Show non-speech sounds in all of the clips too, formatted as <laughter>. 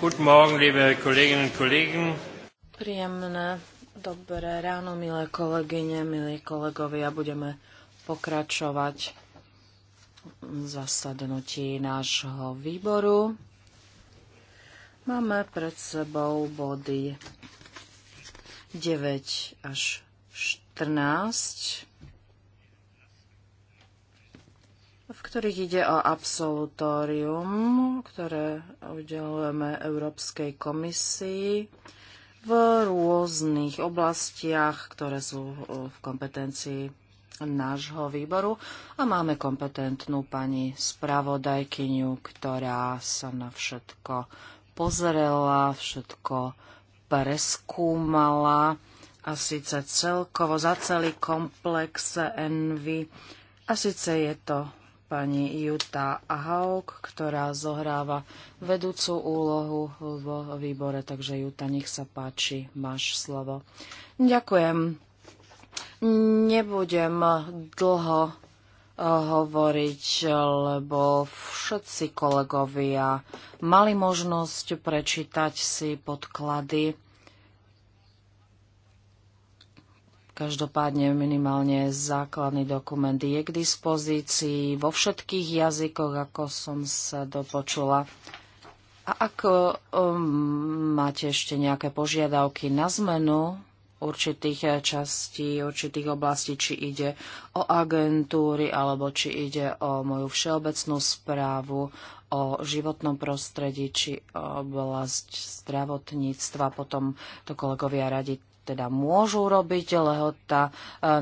Guten Morgen, liebe Kolleginnen und Kollegen. Príjemné dobré ráno, milé kolegyne, milí kolegovia. Budeme pokračovať v zasadnutí nášho výboru. Máme pred sebou body 9 až 14. v ktorých ide o absolutórium, ktoré udelujeme Európskej komisii v rôznych oblastiach, ktoré sú e, v kompetencii nášho výboru a máme kompetentnú pani spravodajkyňu, ktorá sa na všetko pozrela, všetko preskúmala a síce celkovo za celý komplex envy a síce je to pani Jutta Ahauk, ktorá zohráva vedúcu úlohu vo výbore. Takže Jutta, nech sa páči, máš slovo. Ďakujem. Nebudem dlho eh, hovoriť, lebo všetci kolegovia mali možnosť prečítať si podklady Každopádne minimálne základný dokument je k dispozícii vo všetkých jazykoch, ako som sa dopočula. A ak um, máte ešte nejaké požiadavky na zmenu určitých častí, určitých oblastí, či ide o agentúry, alebo či ide o moju všeobecnú správu, o životnom prostredí či oblasť zdravotníctva. Potom to kolegovia radi teda môžu robiť. Lehota e,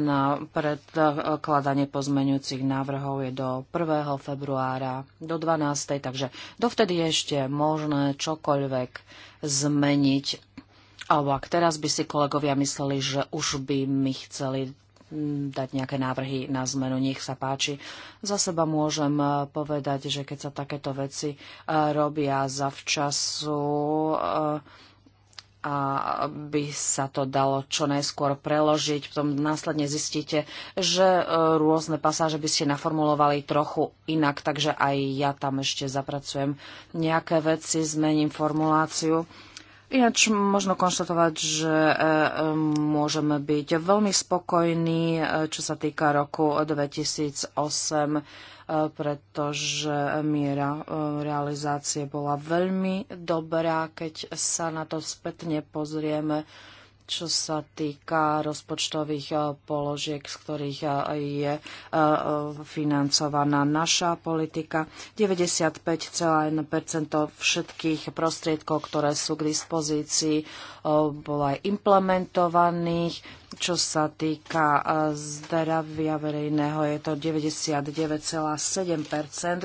na predkladanie pozmeňujúcich návrhov je do 1. februára do 12. Takže dovtedy je ešte možné čokoľvek zmeniť. Alebo ak teraz by si kolegovia mysleli, že už by mi chceli dať nejaké návrhy na zmenu, nech sa páči. Za seba môžem e, povedať, že keď sa takéto veci e, robia zavčasu, a by sa to dalo čo najskôr preložiť. Potom následne zistíte, že e, rôzne pasáže by ste naformulovali trochu inak, takže aj ja tam ešte zapracujem nejaké veci, zmením formuláciu. Ináč možno konštatovať, že e, e, môžeme byť veľmi spokojní, e, čo sa týka roku 2008, pretože miera realizácie bola veľmi dobrá, keď sa na to spätne pozrieme čo sa týka rozpočtových eh, položiek, z ktorých eh, je eh, financovaná naša politika. 95,1 všetkých prostriedkov, ktoré sú k dispozícii, bolo aj implementovaných. Čo sa týka zdravia verejného, je to 99,7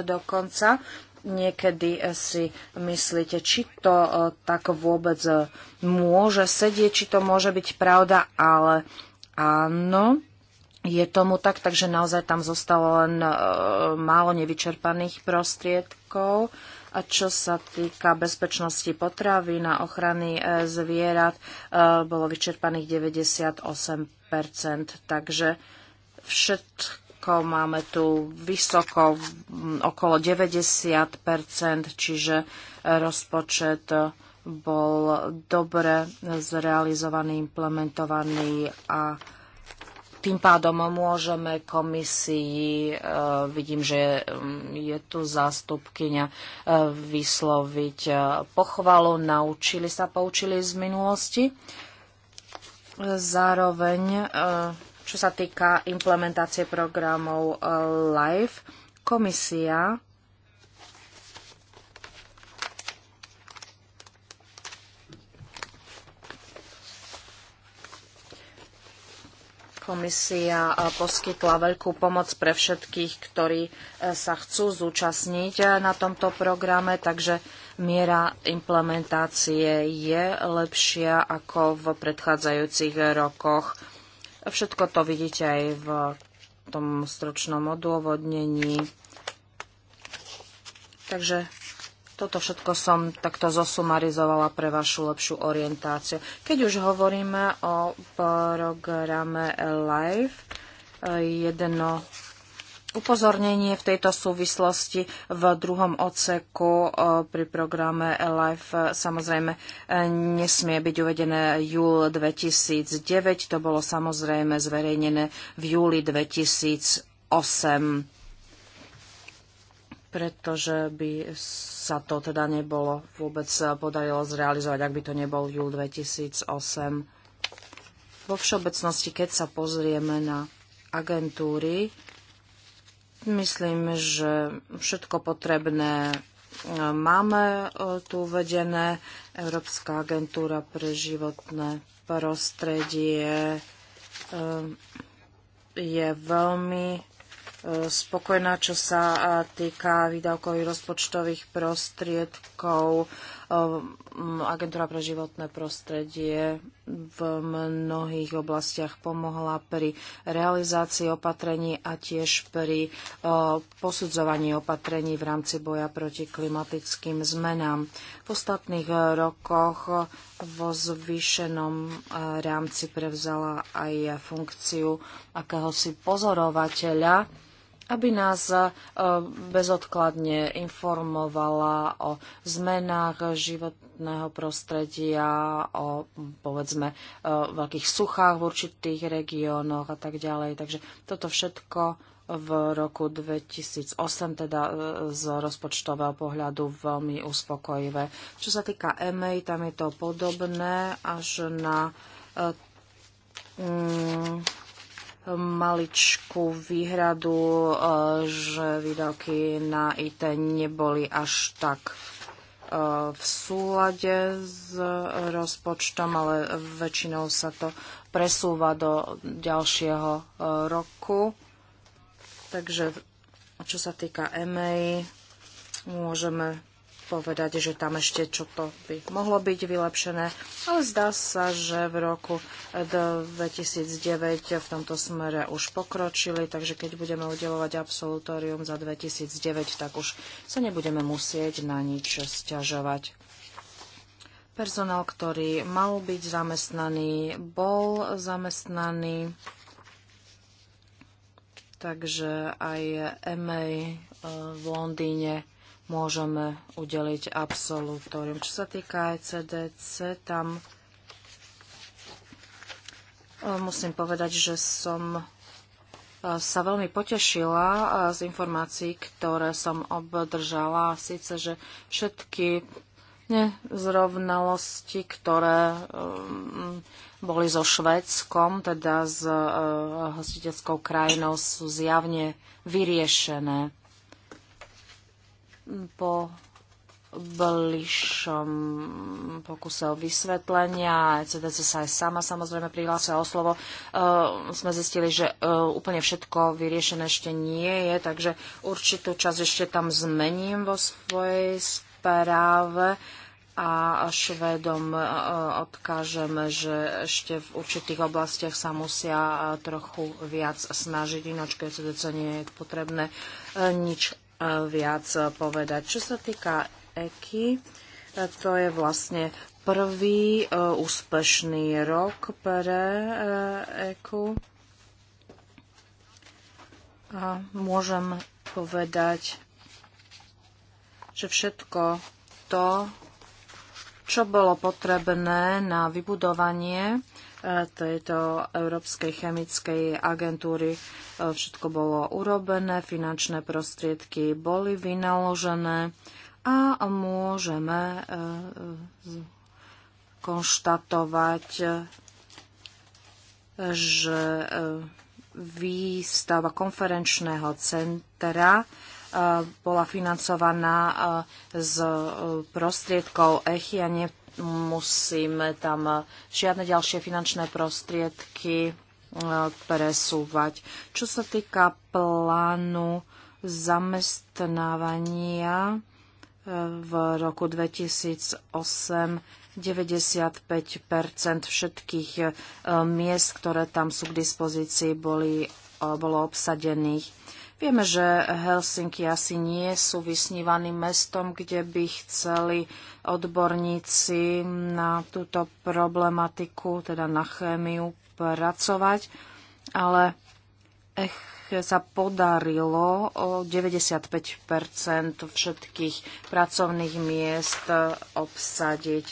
dokonca niekedy eh, si myslíte, či to eh, tak vôbec eh, môže sedieť, či to môže byť pravda, ale áno, je tomu tak, takže naozaj tam zostalo len málo nevyčerpaných prostriedkov. A čo sa týka bezpečnosti potravy a ochrany zvierat, bolo vyčerpaných 98%. Takže všetko rokov. Máme tu vysoko okolo 90 čiže e, rozpočet e, bol dobre zrealizovaný, implementovaný a tým pádom môžeme komisii, e, vidím, že je tu zástupkyňa, vysloviť pochvalu. Naučili sa, poučili z minulosti. Zároveň čo sa týka implementácie programov eh, LIFE, komisia komisia eh, poskytla veľkú pomoc pre všetkých, ktorí eh, sa chcú zúčastniť na tomto programe, takže miera implementácie je lepšia ako v predchádzajúcich rokoch. Všetko to vidíte aj v tom stročnom odôvodnení. Takže toto všetko som takto zosumarizovala pre vašu lepšiu orientáciu. Keď už hovoríme o programe LIFE, eh, jedno Upozornenie v tejto súvislosti v druhom odseku e, pri programe LIFE e, samozrejme e, nesmie byť uvedené júl 2009. To bolo samozrejme zverejnené v júli 2008 pretože by sa to teda nebolo vôbec podarilo zrealizovať, ak by to nebol júl 2008. Vo všeobecnosti, keď sa pozrieme na agentúry, Myslím, že všetko potrebné e, máme e, tu uvedené. Európska agentúra pre životné prostredie e, je veľmi spokojná, čo sa týka výdavkových rozpočtových prostriedkov Ehm, Agentúra pre životné prostredie v mnohých oblastiach pomohla pri realizácii opatrení a tiež pri e, posudzovaní opatrení v rámci boja proti klimatickým zmenám. V ostatných e, rokoch vo zvýšenom e, rámci prevzala aj funkciu akéhosi pozorovateľa aby nás e, bezodkladne informovala o zmenách životného prostredia, o povedzme e, veľkých suchách v určitých regiónoch a tak ďalej. Takže toto všetko v roku 2008, teda e, z rozpočtového pohľadu veľmi uspokojivé. Čo sa týka Eme, tam je to podobné až na mm, maličkú výhradu, e, že výdavky na IT neboli až tak e, v súlade s rozpočtom, ale väčšinou sa to presúva do ďalšieho e, roku. Takže čo sa týka EMEI, môžeme povedať, že tam ešte čo to by mohlo byť vylepšené, ale zdá sa, že v roku 2009 v tomto smere už pokročili, takže keď budeme udelovať absolutórium za 2009, tak už sa nebudeme musieť na nič stiažovať. Personál, ktorý mal byť zamestnaný, bol zamestnaný, takže aj MA eh, v Londýne môžeme udeliť absolutórium. Čo sa týka ECDC, tam e, musím povedať, že som e, sa veľmi potešila e, z informácií, ktoré som obdržala. Sice, že všetky nezrovnalosti, ktoré boli so Švédskom, teda s hostiteľskou krajinou, sú zjavne vyriešené po bližšom pokuse o vysvetlenia. CDC e sa aj sama samozrejme prihlásila o slovo. E, sme zistili, že e, úplne všetko vyriešené ešte nie je, takže určitú časť ešte tam zmením vo svojej správe a Švedom eh, odkážeme, že ešte v určitých oblastiach sa musia trochu viac snažiť, ináč keď CDC nie je potrebné nič viac povedať. Čo sa týka EKI, to je vlastne prvý e, úspešný rok pre EKU. E A môžem povedať, že všetko to, čo bolo potrebné na vybudovanie E, tejto Európskej chemickej agentúry e, všetko bolo urobené, finančné prostriedky boli vynaložené a môžeme e, konštatovať, že výstava konferenčného centra bola financovaná z prostriedkov ECHI a nie musíme tam žiadne ďalšie finančné prostriedky e, presúvať. Čo sa týka plánu zamestnávania e, v roku 2008 95 všetkých e, miest, ktoré tam sú k dispozícii, boli, bolo obsadených Vieme, že Helsinky asi nie sú vysnívaným mestom, kde by chceli odborníci na túto problematiku, teda na chémiu, pracovať, ale ech, sa podarilo o 95 všetkých pracovných miest obsadiť.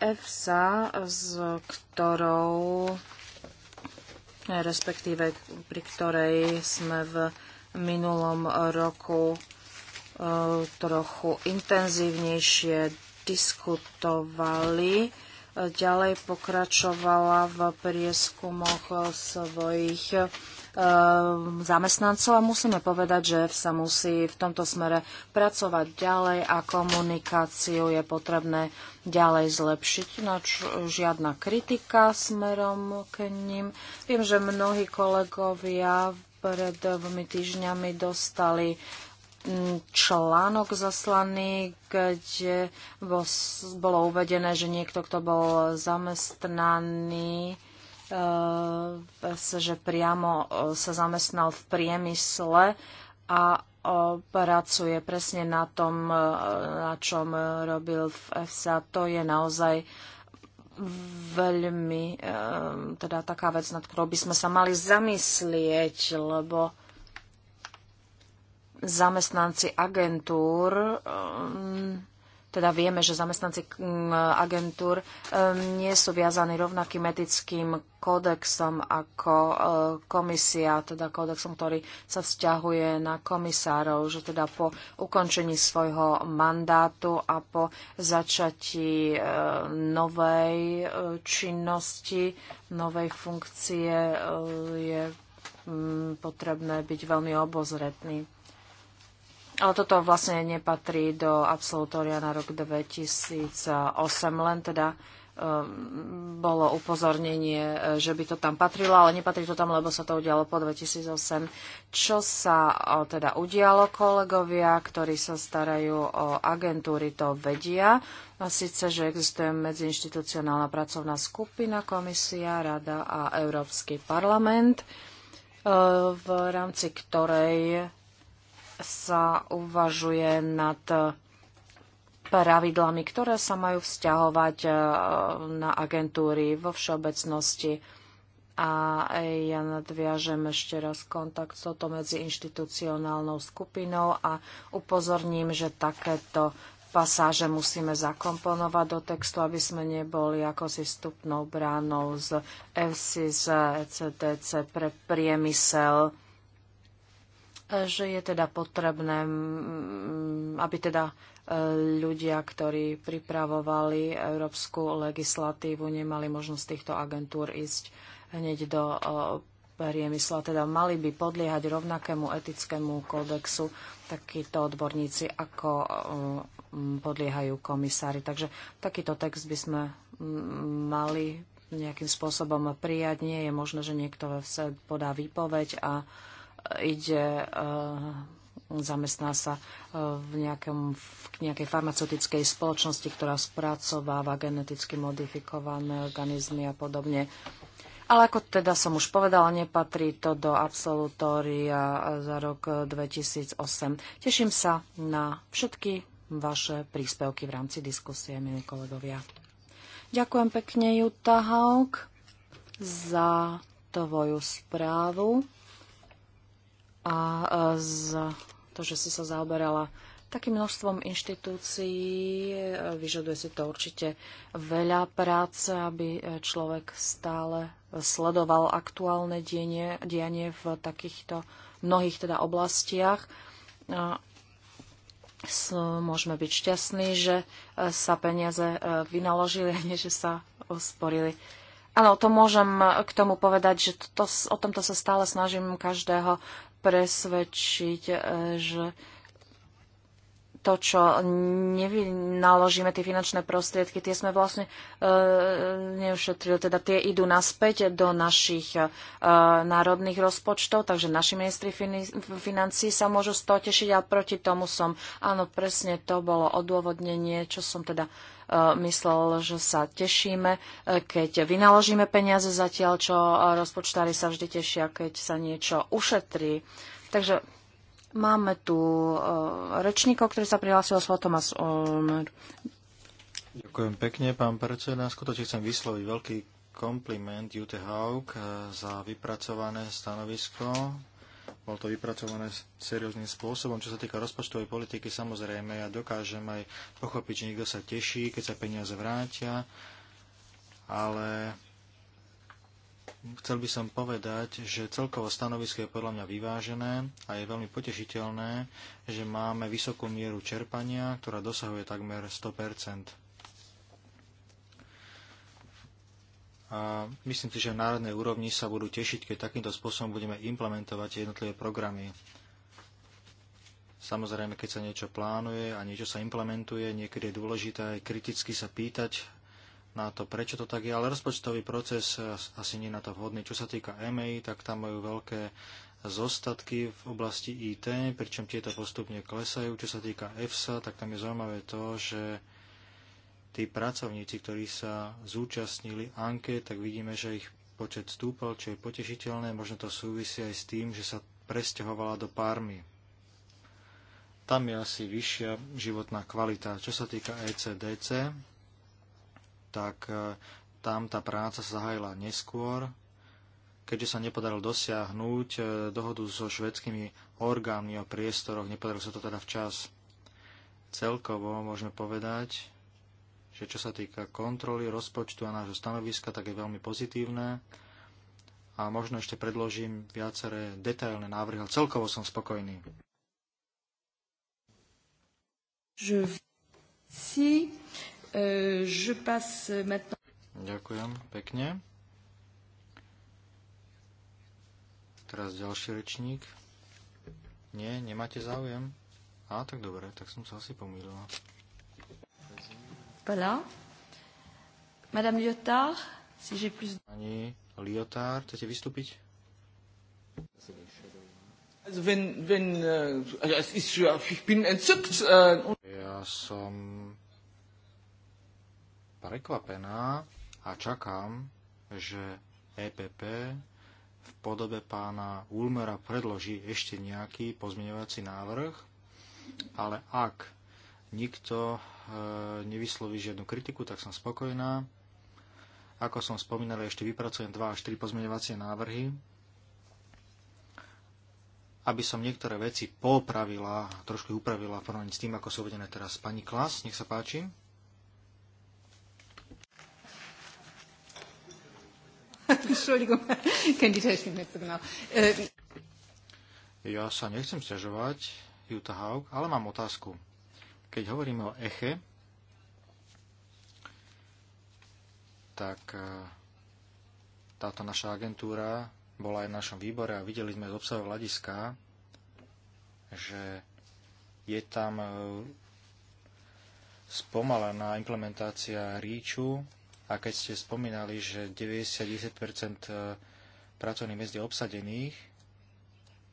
EFSA, s ktorou respektíve pri ktorej sme v minulom roku eh, trochu intenzívnejšie diskutovali. Ďalej pokračovala v prieskumoch svojich eh, zamestnancov a musíme povedať, že sa musí v tomto smere pracovať ďalej a komunikáciu je potrebné ďalej zlepšiť. Nač no, žiadna kritika smerom k ním. Viem, že mnohí kolegovia pred dvomi týždňami dostali mm, článok zaslaný, kde bolo uvedené, že niekto, kto bol zamestnaný, e, že priamo e, sa zamestnal v priemysle a e, pracuje presne na tom, na čom robil v EFSA. To je naozaj veľmi ehm, teda taká vec, nad ktorou by sme sa mali zamyslieť, lebo zamestnanci agentúr um, teda vieme, že zamestnanci mm, agentúr nie sú viazaní rovnakým etickým kódexom ako e, komisia, teda kódexom, ktorý sa vzťahuje na komisárov, že teda po ukončení svojho mandátu a po začatí e, novej e, činnosti, novej funkcie je mm, potrebné byť veľmi obozretný. Ale toto vlastne nepatrí do absolutória na rok 2008, len teda ehm, bolo upozornenie, e, že by to tam patrilo, ale nepatrí to tam, lebo sa to udialo po 2008. Čo sa teda udialo, kolegovia, ktorí sa starajú o agentúry, to vedia. A síce, že existuje medziinstitucionálna pracovná skupina, komisia, rada a Európsky parlament, e, v rámci ktorej sa uvažuje nad pravidlami, ktoré sa majú vzťahovať e, na agentúry vo všeobecnosti. A ja nadviažem ešte raz kontakt s touto inštitucionálnou skupinou a upozorním, že takéto pasáže musíme zakomponovať do textu, aby sme neboli ako si vstupnou bránou z FC, z ECDC pre priemysel že je teda potrebné, aby teda e, ľudia, ktorí pripravovali európsku legislatívu, nemali možnosť týchto agentúr ísť hneď do e, priemysla. Teda mali by podliehať rovnakému etickému kódexu takíto odborníci, ako e, podliehajú komisári. Takže takýto text by sme mali nejakým spôsobom prijať. Nie je možné, že niekto podá výpoveď a ide eh, zamestná sa eh, v, nejakom, v nejakej farmaceutickej spoločnosti, ktorá spracováva geneticky modifikované organizmy a podobne. Ale ako teda som už povedala, nepatrí to do absolutória za rok 2008. Eh, Teším sa na všetky vaše príspevky v rámci diskusie, milí kolegovia. Ďakujem pekne, Jutta Haug, za tvoju správu a e, za to, že si sa zaoberala takým množstvom inštitúcií. E, vyžaduje si to určite veľa práce, aby e, človek stále sledoval aktuálne dienie, dianie v takýchto mnohých teda oblastiach. Môžeme byť šťastní, že sa peniaze vynaložili, <laughs> nie že sa usporili. Áno, to môžem k tomu povedať, že to, o tomto sa stále snažím každého presvedčiť, e, že to, čo nevynaložíme, tie finančné prostriedky, tie sme vlastne e, neušetrili. Teda tie idú naspäť do našich e, národných rozpočtov, takže naši ministri financí sa môžu z toho tešiť a proti tomu som, áno, presne to bolo odôvodnenie, čo som teda e, myslel, že sa tešíme, e, keď vynaložíme peniaze zatiaľ, čo e, rozpočtári sa vždy tešia, keď sa niečo ušetrí. Takže Máme tu e, rečníkov, ktorý sa prihlásil svoj Tomas Olmer. E, Ďakujem pekne, pán predseda. Skutočne chcem vysloviť veľký kompliment Jute Haug e, za vypracované stanovisko. Bolo to vypracované serióznym spôsobom. Čo sa týka rozpočtovej politiky, samozrejme, ja dokážem aj pochopiť, že niekto sa teší, keď sa peniaze vrátia, ale chcel by som povedať, že celkovo stanovisko je podľa mňa vyvážené a je veľmi potešiteľné, že máme vysokú mieru čerpania, ktorá dosahuje takmer 100 A myslím si, že v národnej úrovni sa budú tešiť, keď takýmto spôsobom budeme implementovať jednotlivé programy. Samozrejme, keď sa niečo plánuje a niečo sa implementuje, niekedy je dôležité aj kriticky sa pýtať na to, prečo to tak je, ale rozpočtový proces eh, asi nie na to vhodný. Čo sa týka EMEI, tak tam majú veľké zostatky v oblasti IT, pričom tieto postupne klesajú. Čo sa týka EFSA, tak tam je zaujímavé to, že tí pracovníci, ktorí sa zúčastnili anke, tak vidíme, že ich počet stúpal, čo je potešiteľné. Možno to súvisí aj s tým, že sa presťahovala do Parmy. Tam je asi vyššia životná kvalita. Čo sa týka ECDC, tak e, tam tá práca sa zahájila neskôr, keďže sa nepodarilo dosiahnuť e, dohodu so švedskými orgánmi o priestoroch, nepodarilo sa to teda včas. Celkovo môžeme povedať, že čo sa týka kontroly rozpočtu a nášho stanoviska, tak je veľmi pozitívne a možno ešte predložím viaceré detailné návrhy, ale celkovo som spokojný. Je... Si. Euh, je passe maintenant. Ďakujem pekne. Teraz ďalší rečník. Nie, nemáte záujem? Á, tak dobre, tak som sa asi pomýlila. Voilà. Madame Lyotard, si j'ai plus... Pani Lyotard, chcete vystúpiť? Äh, äh, ja som prekvapená a čakám, že EPP v podobe pána Ulmera predloží ešte nejaký pozmeňovací návrh, ale ak nikto e, nevysloví žiadnu kritiku, tak som spokojná. Ako som spomínal, ešte vypracujem 2 až 3 pozmeňovacie návrhy, aby som niektoré veci popravila, trošku upravila v porovnaní s tým, ako sú uvedené teraz. Pani Klas, nech sa páči. <laughs> Entschuldigung, die Technik nicht so genau. Äh, ja sa nechcem stiažovať, Jutta Haug, ale mám otázku. Keď hovoríme o eche, tak e, táto naša agentúra bola aj v našom výbore a videli sme z obsahu hľadiska, že je tam e, spomalená implementácia ríču a keď ste spomínali, že 90 e, pracovných miest je obsadených,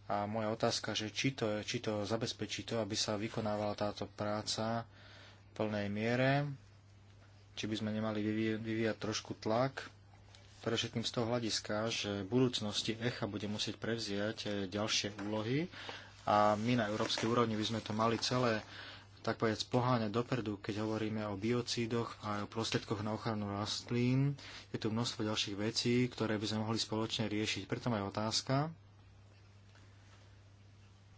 a moja otázka, že či to, či to zabezpečí to, aby sa vykonávala táto práca v plnej miere, či by sme nemali vyvíjať, vyvíjať trošku tlak, pre všetkým z toho hľadiska, že v budúcnosti ECHA bude musieť prevziať e, ďalšie úlohy a my na európskej úrovni by sme to mali celé tak povedať, poháňať dopredu, keď hovoríme o biocídoch a o prostriedkoch na ochranu rastlín. Je tu množstvo ďalších vecí, ktoré by sme mohli spoločne riešiť. Preto aj otázka.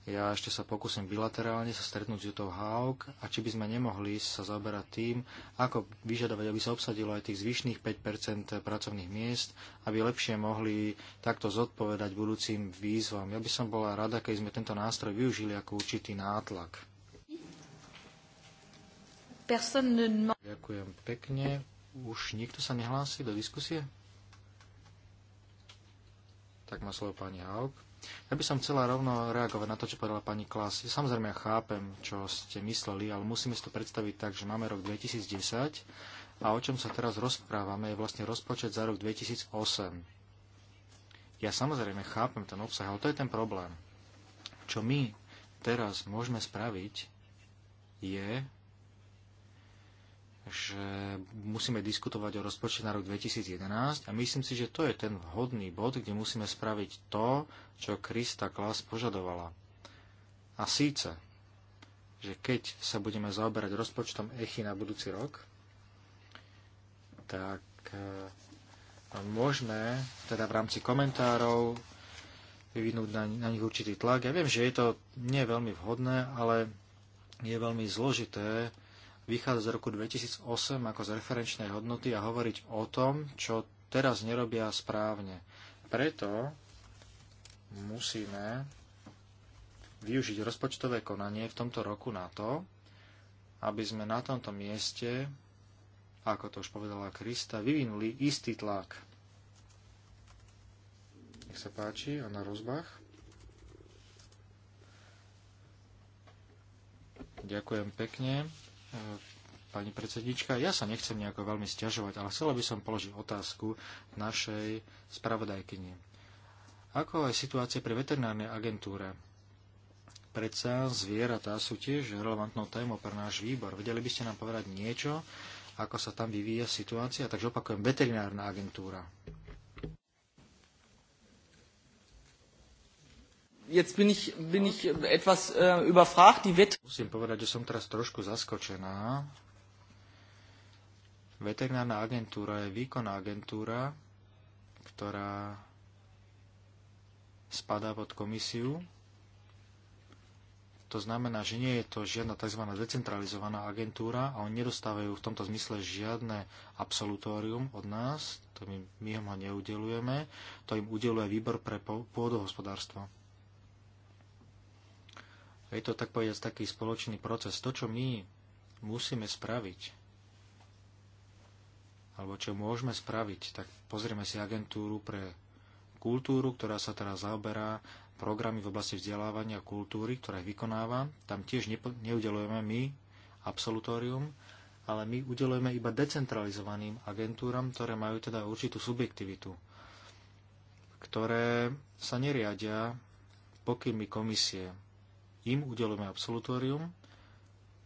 Ja ešte sa pokúsim bilaterálne sa stretnúť s Jutou Haug a či by sme nemohli sa zaoberať tým, ako vyžadovať, aby sa obsadilo aj tých zvyšných 5 pracovných miest, aby lepšie mohli takto zodpovedať budúcim výzvam. Ja by som bola rada, keď sme tento nástroj využili ako určitý nátlak. Ďakujem pekne. Už nikto sa nehlási do diskusie? Tak má slovo pani Haug. Ja by som chcela rovno reagovať na to, čo povedala pani Klas. Samozrejme, ja chápem, čo ste mysleli, ale musíme si to predstaviť tak, že máme rok 2010 a o čom sa teraz rozprávame je vlastne rozpočet za rok 2008. Ja samozrejme chápem ten obsah, ale to je ten problém. Čo my teraz môžeme spraviť, je že musíme diskutovať o rozpočte na rok 2011 a myslím si, že to je ten vhodný bod, kde musíme spraviť to, čo Krista Klas požadovala. A síce, že keď sa budeme zaoberať rozpočtom echy na budúci rok, tak e, no, možné teda v rámci komentárov vyvinúť na, na nich určitý tlak. Ja viem, že je to nie veľmi vhodné, ale je veľmi zložité vychádza z roku 2008 ako z referenčnej hodnoty a hovoriť o tom, čo teraz nerobia správne. Preto musíme využiť rozpočtové konanie v tomto roku na to, aby sme na tomto mieste, ako to už povedala Krista, vyvinuli istý tlak. Nech sa páči, a na rozbach. Ďakujem pekne. E, pani predsednička. Ja sa nechcem nejako veľmi stiažovať, ale chcela by som položiť otázku našej spravodajkyni. Ako je situácia pri veterinárnej agentúre? Predsa zvieratá sú tiež relevantnou témou pre náš výbor. Vedeli by ste nám povedať niečo, ako sa tam vyvíja situácia? Takže opakujem, veterinárna agentúra. jetzt bin ich, bin ich etwas äh, überfragt. Die Musím povedať, že som teraz trošku zaskočená. Veterinárna agentúra je výkonná agentúra, ktorá spadá pod komisiu. To znamená, že nie je to žiadna tzv. decentralizovaná agentúra a oni nedostávajú v tomto zmysle žiadne absolutórium od nás, to my, my ho neudelujeme, to im udeluje výbor pre pôdohospodárstvo. Je to tak povedať taký spoločný proces. To, čo my musíme spraviť, alebo čo môžeme spraviť, tak pozrieme si agentúru pre kultúru, ktorá sa teraz zaoberá programy v oblasti vzdelávania kultúry, ktoré vykonáva. Tam tiež neudelujeme my absolutórium, ale my udelujeme iba decentralizovaným agentúram, ktoré majú teda určitú subjektivitu, ktoré sa neriadia pokynmi komisie im udelujeme absolutórium.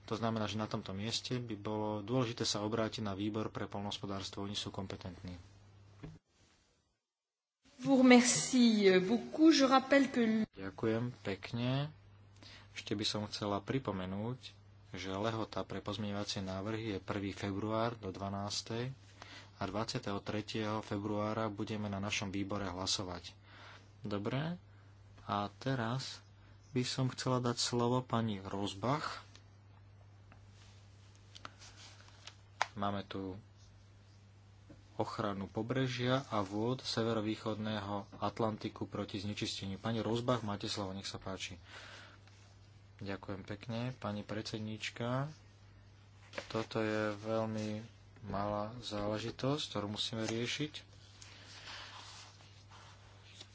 To znamená, že na tomto mieste by bolo dôležité sa obrátiť na výbor pre polnohospodárstvo. Oni sú kompetentní. Ďakujem pekne. Ešte by som chcela pripomenúť, že lehota pre pozmeňovacie návrhy je 1. február do 12. a 23. februára budeme na našom výbore hlasovať. Dobre, a teraz by som chcela dať slovo pani Rozbach. Máme tu ochranu pobrežia a vôd severovýchodného Atlantiku proti znečisteniu. Pani Rozbach, máte slovo, nech sa páči. Ďakujem pekne. Pani predsedníčka, toto je veľmi malá záležitosť, ktorú musíme riešiť.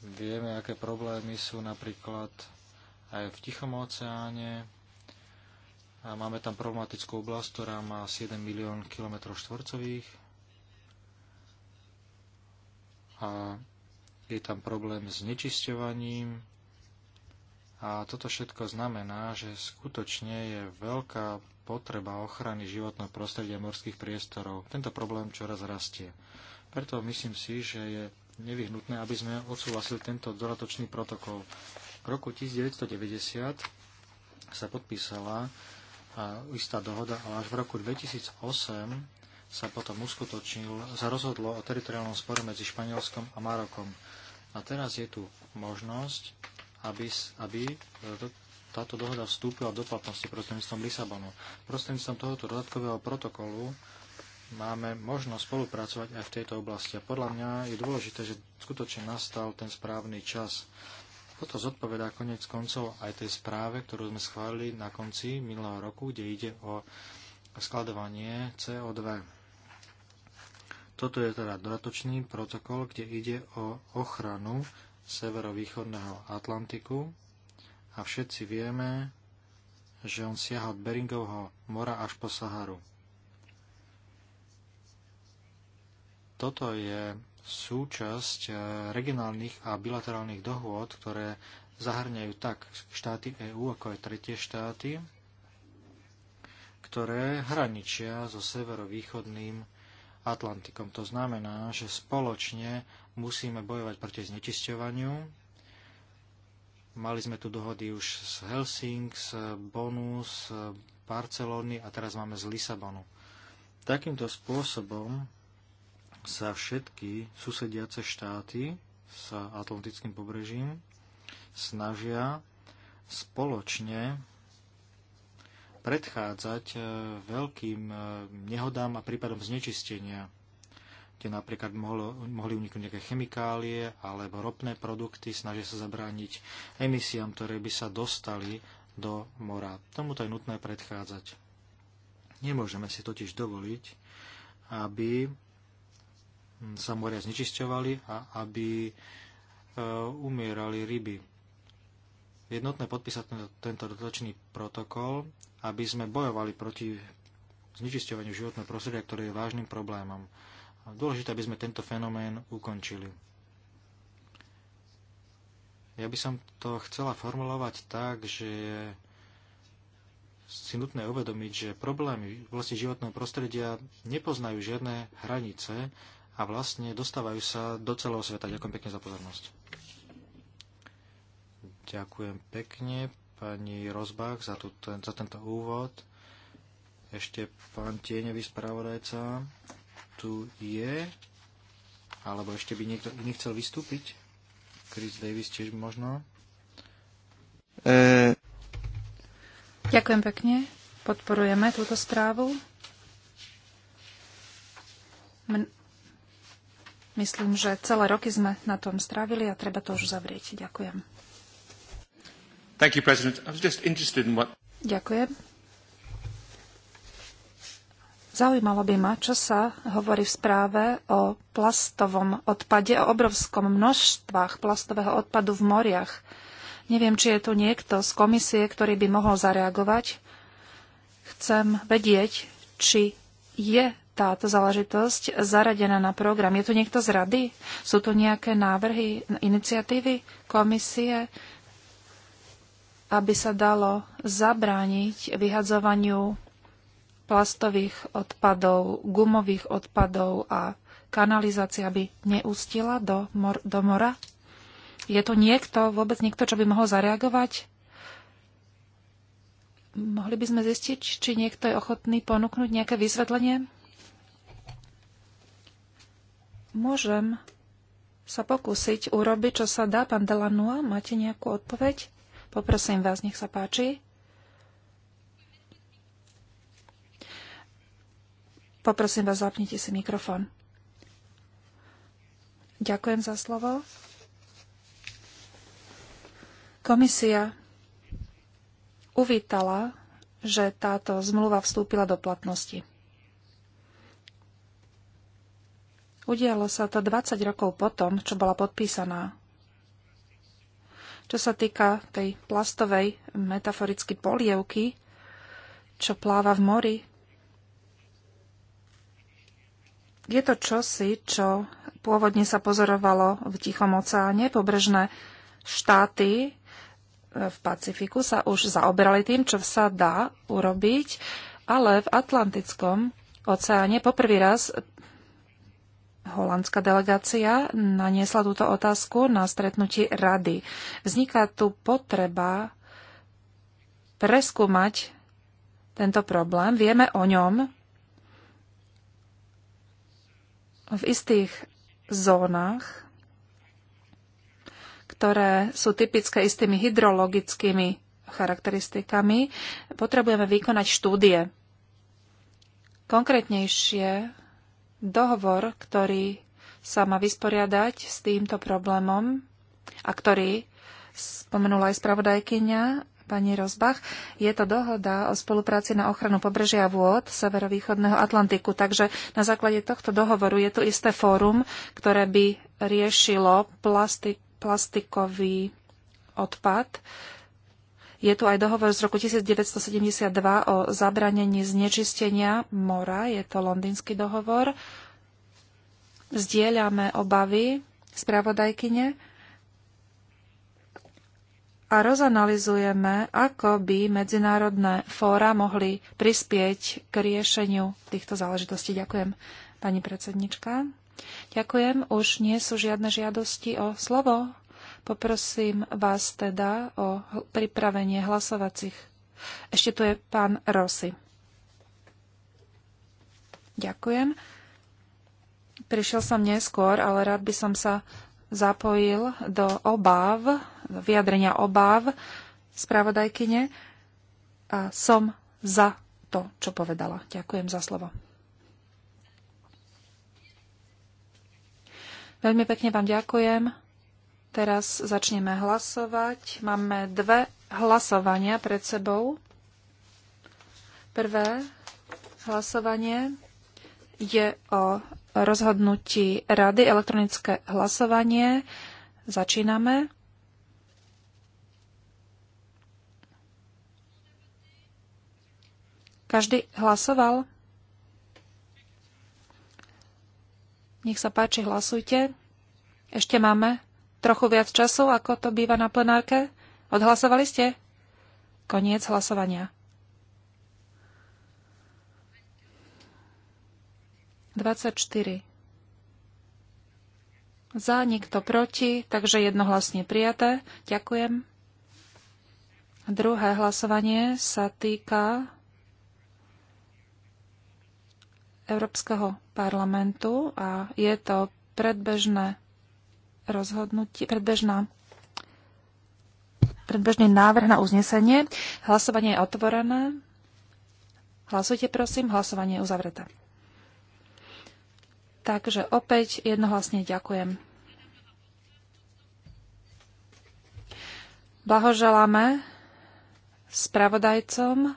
Vieme, aké problémy sú napríklad aj v Tichom oceáne. A máme tam problematickú oblasť, ktorá má 7 milión km štvorcových. A je tam problém s nečisťovaním. A toto všetko znamená, že skutočne je veľká potreba ochrany životného prostredia morských priestorov. Tento problém čoraz rastie. Preto myslím si, že je nevyhnutné, aby sme odsúhlasili tento dodatočný protokol. V roku 1990 sa podpísala istá dohoda, ale až v roku 2008 sa potom uskutočnil, sa rozhodlo o teritoriálnom spore medzi Španielskom a Marokom. A teraz je tu možnosť, aby, aby e, táto dohoda vstúpila do platnosti prostredníctvom Lisabonu. Prostredníctvom tohoto dodatkového protokolu máme možnosť spolupracovať aj v tejto oblasti. A podľa mňa je dôležité, že skutočne nastal ten správny čas. Toto zodpovedá konec koncov aj tej správe, ktorú sme schválili na konci minulého roku, kde ide o skladovanie CO2. Toto je teda dodatočný protokol, kde ide o ochranu severovýchodného Atlantiku a všetci vieme, že on siaha od Beringovho mora až po Saharu. Toto je súčasť e, regionálnych a bilaterálnych dohôd, ktoré zahrňajú tak štáty EÚ, ako aj tretie štáty, ktoré hraničia so severovýchodným Atlantikom. To znamená, že spoločne musíme bojovať proti znečisťovaniu. Mali sme tu dohody už z Helsing, z Bonu, z Barcelony a teraz máme z Lisabonu. Takýmto spôsobom sa všetky susediace štáty s Atlantickým pobrežím snažia spoločne predchádzať e, veľkým e, nehodám a prípadom znečistenia, kde napríklad mohlo, mohli uniknúť nejaké chemikálie alebo ropné produkty, snažia sa zabrániť emisiám, ktoré by sa dostali do mora. Tomuto je nutné predchádzať. Nemôžeme si totiž dovoliť, aby sa moria znečisťovali a aby e, umierali ryby. Jednotné podpísať tento dotačný protokol, aby sme bojovali proti znečisťovaniu životného prostredia, ktoré je vážnym problémom. Dôležité, aby sme tento fenomén ukončili. Ja by som to chcela formulovať tak, že si nutné uvedomiť, že problémy v oblasti životného prostredia nepoznajú žiadne hranice a vlastne dostávajú sa do celého sveta. Ďakujem pekne za pozornosť. Ďakujem pekne pani Rozbach za, tu, ten, za tento úvod. Ešte pán Tieňový spravodajca tu je. Alebo ešte by niekto iný chcel vystúpiť? Chris Davis tiež možno. E... Ďakujem pekne. Podporujeme túto správu. Myslím, že celé roky sme na tom strávili a treba to už zavrieť. Ďakujem. Thank you, President. I was just interested in what... Ďakujem. Zaujímalo by ma, čo sa hovorí v správe o plastovom odpade, o obrovskom množstvách plastového odpadu v moriach. Neviem, či je tu niekto z komisie, ktorý by mohol zareagovať. Chcem vedieť, či je táto záležitosť zaradená na program. Je tu niekto z rady? Sú tu nejaké návrhy, iniciatívy komisie, aby sa dalo zabrániť vyhadzovaniu plastových odpadov, gumových odpadov a kanalizácia by neústila do, mor- do mora? Je tu niekto, vôbec niekto, čo by mohol zareagovať? Mohli by sme zistiť, či niekto je ochotný ponúknuť nejaké vysvetlenie? Môžem sa pokúsiť urobiť, čo sa dá. Pán Delanua, máte nejakú odpoveď? Poprosím vás, nech sa páči. Poprosím vás, zapnite si mikrofón. Ďakujem za slovo. Komisia uvítala, že táto zmluva vstúpila do platnosti. Udialo sa to 20 rokov potom, čo bola podpísaná. Čo sa týka tej plastovej metaforicky polievky, čo pláva v mori, je to čosi, čo pôvodne sa pozorovalo v Tichom oceáne. Pobrežné štáty e, v Pacifiku sa už zaoberali tým, čo sa dá urobiť, ale v Atlantickom oceáne poprvý raz holandská delegácia naniesla túto otázku na stretnutí rady. Vzniká tu potreba preskúmať tento problém. Vieme o ňom v istých zónach, ktoré sú typické istými hydrologickými charakteristikami. Potrebujeme vykonať štúdie. Konkrétnejšie dohovor, ktorý sa má vysporiadať s týmto problémom a ktorý spomenula aj spravodajkyňa pani Rozbach, je to dohoda o spolupráci na ochranu pobrežia vôd severovýchodného Atlantiku. Takže na základe tohto dohovoru je tu isté fórum, ktoré by riešilo plasti- plastikový odpad je tu aj dohovor z roku 1972 o zabranení znečistenia mora, je to londýnsky dohovor. Zdieľame obavy spravodajkyne a rozanalizujeme, ako by medzinárodné fóra mohli prispieť k riešeniu týchto záležitostí. Ďakujem, pani predsednička. Ďakujem, už nie sú žiadne žiadosti o slovo. Poprosím vás teda o pripravenie hlasovacích. Ešte tu je pán Rosy. Ďakujem. Prišiel som neskôr, ale rád by som sa zapojil do obáv, do vyjadrenia obáv spravodajkyne a som za to, čo povedala. Ďakujem za slovo. Veľmi pekne vám ďakujem. Teraz začneme hlasovať. Máme dve hlasovania pred sebou. Prvé hlasovanie je o rozhodnutí rady elektronické hlasovanie. Začíname. Každý hlasoval? Nech sa páči, hlasujte. Ešte máme trochu viac času, ako to býva na plenárke? Odhlasovali ste? Koniec hlasovania. 24. Za, nikto proti, takže jednohlasne prijaté. Ďakujem. Druhé hlasovanie sa týka Európskeho parlamentu a je to predbežné rozhodnutie, predbežná predbežný návrh na uznesenie. Hlasovanie je otvorené. Hlasujte prosím, hlasovanie je uzavreté. Takže opäť jednohlasne ďakujem. Blahoželáme spravodajcom.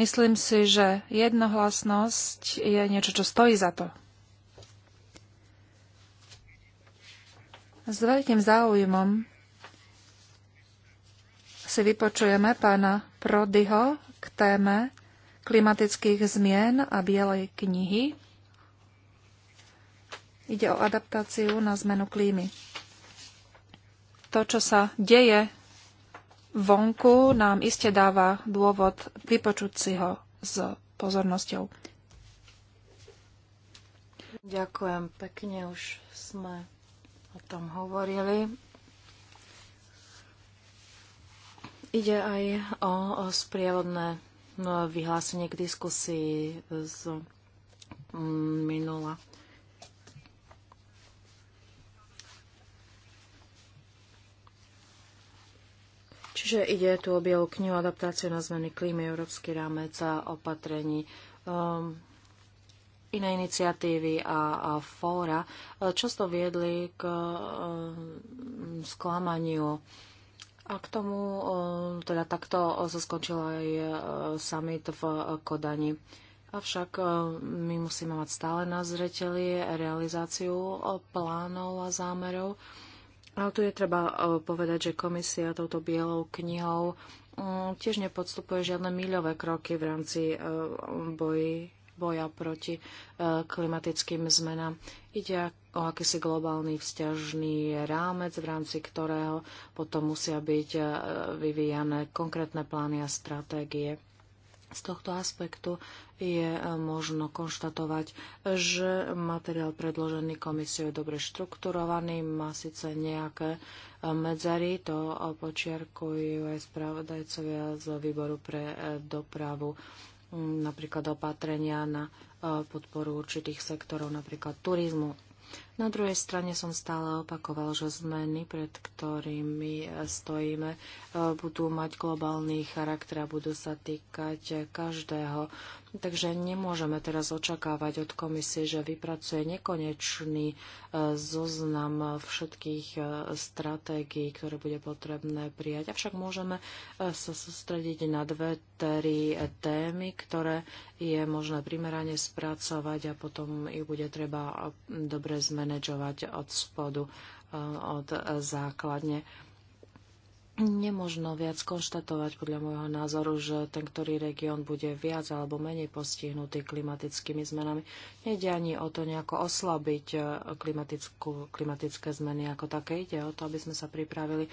Myslím si, že jednohlasnosť je niečo, čo stojí za to. S veľkým záujmom si vypočujeme pána Prodyho k téme klimatických zmien a bielej knihy. Ide o adaptáciu na zmenu klímy. To, čo sa deje vonku, nám iste dáva dôvod vypočuť si ho s pozornosťou. Ďakujem pekne, už sme o tom hovorili. Ide aj o, o sprievodné no, vyhlásenie k diskusii z mm, minula. Čiže ide tu o bielu knihu adaptáciu na zmeny klímy Európsky rámec a opatrení. Um, iné iniciatívy a, a fóra e, často viedli k e, sklamaniu. A k tomu e, teda takto sa skončil aj summit v Kodani. Avšak my musíme mať stále na zreteli realizáciu plánov a zámerov. A tu je treba povedať, že komisia touto bielou knihou mm, tiež nepodstupuje žiadne míľové kroky v rámci boji boja proti e, klimatickým zmenám. Ide o akýsi globálny vzťažný rámec, v rámci ktorého potom musia byť e, vyvíjane konkrétne plány a stratégie. Z tohto aspektu je e, možno konštatovať, že materiál predložený komisiou je dobre štrukturovaný, má síce nejaké medzery, to počiarkujú aj spravodajcovia z výboru pre dopravu napríklad opatrenia na e, podporu určitých sektorov, napríklad turizmu. Na druhej strane som stále opakoval, že zmeny, pred ktorými e, stojíme, e, budú mať globálny charakter a budú sa týkať každého Takže nemôžeme teraz očakávať od komisie, že vypracuje nekonečný e, zoznam všetkých e, stratégií, ktoré bude potrebné prijať. Avšak môžeme e, sa sústrediť na dve, tri témy, ktoré je možné primerane spracovať a potom ich bude treba dobre zmanéžovať od spodu, od základne nemožno viac konštatovať podľa môjho názoru, že ten, ktorý región bude viac alebo menej postihnutý klimatickými zmenami. Nejde ani o to nejako oslabiť e, klimatické zmeny ako také. Ide o to, aby sme sa pripravili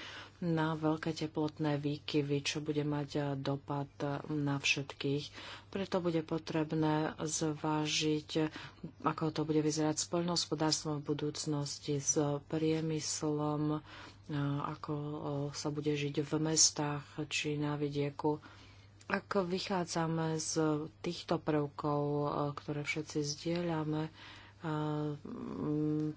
na veľké teplotné výkyvy, čo bude mať e, dopad e, na všetkých. Preto bude potrebné zvážiť, ako to bude vyzerať s poľnohospodárstvom v budúcnosti, s priemyslom, ako sa bude žiť v mestách či na vidieku. Ak vychádzame z týchto prvkov, ktoré všetci zdieľame,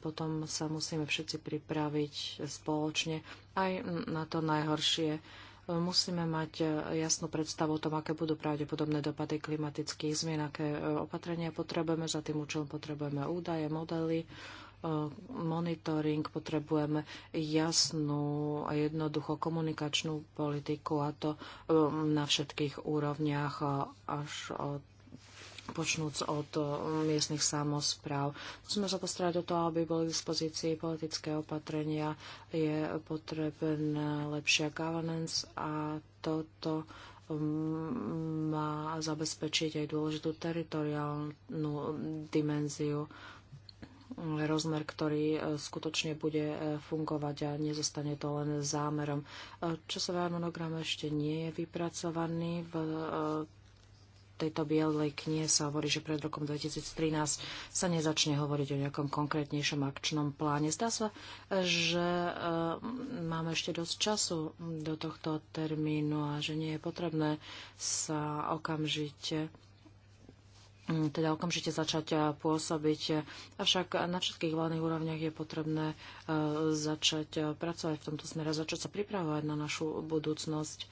potom sa musíme všetci pripraviť spoločne aj na to najhoršie. Musíme mať jasnú predstavu o tom, aké budú pravdepodobné dopady klimatických zmien, aké e, opatrenia potrebujeme, za tým účelom potrebujeme údaje, modely, Eh, monitoring, potrebujeme jasnú a jednoducho komunikačnú politiku a to eh, na všetkých úrovniach eh, až od počnúc od miestnych samozpráv. Musíme sa postarať o to, aby boli k dispozícii politické opatrenia. Je potrebná lepšia governance a toto mm, má zabezpečiť aj dôležitú teritoriálnu dimenziu rozmer, ktorý e, skutočne bude e, fungovať a nezostane to len zámerom. E, Časový harmonogram ešte nie je vypracovaný. V tejto bielej knihe sa hovorí, že pred rokom 2013 sa nezačne hovoriť o nejakom konkrétnejšom akčnom pláne. Zdá sa, že máme ešte dosť času do tohto termínu a že nie je potrebné sa okamžite Mm, teda okamžite začať eh, pôsobiť. Avšak na všetkých hlavných úrovniach je potrebné eh, začať eh, pracovať v tomto smere, začať sa pripravovať na našu budúcnosť.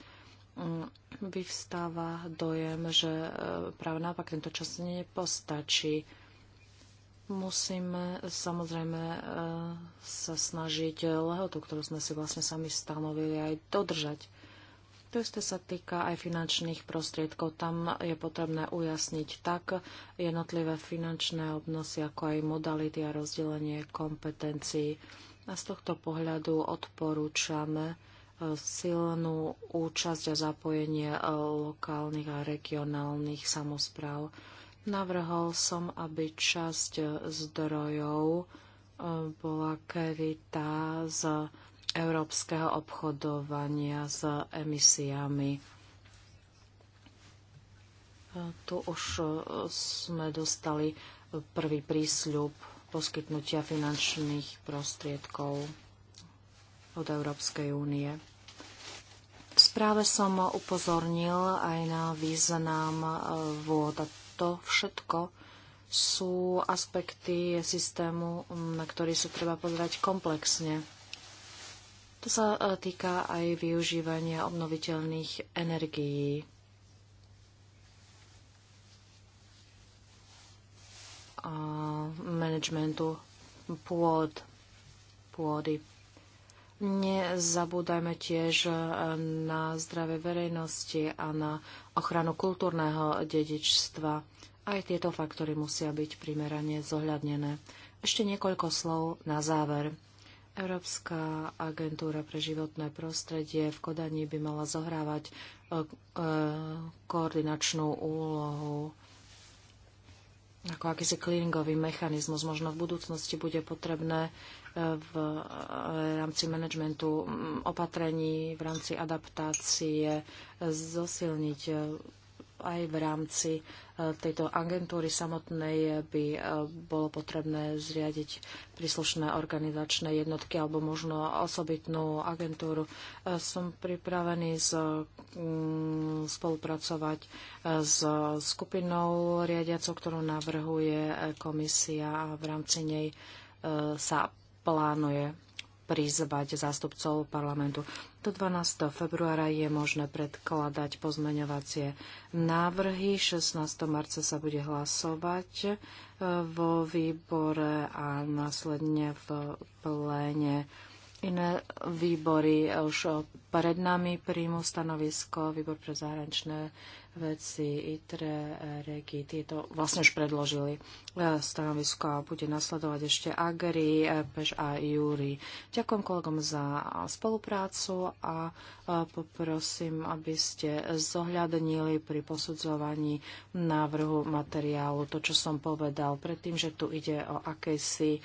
Mm, vyvstáva dojem, že práve naopak tento čas nepostačí. Musíme samozrejme sa snažiť lehotu, ktorú sme si vlastne sami stanovili, aj dodržať to isté sa týka aj finančných prostriedkov. Tam je potrebné ujasniť tak jednotlivé finančné obnosy, ako aj modality a rozdelenie kompetencií. A z tohto pohľadu odporúčame e, silnú účasť a zapojenie e, lokálnych a regionálnych samozpráv. Navrhol som, aby časť zdrojov e, bola kevita z európskeho obchodovania s emisiami. Tu už e, sme dostali prvý prísľub poskytnutia finančných prostriedkov od Európskej únie. V správe som upozornil aj na význam e, vôd. A to všetko sú aspekty systému, na ktorý sa treba pozerať komplexne. To sa e, týka aj využívania obnoviteľných energií. a managementu pôd, pôdy. Nezabúdajme tiež e, na zdravie verejnosti a na ochranu kultúrneho dedičstva. Aj tieto faktory musia byť primerane zohľadnené. Ešte niekoľko slov na záver. Európska agentúra pre životné prostredie v Kodani by mala zohrávať e, e, koordinačnú úlohu ako akýsi cleaningový mechanizmus. Možno v budúcnosti bude potrebné e, v rámci managementu opatrení, v rámci adaptácie zosilniť aj v rámci e, tejto agentúry samotnej by e, bolo potrebné zriadiť príslušné organizačné jednotky alebo možno osobitnú agentúru. E, som pripravený z, mm, spolupracovať s skupinou riadiacov, ktorú navrhuje komisia a v rámci nej sa plánuje prizvať zástupcov parlamentu. Do 12. februára je možné predkladať pozmeňovacie návrhy. 16. marca sa bude hlasovať e, vo výbore a následne v pléne. Iné výbory už pred nami príjmu stanovisko Výbor pre zahraničné veci ITRE, REGI, tieto vlastne už predložili e, stanovisko a bude nasledovať ešte AGRI, e, PEŠ a JÚRI. Ďakujem kolegom za spoluprácu a e, poprosím, aby ste zohľadnili pri posudzovaní návrhu materiálu to, čo som povedal predtým, že tu ide o akejsi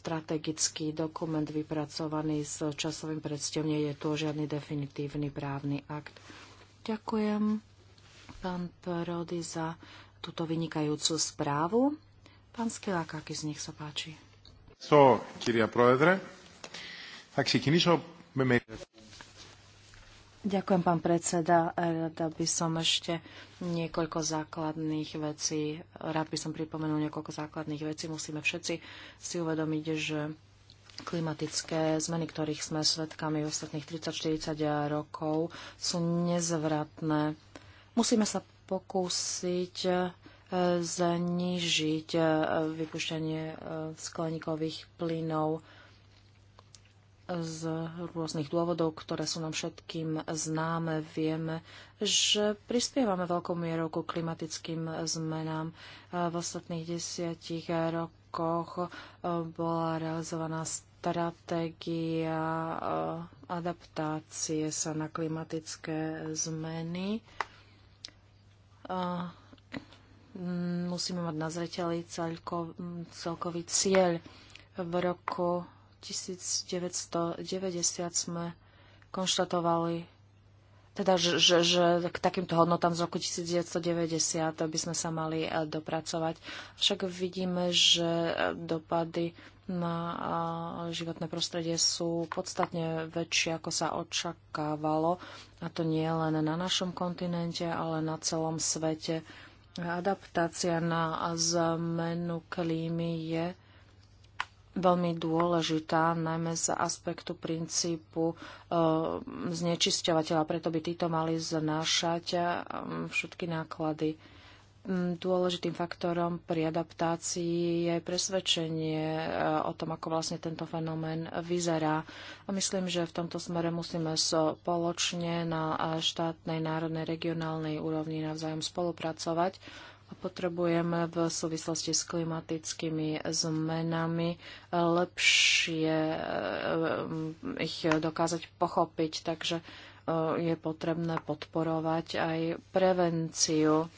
strategický dokument vypracovaný s časovým predstavom. Nie je to žiadny definitívny právny akt. Ďakujem, pán Prody, za túto vynikajúcu správu. Pán z nich sa páči. So, kýria proedre, tak si kinišo... Ďakujem, pán predseda. Rada by som ešte niekoľko základných vecí, rád by som pripomenul niekoľko základných vecí. Musíme všetci si uvedomiť, že klimatické zmeny, ktorých sme svedkami v ostatných 30-40 rokov, sú nezvratné. Musíme sa pokúsiť e, znižiť e, vypušťanie e, skleníkových plynov z rôznych dôvodov, ktoré sú nám všetkým známe, vieme, že prispievame veľkou mierou ku klimatickým zmenám. V ostatných desiatich rokoch bola realizovaná stratégia eh, adaptácie sa na klimatické zmeny. Eh, musíme mať na zreteli celkový cieľ. V roku 1990 sme konštatovali teda, že, že k takýmto hodnotám z roku 1990 by sme sa mali e, dopracovať. Však vidíme, že e, dopady na e, životné prostredie sú podstatne väčšie, ako sa očakávalo. A to nie len na našom kontinente, ale na celom svete. Adaptácia na zmenu klímy je veľmi dôležitá, najmä z aspektu princípu e, znečisťovateľa. Preto by títo mali znášať e, všetky náklady. Mm, dôležitým faktorom pri adaptácii je presvedčenie e, o tom, ako vlastne tento fenomén vyzerá. A myslím, že v tomto smere musíme spoločne na štátnej, národnej, regionálnej úrovni navzájom spolupracovať potrebujeme v súvislosti s klimatickými zmenami lepšie eh, ich dokázať pochopiť, takže eh, je potrebné podporovať aj prevenciu.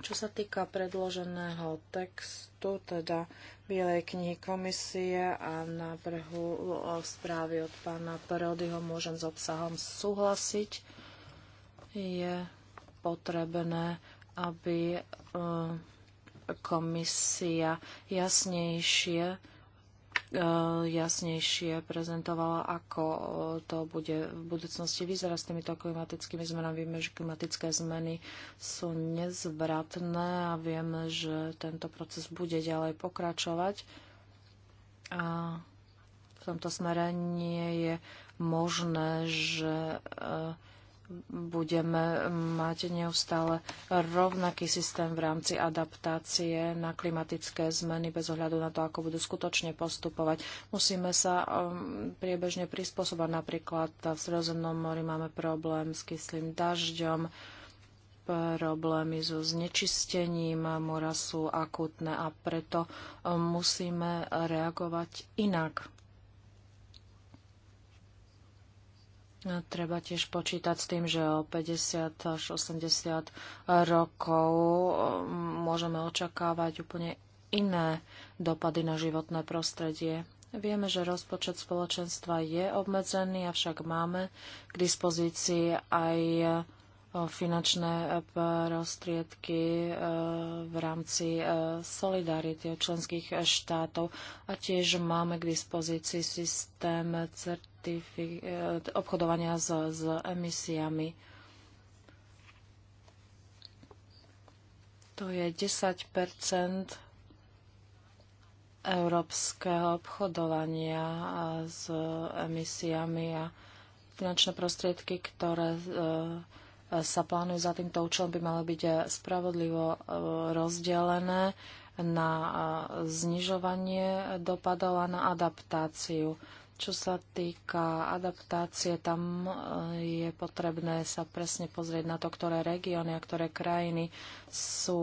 Čo sa týka predloženého textu, teda Bielej knihy komisie a návrhu eh, správy od pána Perodyho, môžem s obsahom súhlasiť. Je potrebné aby eh, komisia jasnejšie eh, jasnejšie prezentovala, ako eh, to bude v budúcnosti vyzerať s týmito klimatickými zmenami. Vieme, že klimatické zmeny sú nezvratné a vieme, že tento proces bude ďalej pokračovať. A v tomto smere nie je možné, že uh, budeme mať neustále rovnaký systém v rámci adaptácie na klimatické zmeny bez ohľadu na to, ako budú skutočne postupovať. Musíme sa um, priebežne prispôsobať. Napríklad v Sredozemnom mori máme problém s kyslým dažďom, problémy so znečistením mora sú akutné a preto um, musíme reagovať inak. Treba tiež počítať s tým, že o 50 až 80 rokov um, môžeme očakávať úplne iné dopady na životné prostredie. Vieme, že rozpočet spoločenstva je obmedzený, avšak máme k dispozícii aj uh, finančné uh, prostriedky uh, v rámci solidarity členských štátov a tiež máme k dispozícii systém cert Eh, obchodovania s, s emisiami. To je 10 európskeho obchodovania eh, s emisiami a finančné prostriedky, ktoré eh, sa plánujú za týmto účelom, by mali byť spravodlivo rozdelené na znižovanie dopadov a na adaptáciu. Čo sa týka adaptácie, tam eh, je potrebné sa presne pozrieť na to, ktoré regióny a ktoré krajiny sú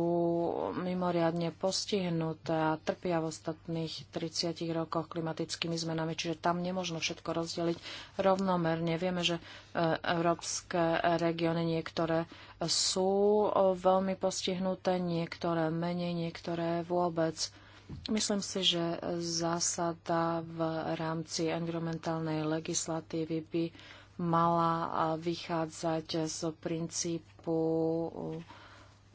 mimoriadne postihnuté a trpia v ostatných 30 rokoch klimatickými zmenami, čiže tam nemožno všetko rozdeliť rovnomerne. Vieme, že eh, európske regióny niektoré sú eh, veľmi postihnuté, niektoré menej, niektoré vôbec. Myslím si, že zásada v rámci environmentálnej legislatívy by mala vychádzať z princípu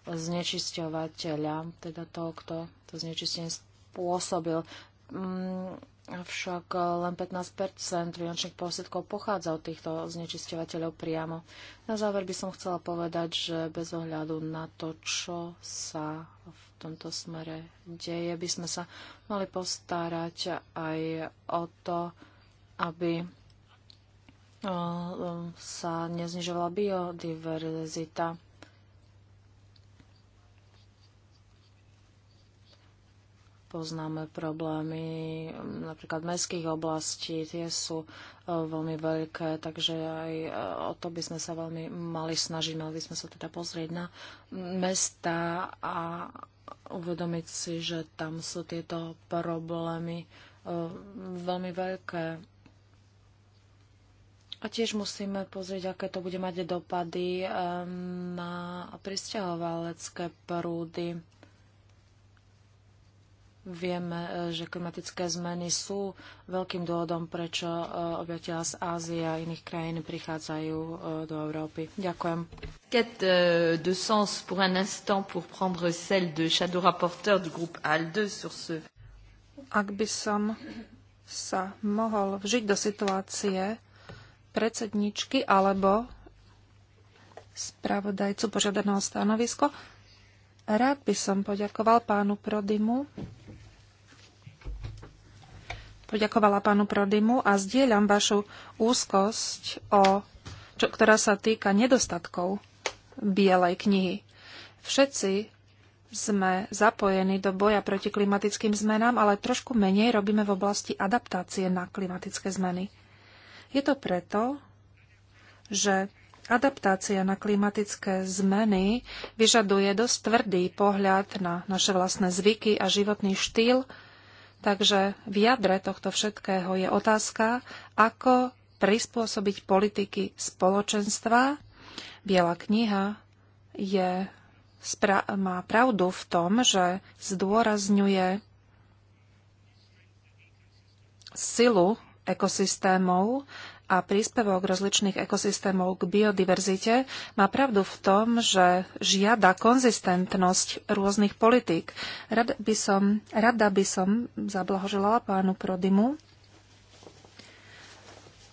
znečisťovateľa, teda toho, kto to znečistenie spôsobil. Mm, avšak len 15 výnočných prostriedkov pochádza od týchto znečisťovateľov priamo. Na záver by som chcela povedať, že bez ohľadu na to, čo sa v tomto smere deje, by sme sa mali postarať aj o to, aby sa neznižovala biodiverzita. Poznáme problémy mm, napríklad mestských oblastí, tie sú e, veľmi veľké, takže aj e, o to by sme sa veľmi mali snažiť. Mali by sme sa teda pozrieť na mesta a uvedomiť si, že tam sú tieto problémy e, veľmi veľké. A tiež musíme pozrieť, aké to bude mať dopady e, na pristahovalecké prúdy. Vieme, e, že klimatické zmeny sú veľkým dôvodom, prečo e, obyvateľa z Ázie a iných krajín prichádzajú e, do Európy. Ďakujem. Quête de sens pour un instant pour prendre celle de shadow rapporteur du groupe ALDE sur ce... Ak by som sa mohol vžiť do situácie predsedničky alebo spravodajcu požiadaného stanovisko, rád by som poďakoval pánu Prodimu poďakovala pánu Prodymu a zdieľam vašu úzkosť, o, čo, ktorá sa týka nedostatkov Bielej knihy. Všetci sme zapojení do boja proti klimatickým zmenám, ale trošku menej robíme v oblasti adaptácie na klimatické zmeny. Je to preto, že adaptácia na klimatické zmeny vyžaduje dosť tvrdý pohľad na naše vlastné zvyky a životný štýl, Takže v jadre tohto všetkého je otázka, ako prispôsobiť politiky spoločenstva. Biela kniha je, má pravdu v tom, že zdôrazňuje silu ekosystémov a príspevok rozličných ekosystémov k biodiverzite má pravdu v tom, že žiada konzistentnosť rôznych politík. Rada by som, rada by som zablahoželala pánu Prodimu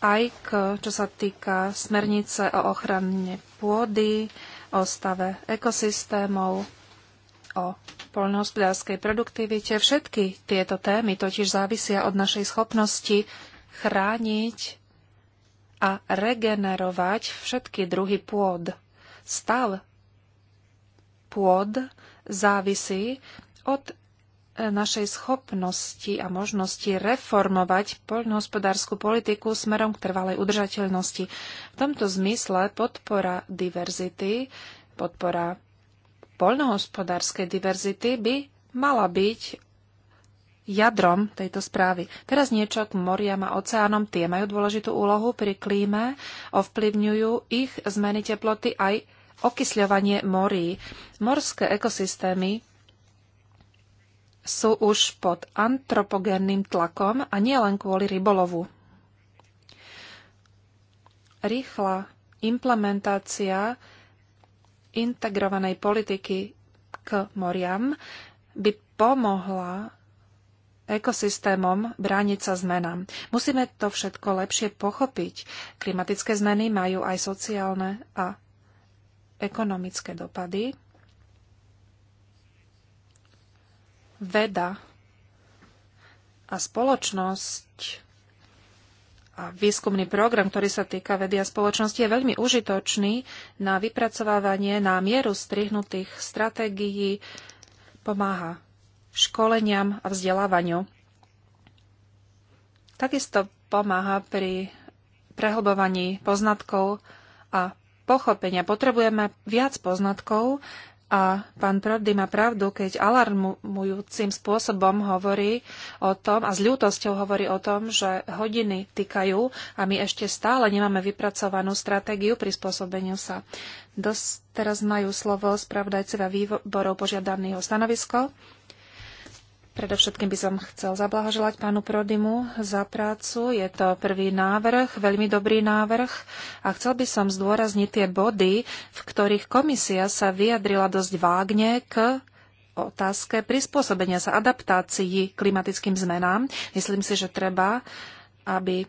aj k, čo sa týka smernice o ochrane pôdy, o stave ekosystémov, o poľnohospodárskej produktivite. Všetky tieto témy totiž závisia od našej schopnosti chrániť a regenerovať všetky druhy pôd. Stav pôd závisí od e, našej schopnosti a možnosti reformovať poľnohospodárskú politiku smerom k trvalej udržateľnosti. V tomto zmysle podpora diverzity, podpora poľnohospodárskej diverzity by mala byť jadrom tejto správy. Teraz niečo k moriam a oceánom. Tie majú dôležitú úlohu pri klíme, ovplyvňujú ich zmeny teploty aj okysľovanie morí. Morské ekosystémy sú už pod antropogénnym tlakom a nielen kvôli rybolovu. Rýchla implementácia integrovanej politiky k moriam by pomohla ekosystémom brániť sa zmenám. Musíme to všetko lepšie pochopiť. Klimatické zmeny majú aj sociálne a ekonomické dopady. Veda a spoločnosť a výskumný program, ktorý sa týka vedy a spoločnosti, je veľmi užitočný na vypracovávanie na mieru strihnutých stratégií, pomáha školeniam a vzdelávaniu. Takisto pomáha pri prehlbovaní poznatkov a pochopenia. Potrebujeme viac poznatkov a pán Prody má pravdu, keď alarmujúcim spôsobom hovorí o tom a s ľútosťou hovorí o tom, že hodiny týkajú a my ešte stále nemáme vypracovanú stratégiu prispôsobeniu sa. Dos, teraz majú slovo spravodajcovia výborov požiadaného stanovisko. Predovšetkým by som chcel zablahoželať pánu Prodimu za prácu. Je to prvý návrh, veľmi dobrý návrh a chcel by som zdôrazniť tie body, v ktorých komisia sa vyjadrila dosť vágne k otázke prispôsobenia sa adaptácii klimatickým zmenám. Myslím si, že treba, aby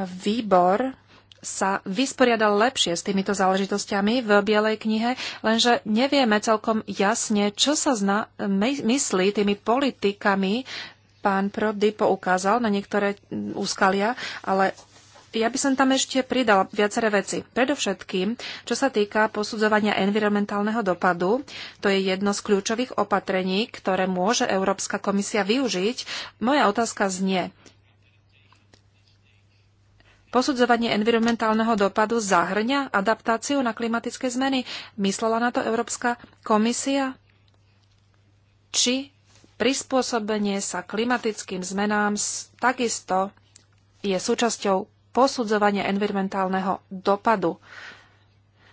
výbor sa vysporiadal lepšie s týmito záležitostiami v Bielej knihe, lenže nevieme celkom jasne, čo sa zna, my, myslí tými politikami. Pán Prody poukázal na niektoré mm, úskalia, ale ja by som tam ešte pridala viaceré veci. Predovšetkým, čo sa týka posudzovania environmentálneho dopadu, to je jedno z kľúčových opatrení, ktoré môže Európska komisia využiť. Moja otázka znie, Posudzovanie environmentálneho dopadu zahrňa adaptáciu na klimatické zmeny. Myslela na to Európska komisia? Či prispôsobenie sa klimatickým zmenám takisto je súčasťou posudzovania environmentálneho dopadu.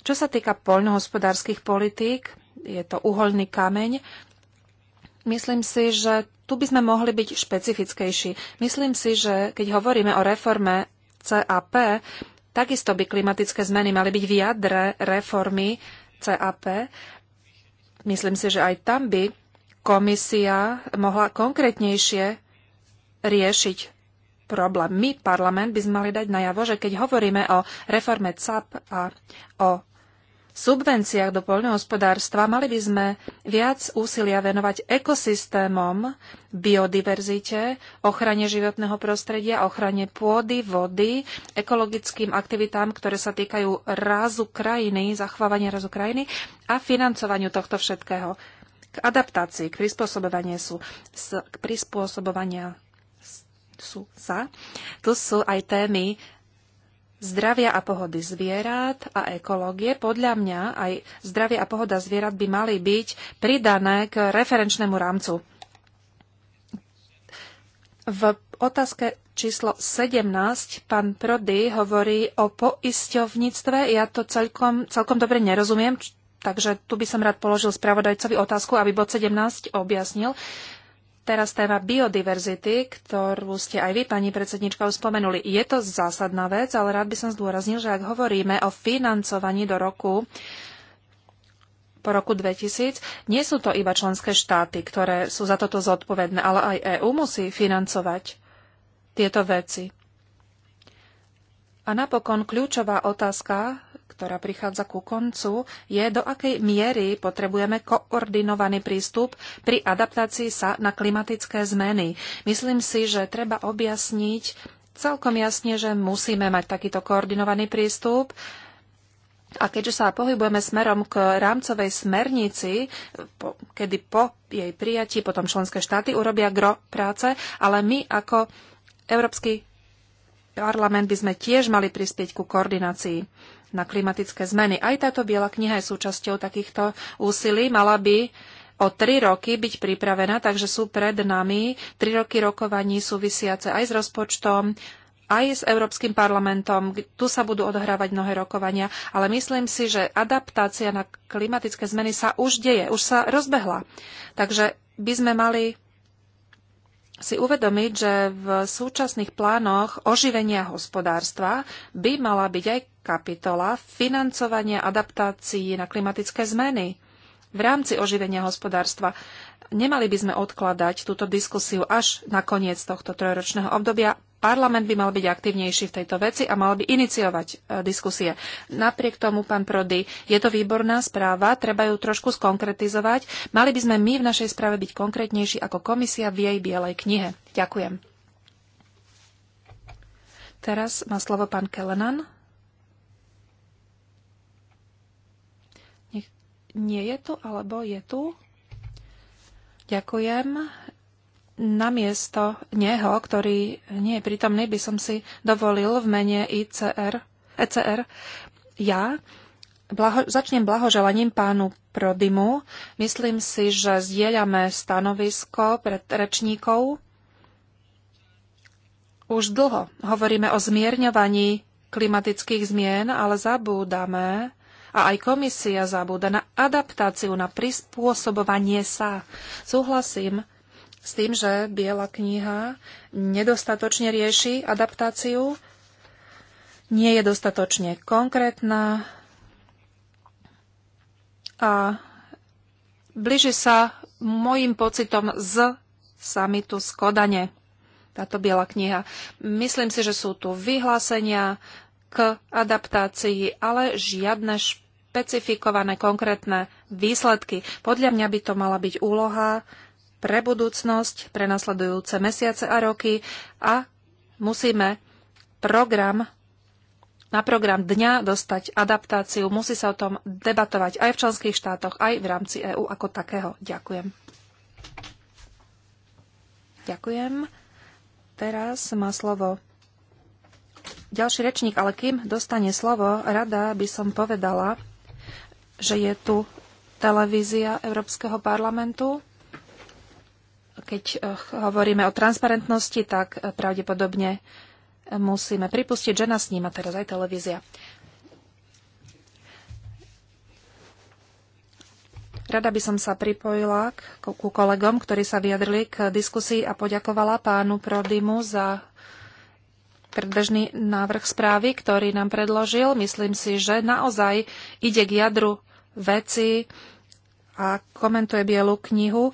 Čo sa týka poľnohospodárskych politík, je to uholný kameň, myslím si, že tu by sme mohli byť špecifickejší. Myslím si, že keď hovoríme o reforme CAP, takisto by klimatické zmeny mali byť v jadre reformy CAP. Myslím si, že aj tam by komisia mohla konkrétnejšie riešiť problém. My, parlament, by sme mali dať najavo, že keď hovoríme o reforme CAP a o subvenciách do poľnohospodárstva, mali by sme viac úsilia venovať ekosystémom, biodiverzite, ochrane životného prostredia, ochrane pôdy, vody, ekologickým aktivitám, ktoré sa týkajú rázu krajiny, zachovávania rázu krajiny a financovaniu tohto všetkého. K adaptácii, k prispôsobovaniu sú, k prispôsobovania sú sa. Tu sú aj témy zdravia a pohody zvierat a ekológie. Podľa mňa aj zdravie a pohoda zvierat by mali byť pridané k referenčnému rámcu. V otázke číslo 17 pán Prody hovorí o poisťovníctve. Ja to celkom, celkom dobre nerozumiem, takže tu by som rád položil spravodajcovi otázku, aby bod 17 objasnil. Teraz téma biodiverzity, ktorú ste aj vy, pani predsednička, spomenuli. Je to zásadná vec, ale rád by som zdôraznil, že ak hovoríme o financovaní do roku po roku 2000, nie sú to iba členské štáty, ktoré sú za toto zodpovedné, ale aj EÚ musí financovať tieto veci. A napokon kľúčová otázka ktorá prichádza ku koncu, je, do akej miery potrebujeme koordinovaný prístup pri adaptácii sa na klimatické zmeny. Myslím si, že treba objasniť celkom jasne, že musíme mať takýto koordinovaný prístup. A keďže sa pohybujeme smerom k rámcovej smernici, po, kedy po jej prijatí potom členské štáty urobia gro práce, ale my ako Európsky parlament by sme tiež mali prispieť ku koordinácii na klimatické zmeny. Aj táto biela kniha je súčasťou takýchto úsilí. Mala by o tri roky byť pripravená, takže sú pred nami tri roky rokovaní súvisiace aj s rozpočtom, aj s Európskym parlamentom. Tu sa budú odhrávať mnohé rokovania, ale myslím si, že adaptácia na klimatické zmeny sa už deje, už sa rozbehla. Takže by sme mali si uvedomiť, že v súčasných plánoch oživenia hospodárstva by mala byť aj kapitola Financovanie adaptácií na klimatické zmeny v rámci oživenia hospodárstva. Nemali by sme odkladať túto diskusiu až na koniec tohto trojročného obdobia. Parlament by mal byť aktívnejší v tejto veci a mal by iniciovať e, diskusie. Napriek tomu, pán Prody, je to výborná správa, treba ju trošku skonkretizovať. Mali by sme my v našej správe byť konkrétnejší ako komisia v jej bielej knihe. Ďakujem. Teraz má slovo pán Kelenan. Nie je tu, alebo je tu? Ďakujem. Namiesto neho, ktorý nie je prítomný, by som si dovolil v mene ICR, ECR ja blaho, začnem blahoželaním pánu Prodimu. Myslím si, že zdieľame stanovisko pred rečníkov. Už dlho hovoríme o zmierňovaní klimatických zmien, ale zabúdame a aj komisia zabúda na adaptáciu, na prispôsobovanie sa. Súhlasím s tým, že Biela kniha nedostatočne rieši adaptáciu, nie je dostatočne konkrétna a blíži sa mojim pocitom z samitu z Kodane, táto biela kniha. Myslím si, že sú tu vyhlásenia, k adaptácii, ale žiadne špecifikované konkrétne výsledky. Podľa mňa by to mala byť úloha pre budúcnosť, pre nasledujúce mesiace a roky a musíme program na program dňa dostať adaptáciu. Musí sa o tom debatovať aj v členských štátoch, aj v rámci EÚ ako takého. Ďakujem. Ďakujem. Teraz má slovo ďalší rečník, ale kým dostane slovo, rada by som povedala, že je tu televízia Európskeho parlamentu. Keď eh, hovoríme o transparentnosti, tak eh, pravdepodobne musíme pripustiť, že nás sníma teraz aj televízia. Rada by som sa pripojila k, ku kolegom, ktorí sa vyjadrili k diskusii a poďakovala pánu Prodimu za predbežný návrh správy, ktorý nám predložil. Myslím si, že naozaj ide k jadru veci a komentuje Bielú knihu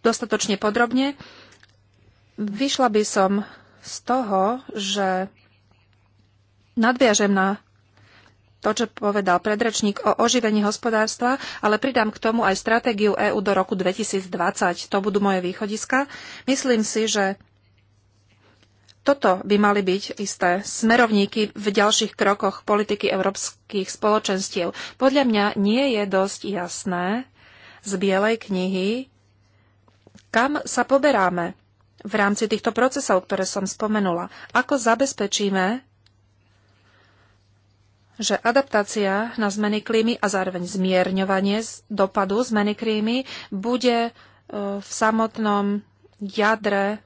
dostatočne podrobne. Vyšla by som z toho, že nadviažem na to, čo povedal predrečník o oživení hospodárstva, ale pridám k tomu aj stratégiu EÚ do roku 2020. To budú moje východiska. Myslím si, že toto by mali byť isté smerovníky v ďalších krokoch politiky európskych spoločenstiev. Podľa mňa nie je dosť jasné z Bielej knihy, kam sa poberáme v rámci týchto procesov, ktoré som spomenula. Ako zabezpečíme, že adaptácia na zmeny klímy a zároveň zmierňovanie dopadu zmeny klímy bude e, v samotnom jadre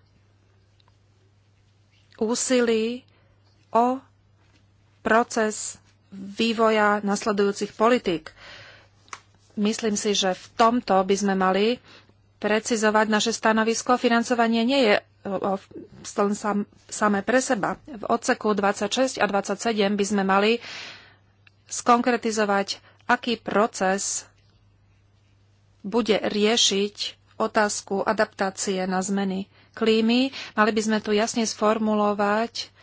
úsilí o proces vývoja nasledujúcich politík. Myslím si, že v tomto by sme mali precizovať naše stanovisko. Financovanie nie je len sam, samé pre seba. V odseku 26 a 27 by sme mali skonkretizovať, aký proces bude riešiť otázku adaptácie na zmeny klímy. Mali by sme tu jasne sformulovať,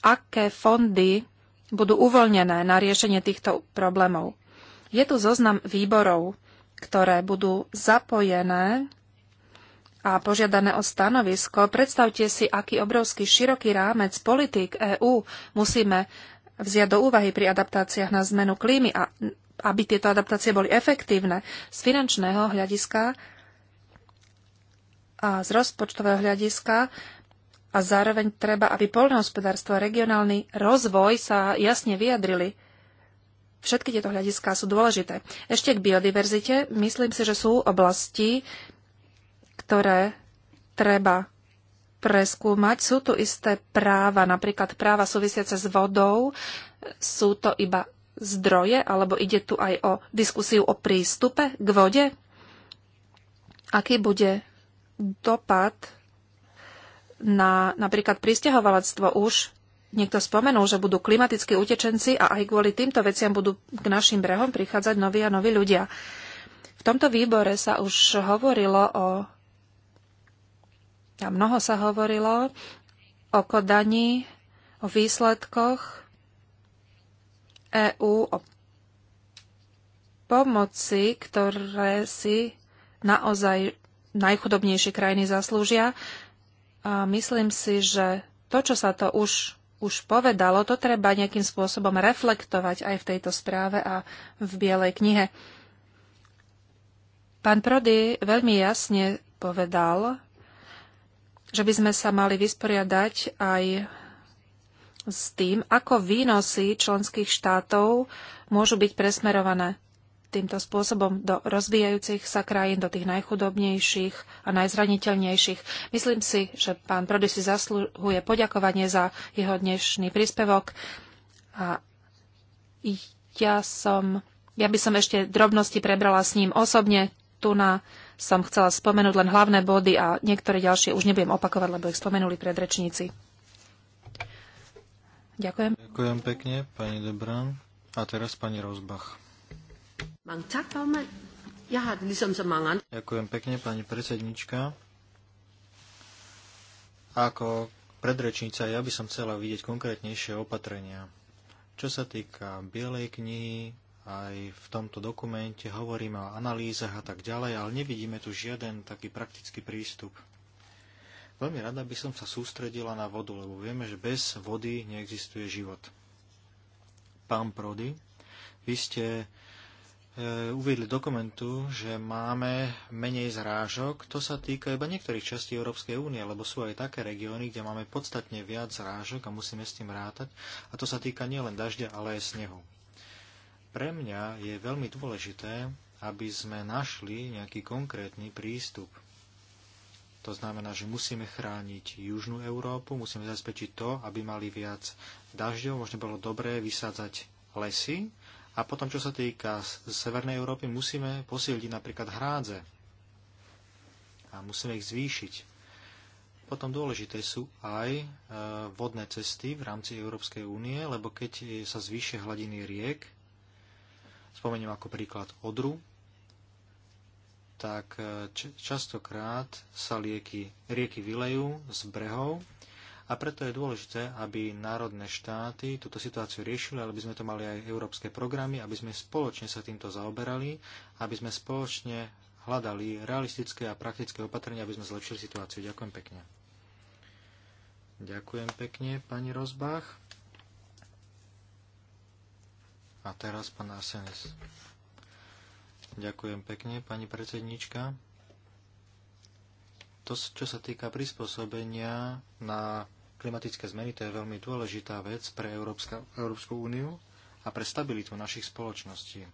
aké fondy budú uvoľnené na riešenie týchto problémov. Je tu zoznam výborov, ktoré budú zapojené a požiadané o stanovisko. Predstavte si, aký obrovský široký rámec politik EÚ musíme vziať do úvahy pri adaptáciách na zmenu klímy a aby tieto adaptácie boli efektívne. Z finančného hľadiska a z rozpočtového hľadiska a zároveň treba, aby poľnohospodárstvo a regionálny rozvoj sa jasne vyjadrili. Všetky tieto hľadiská sú dôležité. Ešte k biodiverzite. Myslím si, že sú oblasti, ktoré treba preskúmať. Sú tu isté práva, napríklad práva súvisiace s vodou. Sú to iba zdroje, alebo ide tu aj o diskusiu o prístupe k vode? Aký bude dopad na napríklad pristahovalectvo už niekto spomenul, že budú klimatickí utečenci a aj kvôli týmto veciam budú k našim brehom prichádzať noví a noví ľudia. V tomto výbore sa už hovorilo o a mnoho sa hovorilo o kodaní, o výsledkoch EÚ, o pomoci, ktoré si naozaj najchudobnejšie krajiny zaslúžia. A myslím si, že to, čo sa to už, už povedalo, to treba nejakým spôsobom reflektovať aj v tejto správe a v Bielej knihe. Pán Prody veľmi jasne povedal, že by sme sa mali vysporiadať aj s tým, ako výnosy členských štátov môžu byť presmerované týmto spôsobom do rozvíjajúcich sa krajín, do tých najchudobnejších a najzraniteľnejších. Myslím si, že pán Prodi si zaslúhuje poďakovanie za jeho dnešný príspevok a ja som, ja by som ešte drobnosti prebrala s ním osobne. Tu na som chcela spomenúť len hlavné body a niektoré ďalšie už nebudem opakovať, lebo ich spomenuli predrečníci. Ďakujem. Ďakujem pekne, pani Debran. A teraz pani Rozbach. Ďakujem pekne, pani predsednička. Ako predrečnica, ja by som chcela vidieť konkrétnejšie opatrenia. Čo sa týka Bielej knihy, aj v tomto dokumente hovoríme o analýzach a tak ďalej, ale nevidíme tu žiaden taký praktický prístup. Veľmi rada by som sa sústredila na vodu, lebo vieme, že bez vody neexistuje život. Pán Prody, vy ste E, uviedli dokumentu, že máme menej zrážok. To sa týka iba niektorých častí Európskej únie, lebo sú aj také regióny, kde máme podstatne viac zrážok a musíme s tým rátať. A to sa týka nielen dažďa, ale aj snehu. Pre mňa je veľmi dôležité, aby sme našli nejaký konkrétny prístup. To znamená, že musíme chrániť južnú Európu, musíme zabezpečiť to, aby mali viac dažďov. Možno bolo dobré vysádzať lesy, a potom, čo sa týka Severnej Európy, musíme posilniť napríklad hrádze a musíme ich zvýšiť. Potom dôležité sú aj e, vodné cesty v rámci Európskej únie, lebo keď e, sa zvýšia hladiny riek, spomeniem ako príklad Odru, tak e, častokrát sa lieky, rieky vylejú z brehov a preto je dôležité, aby národné štáty túto situáciu riešili, ale aby sme to mali aj európske programy, aby sme spoločne sa týmto zaoberali, aby sme spoločne hľadali realistické a praktické opatrenia, aby sme zlepšili situáciu. Ďakujem pekne. Ďakujem pekne, pani Rozbach. A teraz pán Arsenis. Ďakujem pekne, pani predsednička. To, čo sa týka prispôsobenia na Klimatické zmeny to je veľmi dôležitá vec pre Európska, Európsku úniu a pre stabilitu našich spoločností.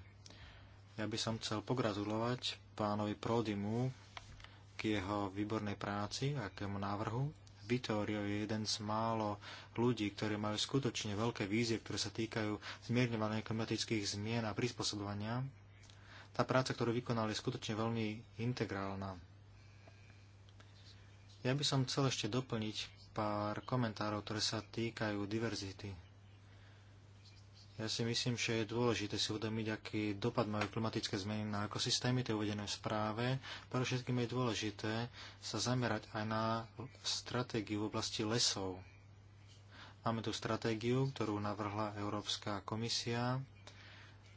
Ja by som chcel pogratulovať pánovi Prodimu k jeho výbornej práci a k jeho návrhu. Vittorio je jeden z málo ľudí, ktorí majú skutočne veľké vízie, ktoré sa týkajú zmierňovania klimatických zmien a prispôsobovania. Tá práca, ktorú vykonal, je skutočne veľmi integrálna. Ja by som chcel ešte doplniť pár komentárov, ktoré sa týkajú diverzity. Ja si myslím, že je dôležité si uvedomiť, aký dopad majú klimatické zmeny na ekosystémy, to je uvedené v správe. Pre všetkým je dôležité sa zamerať aj na stratégiu v oblasti lesov. Máme tu stratégiu, ktorú navrhla Európska komisia.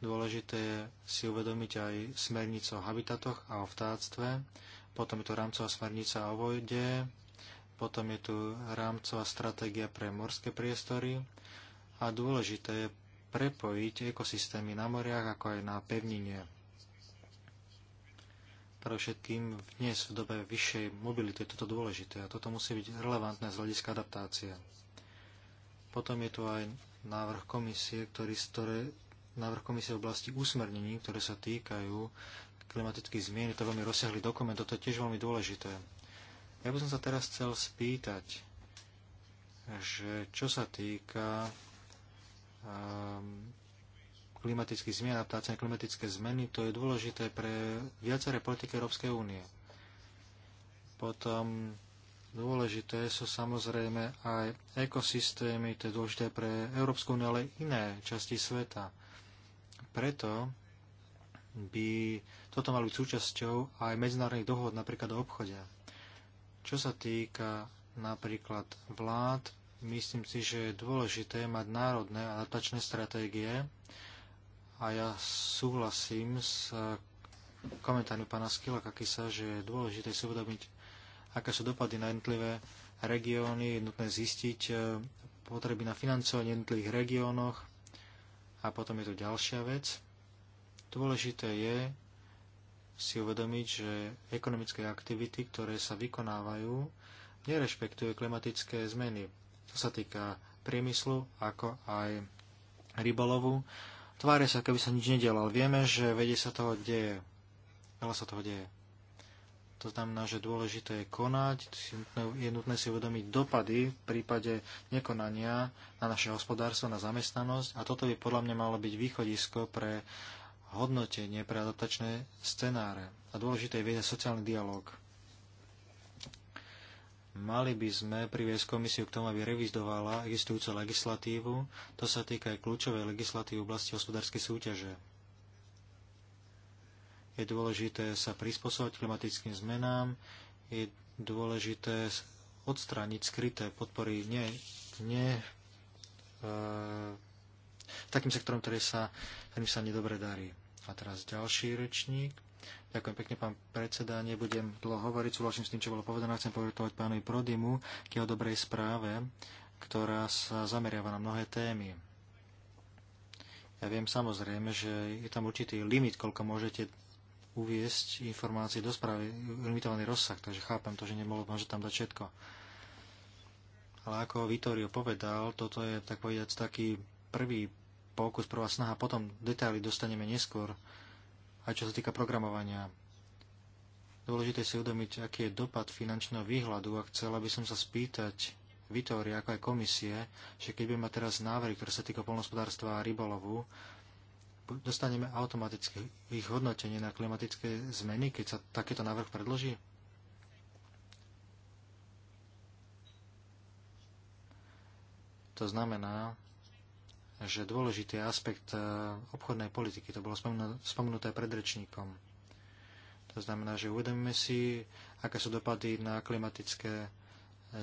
Dôležité je si uvedomiť aj smernicu o habitatoch a o vtáctve. Potom je to rámcová smernica o vode, potom je tu rámcová stratégia pre morské priestory a dôležité je prepojiť ekosystémy na moriach ako aj na pevnine. Pre všetkým dnes v dobe vyššej mobility je toto dôležité a toto musí byť relevantné z hľadiska adaptácie. Potom je tu aj návrh komisie, ktorý, ktoré, návrh komisie v oblasti usmernení, ktoré sa týkajú klimatických zmien. Je to veľmi rozsiahly dokument, toto je tiež veľmi dôležité. Ja by som sa teraz chcel spýtať, že čo sa týka um, klimatických zmien, adaptácia na klimatické zmeny, to je dôležité pre viaceré politiky Európskej únie. Potom dôležité sú samozrejme aj ekosystémy, to je dôležité pre Európsku úniu, ale iné časti sveta. Preto by toto malo byť súčasťou aj medzinárodných dohod, napríklad o obchode. Čo sa týka napríklad vlád, myslím si, že je dôležité mať národné adaptačné stratégie a ja súhlasím s komentáriu pána Skila Kakisa, že je dôležité si uvedomiť, aké sú dopady na jednotlivé regióny, je nutné zistiť eh, potreby na financovanie jednotlivých regiónoch a potom je tu ďalšia vec. Dôležité je si uvedomiť, že ekonomické aktivity, ktoré sa vykonávajú, nerešpektujú klimatické zmeny. To sa týka priemyslu, ako aj rybolovu. Tvária sa, keby sa nič nedelal. Vieme, že vedie sa toho deje. Veľa sa toho deje. To znamená, že dôležité je konať, je nutné si uvedomiť dopady v prípade nekonania na naše hospodárstvo, na zamestnanosť a toto by podľa mňa malo byť východisko pre hodnotenie pre adaptačné scenáre a dôležité je sociálny dialog. Mali by sme priviesť komisiu k tomu, aby revizovala existujúcu legislatívu. To sa týka aj kľúčovej legislatívy v oblasti hospodárskej súťaže. Je dôležité sa prispôsobiť klimatickým zmenám, je dôležité odstrániť skryté podpory ne, ne, e, takým sektorom, ktorý sa, ktorým sa nedobre darí. A teraz ďalší rečník. Ďakujem pekne, pán predseda. Nebudem dlho hovoriť, súhlasím s tým, čo bolo povedané. Chcem povedať pánovi Prodimu k jeho dobrej správe, ktorá sa zameriava na mnohé témy. Ja viem samozrejme, že je tam určitý limit, koľko môžete uviesť informácie do správy, limitovaný rozsah, takže chápem to, že nemohlo možno tam dať všetko. Ale ako Vitorio povedal, toto je tak povedať taký prvý pokus, prvá snaha, potom detaily dostaneme neskôr, aj čo sa týka programovania. Dôležité si uvedomiť, aký je dopad finančného výhľadu a chcela by som sa spýtať Vitória, ako aj komisie, že keď budeme mať teraz návrhy, ktoré sa týka polnospodárstva a rybolovu, dostaneme automaticky ich hodnotenie na klimatické zmeny, keď sa takýto návrh predloží? To znamená, že dôležitý aspekt e, obchodnej politiky, to bolo spomenuté pred rečníkom. To znamená, že uvedomíme si, aké sú dopady na klimatické e,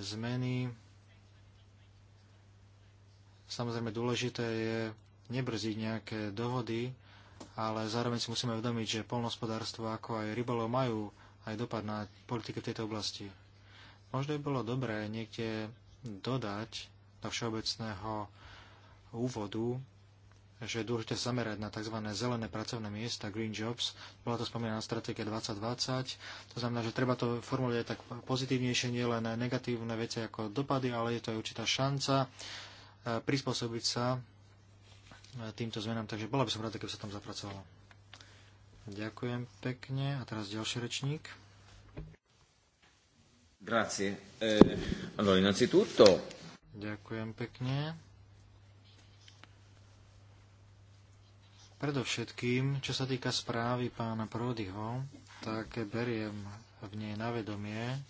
zmeny. Samozrejme dôležité je nebrziť nejaké dohody, ale zároveň si musíme uvedomiť, že polnospodárstvo ako aj rybolov majú aj dopad na politiky v tejto oblasti. Možno by bolo dobré niekde dodať do všeobecného úvodu, že je dôležité zamerať na tzv. zelené pracovné miesta, green jobs. Bola to spomínaná stratégia 2020. To znamená, že treba to formulovať tak pozitívnejšie, nie len negatívne veci ako dopady, ale je to aj určitá šanca e, prispôsobiť sa e, týmto zmenám. Takže bola by som rada, keby sa tam zapracovalo. Ďakujem pekne. A teraz ďalší rečník. Grazie. Eh, allora, innanzitutto... Ďakujem pekne. Predovšetkým, čo sa týka správy pána Prodyho, tak beriem v nej na vedomie,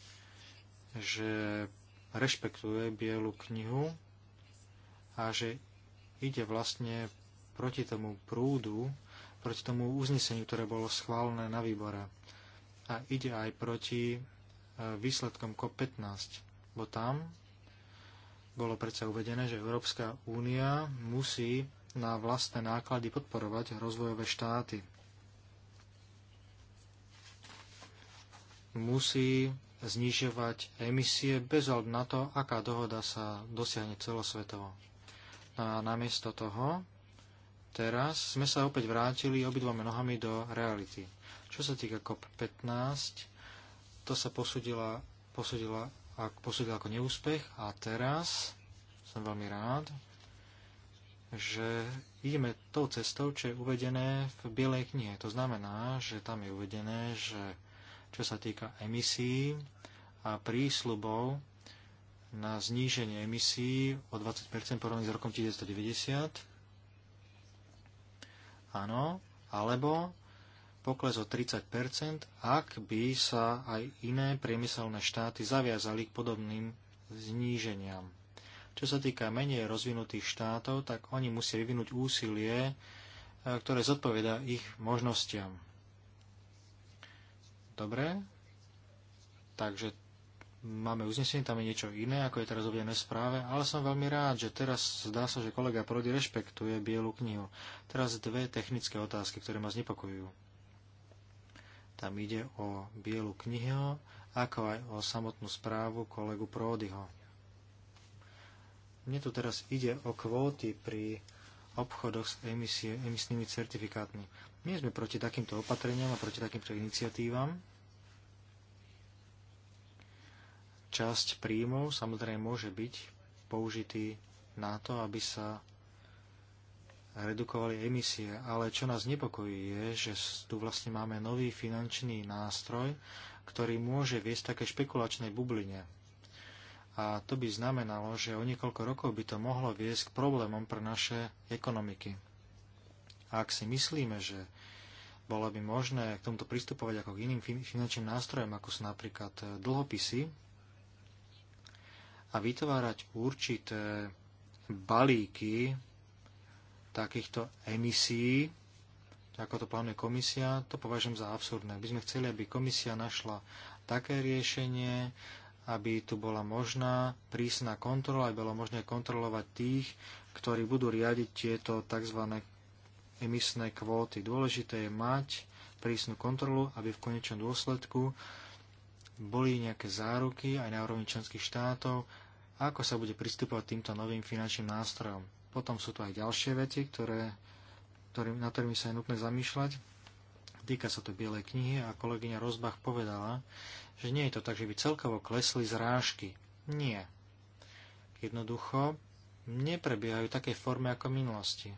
že rešpektuje Bielu knihu a že ide vlastne proti tomu prúdu, proti tomu uzneseniu, ktoré bolo schválené na výbore. A ide aj proti e, výsledkom COP15, bo tam bolo predsa uvedené, že Európska únia musí na vlastné náklady podporovať rozvojové štáty. Musí znižovať emisie bez ohľadu na to, aká dohoda sa dosiahne celosvetovo. No a namiesto toho teraz sme sa opäť vrátili obidvoma nohami do reality. Čo sa týka COP15, to sa posudila, posudila, posudila ako neúspech a teraz som veľmi rád, že ideme tou cestou, čo je uvedené v Bielej knihe. To znamená, že tam je uvedené, že čo sa týka emisí a prísľubov na zníženie emisí o 20 porovný s rokom 1990. Áno, alebo pokles o 30 ak by sa aj iné priemyselné štáty zaviazali k podobným zníženiam. Čo sa týka menej rozvinutých štátov, tak oni musia vyvinúť úsilie, e, ktoré zodpoveda ich možnostiam. Dobre, takže máme uznesenie, tam je niečo iné, ako je teraz uvedené v správe, ale som veľmi rád, že teraz zdá sa, že kolega Prody rešpektuje Bielu knihu. Teraz dve technické otázky, ktoré ma znepokojujú. Tam ide o Bielu knihu, ako aj o samotnú správu kolegu Prodyho. Mne tu teraz ide o kvóty pri obchodoch s emisie, emisnými certifikátmi. My sme proti takýmto opatreniam a proti takýmto iniciatívam. Časť príjmov samozrejme môže byť použitý na to, aby sa redukovali emisie, ale čo nás nepokojí je, že tu vlastne máme nový finančný nástroj, ktorý môže viesť také špekulačnej bubline a to by znamenalo, že o niekoľko rokov by to mohlo viesť k problémom pre naše ekonomiky. A ak si myslíme, že bolo by možné k tomuto pristupovať ako k iným finančným nástrojom, ako sú napríklad eh, dlhopisy, a vytvárať určité balíky takýchto emisií, ako to plánuje komisia, to považujem za absurdné. By sme chceli, aby komisia našla také riešenie, aby tu bola možná prísna kontrola, aby bolo možné kontrolovať tých, ktorí budú riadiť tieto tzv. emisné kvóty. Dôležité je mať prísnu kontrolu, aby v konečnom dôsledku boli nejaké záruky aj na úrovni členských štátov, ako sa bude pristupovať týmto novým finančným nástrojom. Potom sú tu aj ďalšie veci, ktoré, ktorý, na ktorými sa je nutné zamýšľať. Týka sa to Bielej knihy a kolegyňa Rozbach povedala, že nie je to tak, že by celkovo klesli zrážky. Nie. Jednoducho neprebiehajú také formy ako v minulosti.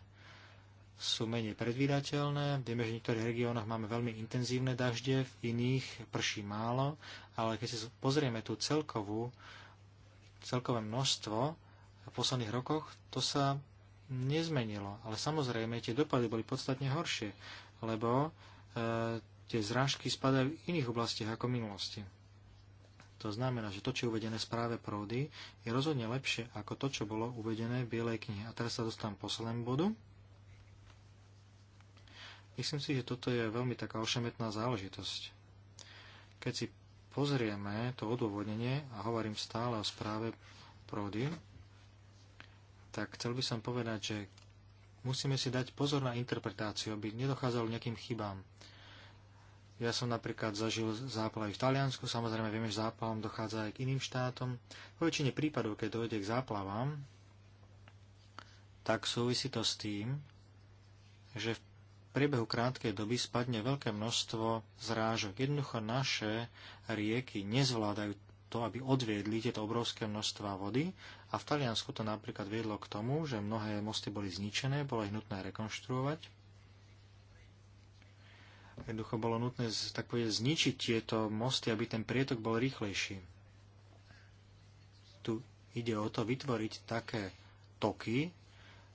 Sú menej predvídateľné, vieme, že v niektorých regiónoch máme veľmi intenzívne dažde, v iných prší málo, ale keď si pozrieme tú celkovú, celkové množstvo v posledných rokoch, to sa nezmenilo. Ale samozrejme tie dopady boli podstatne horšie, lebo e, tie zrážky spadajú v iných oblastiach ako v minulosti. To znamená, že to, čo je uvedené v správe Prody, je rozhodne lepšie ako to, čo bolo uvedené v Bielej knihe. A teraz sa dostávam k poslednému bodu. Myslím si, že toto je veľmi taká ošemetná záležitosť. Keď si pozrieme to odôvodnenie, a hovorím stále o správe Prody, tak chcel by som povedať, že musíme si dať pozor na interpretáciu, aby nedochádzalo nejakým chybám. Ja som napríklad zažil záplavy v Taliansku, samozrejme vieme, že záplavom dochádza aj k iným štátom. Po väčšine prípadov, keď dojde k záplavám, tak súvisí to s tým, že v priebehu krátkej doby spadne veľké množstvo zrážok. Jednoducho naše rieky nezvládajú to, aby odviedli tieto obrovské množstva vody a v Taliansku to napríklad viedlo k tomu, že mnohé mosty boli zničené, bolo ich nutné rekonštruovať Jednoducho bolo nutné tak povedať, zničiť tieto mosty, aby ten prietok bol rýchlejší. Tu ide o to vytvoriť také toky,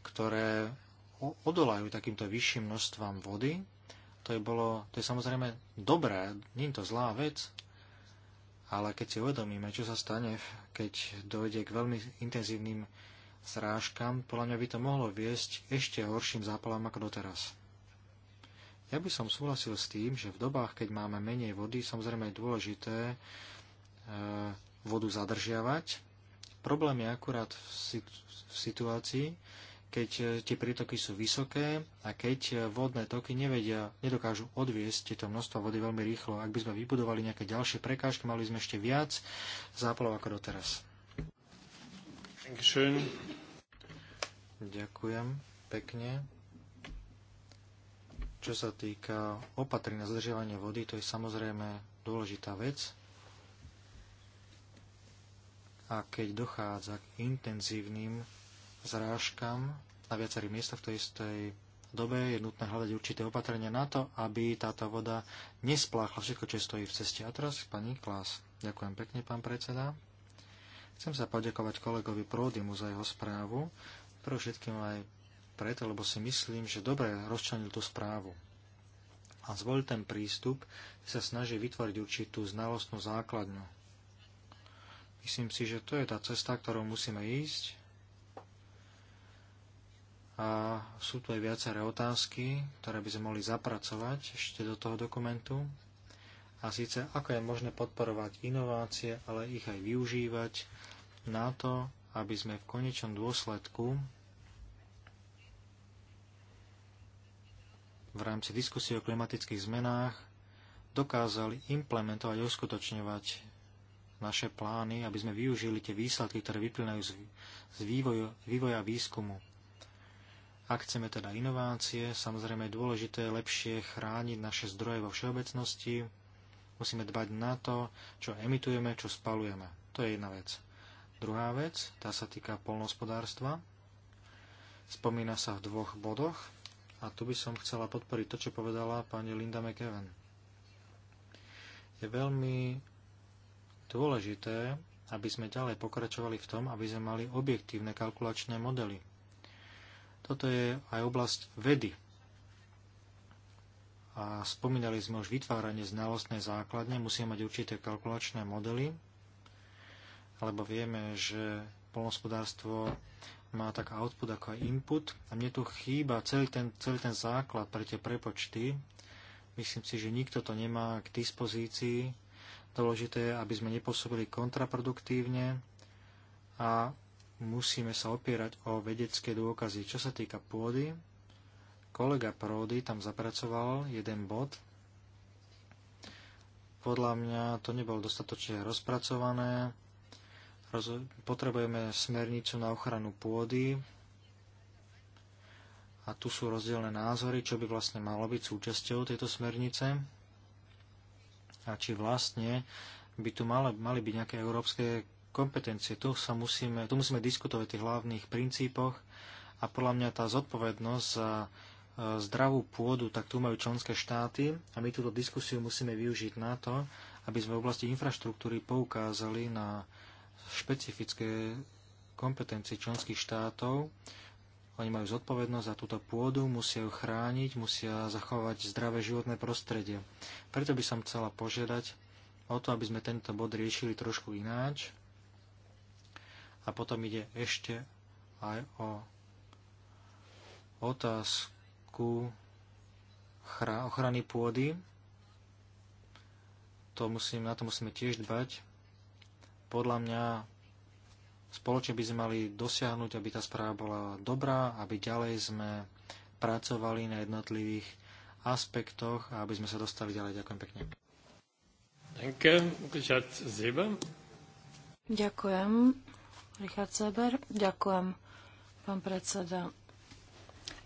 ktoré odolajú takýmto vyšším množstvám vody. To je, bolo, to je samozrejme dobré, nie je to zlá vec, ale keď si uvedomíme, čo sa stane, keď dojde k veľmi intenzívnym srážkam, podľa mňa by to mohlo viesť ešte horším zápalom ako doteraz. Ja by som súhlasil s tým, že v dobách, keď máme menej vody, samozrejme je dôležité e, vodu zadržiavať. Problém je akurát v situácii, keď e, tie prítoky sú vysoké a keď e, vodné toky nevedia, nedokážu odviesť tieto množstva vody veľmi rýchlo. Ak by sme vybudovali nejaké ďalšie prekážky, mali sme ešte viac záplav ako doteraz. Ďakujem pekne. Čo sa týka opatrí na zadržiavanie vody, to je samozrejme dôležitá vec. A keď dochádza k intenzívnym zrážkam na viacerých miestach v tej istej dobe, je nutné hľadať určité opatrenia na to, aby táto voda nespláchla všetko, čo stojí v ceste. A teraz pani Klas. Ďakujem pekne, pán predseda. Chcem sa poďakovať kolegovi Pródimu za jeho správu, pre všetkým aj preto, lebo si myslím, že dobre rozčlenil tú správu a zvolil ten prístup, sa snaží vytvoriť určitú znalostnú základňu. Myslím si, že to je tá cesta, ktorou musíme ísť. A sú tu aj viaceré otázky, ktoré by sme mohli zapracovať ešte do toho dokumentu. A síce, ako je možné podporovať inovácie, ale ich aj využívať na to, aby sme v konečnom dôsledku v rámci diskusie o klimatických zmenách dokázali implementovať a uskutočňovať naše plány, aby sme využili tie výsledky, ktoré vyplynajú z vývoja, vývoja výskumu. Ak chceme teda inovácie, samozrejme je dôležité lepšie chrániť naše zdroje vo všeobecnosti, musíme dbať na to, čo emitujeme, čo spalujeme. To je jedna vec. Druhá vec, tá sa týka polnohospodárstva. Spomína sa v dvoch bodoch. A tu by som chcela podporiť to, čo povedala pani Linda McEwen. Je veľmi dôležité, aby sme ďalej pokračovali v tom, aby sme mali objektívne kalkulačné modely. Toto je aj oblasť vedy. A spomínali sme už vytváranie znalostnej základne, musíme mať určité kalkulačné modely, lebo vieme, že polnospodárstvo má tak output ako aj input. A mne tu chýba celý ten, celý ten základ pre tie prepočty. Myslím si, že nikto to nemá k dispozícii. Dôležité je, aby sme nepôsobili kontraproduktívne a musíme sa opierať o vedecké dôkazy. Čo sa týka pôdy, kolega Prody tam zapracoval jeden bod. Podľa mňa to nebolo dostatočne rozpracované, potrebujeme smernicu na ochranu pôdy a tu sú rozdielne názory, čo by vlastne malo byť súčasťou tejto smernice a či vlastne by tu mali, mali byť nejaké európske kompetencie. Tu, sa musíme, tu musíme diskutovať o tých hlavných princípoch a podľa mňa tá zodpovednosť za e, zdravú pôdu, tak tu majú členské štáty a my túto diskusiu musíme využiť na to, aby sme v oblasti infraštruktúry poukázali na špecifické kompetencie členských štátov. Oni majú zodpovednosť za túto pôdu, musia ju chrániť, musia zachovať zdravé životné prostredie. Preto by som chcela požiadať o to, aby sme tento bod riešili trošku ináč. A potom ide ešte aj o otázku ochrany pôdy. To musím, na to musíme tiež dbať, podľa mňa spoločne by sme mali dosiahnuť, aby tá správa bola dobrá, aby ďalej sme pracovali na jednotlivých aspektoch a aby sme sa dostali ďalej. Ďakujem pekne. Ďakujem, Richard Seber. Ďakujem, pán predseda.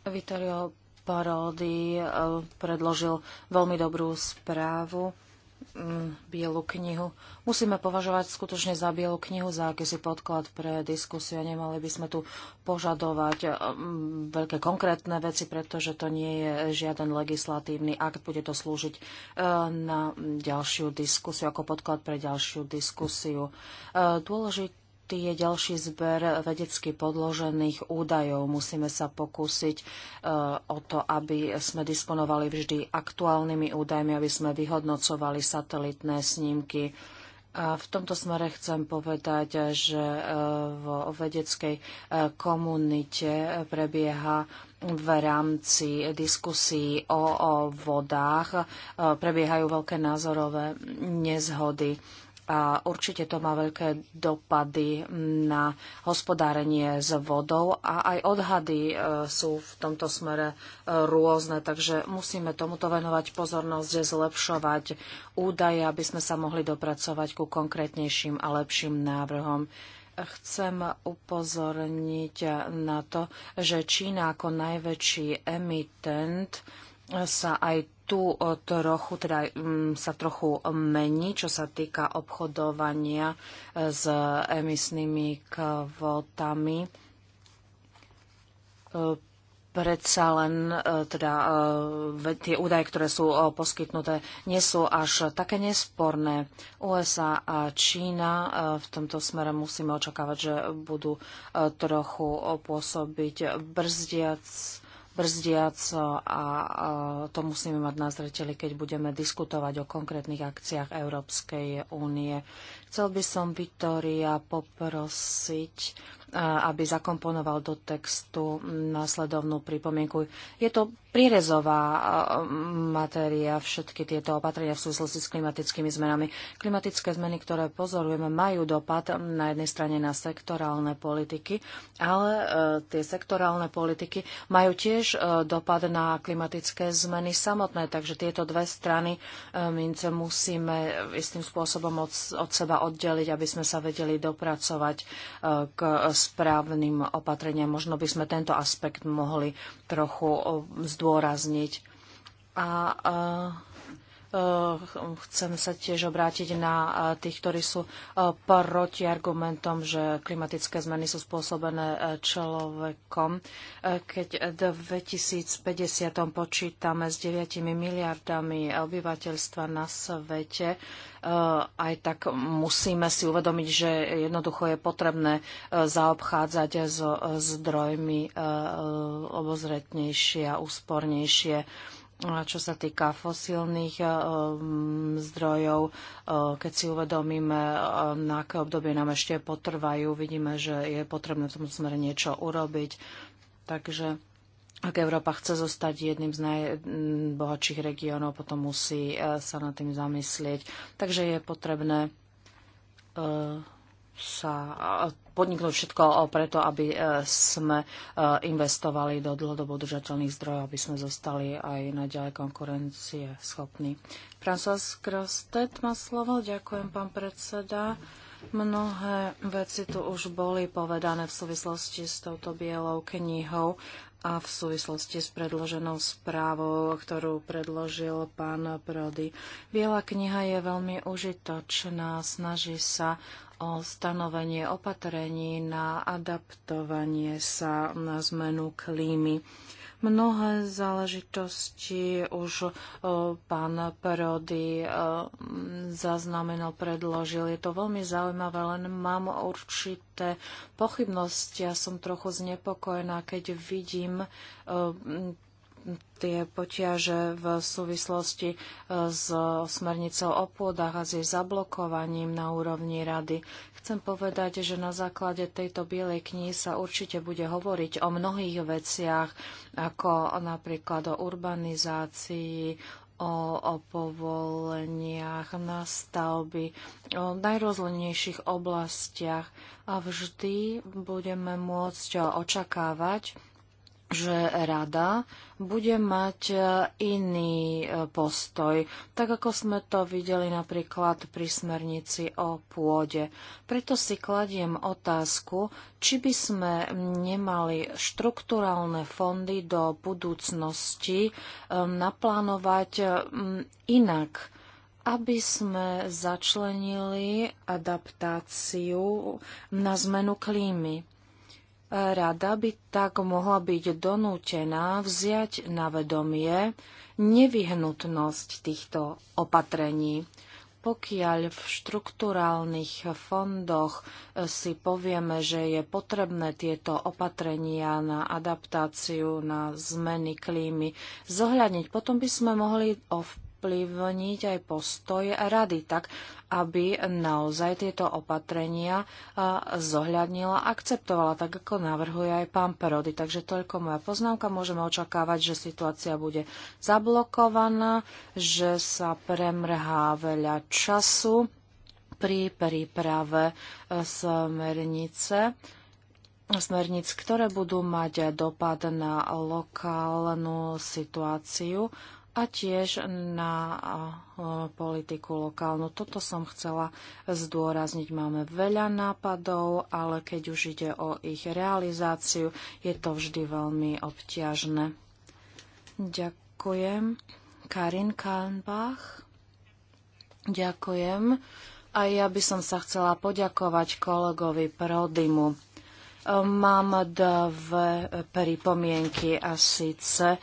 Vitario Parodi eh, predložil veľmi dobrú správu Mm, Bielu knihu. Musíme považovať skutočne za Bielu knihu za akýsi podklad pre diskusiu. Nemali by sme tu požadovať mm, veľké konkrétne veci, pretože to nie je žiaden legislatívny akt. Bude to slúžiť e, na ďalšiu diskusiu, ako podklad pre ďalšiu diskusiu. E, Dôležité dôležitý je ďalší zber vedecky podložených údajov. Musíme sa pokúsiť e, o to, aby sme disponovali vždy aktuálnymi údajmi, aby sme vyhodnocovali satelitné snímky. A v tomto smere chcem povedať, že e, vo vedeckej e, komunite prebieha v rámci diskusí o, o vodách, prebiehajú veľké názorové nezhody a určite to má veľké dopady na hospodárenie s vodou a aj odhady e, sú v tomto smere e, rôzne, takže musíme tomuto venovať pozornosť, zlepšovať údaje, aby sme sa mohli dopracovať ku konkrétnejším a lepším návrhom chcem upozorniť na to, že Čína ako najväčší emitent sa aj tu eh, trochu, teda mm, sa trochu mení, čo sa týka obchodovania eh, s emisnými kvotami. Eh, predsa len teda, tie údaje, ktoré sú poskytnuté, nie sú až také nesporné. USA a Čína v tomto smere musíme očakávať, že budú trochu pôsobiť brzdiac brzdiac a to musíme mať na zreteli, keď budeme diskutovať o konkrétnych akciách Európskej únie. Chcel by som Vitoria poprosiť, aby zakomponoval do textu následovnú pripomienku. Je to prírezová matéria, všetky tieto opatrenia v súvislosti s klimatickými zmenami. Klimatické zmeny, ktoré pozorujeme, majú dopad na jednej strane na sektorálne politiky, ale e, tie sektorálne politiky majú tiež e, dopad na klimatické zmeny samotné, takže tieto dve strany e, mince musíme istým spôsobom od, od seba oddeliť, aby sme sa vedeli dopracovať k správnym opatreniam. Možno by sme tento aspekt mohli trochu zdôrazniť. A, a Eh, chcem sa tiež obrátiť na eh, tých, ktorí sú eh, proti argumentom, že klimatické zmeny sú spôsobené človekom. Keď v 2050 počítame s 9 miliardami obyvateľstva na svete, aj tak musíme si uvedomiť, že jednoducho je potrebné zaobchádzať so zdrojmi obozretnejšie a úspornejšie čo sa týka fosílnych eh, mm, zdrojov, eh, keď si uvedomíme, eh, na aké obdobie nám ešte potrvajú, vidíme, že je potrebné v tom smere niečo urobiť. Takže ak Európa chce zostať jedným z najbohatších regiónov, potom musí sa nad tým zamyslieť. Takže je potrebné sa podniknúť všetko preto, aby e, sme e, investovali do dlhodobo udržateľných zdrojov, aby sme zostali aj naďalej konkurencie schopní. François Grostet má slovo. Ďakujem, pán predseda. Mnohé veci tu už boli povedané v súvislosti s touto bielou knihou a v súvislosti s predloženou správou, ktorú predložil pán Prody. Biela kniha je veľmi užitočná, snaží sa o stanovenie opatrení na adaptovanie sa na zmenu klímy. Mnohé záležitosti už pán Perody zaznamenal, predložil. Je to veľmi zaujímavé, len mám určité pochybnosti a ja som trochu znepokojená, keď vidím tie potiaže v súvislosti e, s smernicou o pôdach a s jej zablokovaním na úrovni rady. Chcem povedať, že na základe tejto bielej knihy sa určite bude hovoriť o mnohých veciach, ako napríklad o urbanizácii, o, o povoleniach na stavby, o najrozlenejších oblastiach a vždy budeme môcť očakávať, že rada bude mať e, iný e, postoj, tak ako sme to videli napríklad pri smernici o pôde. Preto si kladiem otázku, či by sme nemali štrukturálne fondy do budúcnosti e, naplánovať inak aby sme začlenili adaptáciu na zmenu klímy. Rada by tak mohla byť donútená vziať na vedomie nevyhnutnosť týchto opatrení. Pokiaľ v štrukturálnych fondoch si povieme, že je potrebné tieto opatrenia na adaptáciu, na zmeny klímy zohľadniť, potom by sme mohli o ovplyvniť aj postoj rady tak, aby naozaj tieto opatrenia zohľadnila a akceptovala, tak ako navrhuje aj pán Perody. Takže toľko moja poznámka. Môžeme očakávať, že situácia bude zablokovaná, že sa premrhá veľa času pri príprave e, smernice smerníc, ktoré budú mať dopad na lokálnu situáciu a tiež na e, politiku lokálnu. Toto som chcela zdôrazniť. Máme veľa nápadov, ale keď už ide o ich realizáciu, je to vždy veľmi obťažné. Ďakujem. Karin Kalnbach. Ďakujem. A ja by som sa chcela poďakovať kolegovi Prodymu. Mám dve pripomienky a síce eh,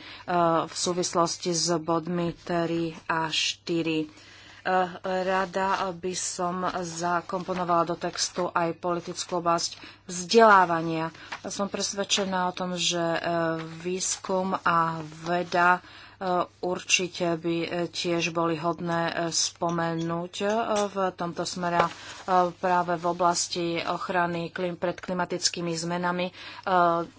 v súvislosti s bodmi 3 a 4. Eh, rada by som zakomponovala do textu aj politickú oblasť vzdelávania. Som presvedčená o tom, že eh, výskum a veda určite by e, tiež boli hodné e, spomenúť e, v tomto smere práve v oblasti ochrany klim pred klimatickými zmenami.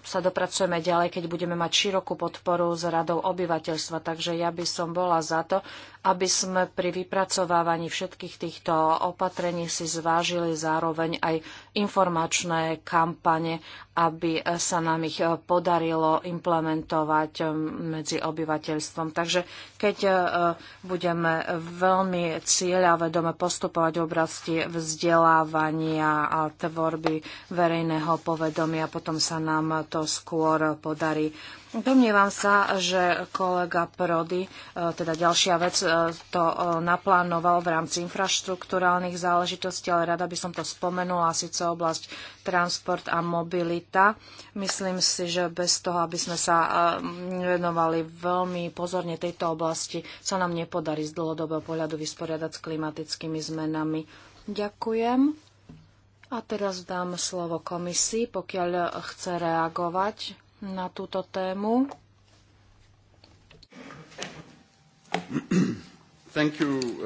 Sa dopracujeme ďalej, keď budeme mať širokú podporu s radou obyvateľstva. Takže ja by som bola za to, aby sme pri vypracovávaní všetkých týchto opatrení si zvážili zároveň aj informačné kampane, aby sa nám ich podarilo implementovať medzi obyvateľstvom. Takže keď e, budeme veľmi vedome postupovať v oblasti vzdelávania a tvorby verejného povedomia, potom sa nám to skôr podarí Domnievam sa, že kolega Prody, e, teda ďalšia vec, e, to e, naplánoval v rámci infraštruktúrálnych záležitostí, ale rada by som to spomenula, síce oblasť transport a mobilita. Myslím si, že bez toho, aby sme sa venovali veľmi pozorne tejto oblasti, sa nám nepodarí z dlhodobého pohľadu vysporiadať s klimatickými zmenami. Ďakujem. A teraz dám slovo komisii, pokiaľ chce reagovať na túto tému. Thank you.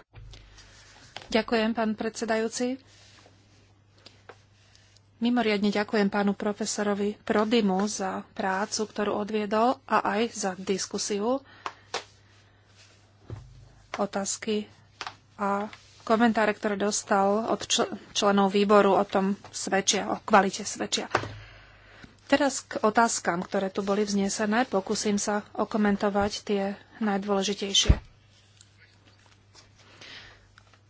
Ďakujem, pán predsedajúci. Mimoriadne ďakujem pánu profesorovi Prodimu za prácu, ktorú odviedol a aj za diskusiu, otázky a komentáre, ktoré dostal od členov výboru o tom svedčia, o kvalite svedčia. Teraz k otázkam, ktoré tu boli vznesené, pokúsim sa okomentovať tie najdôležitejšie.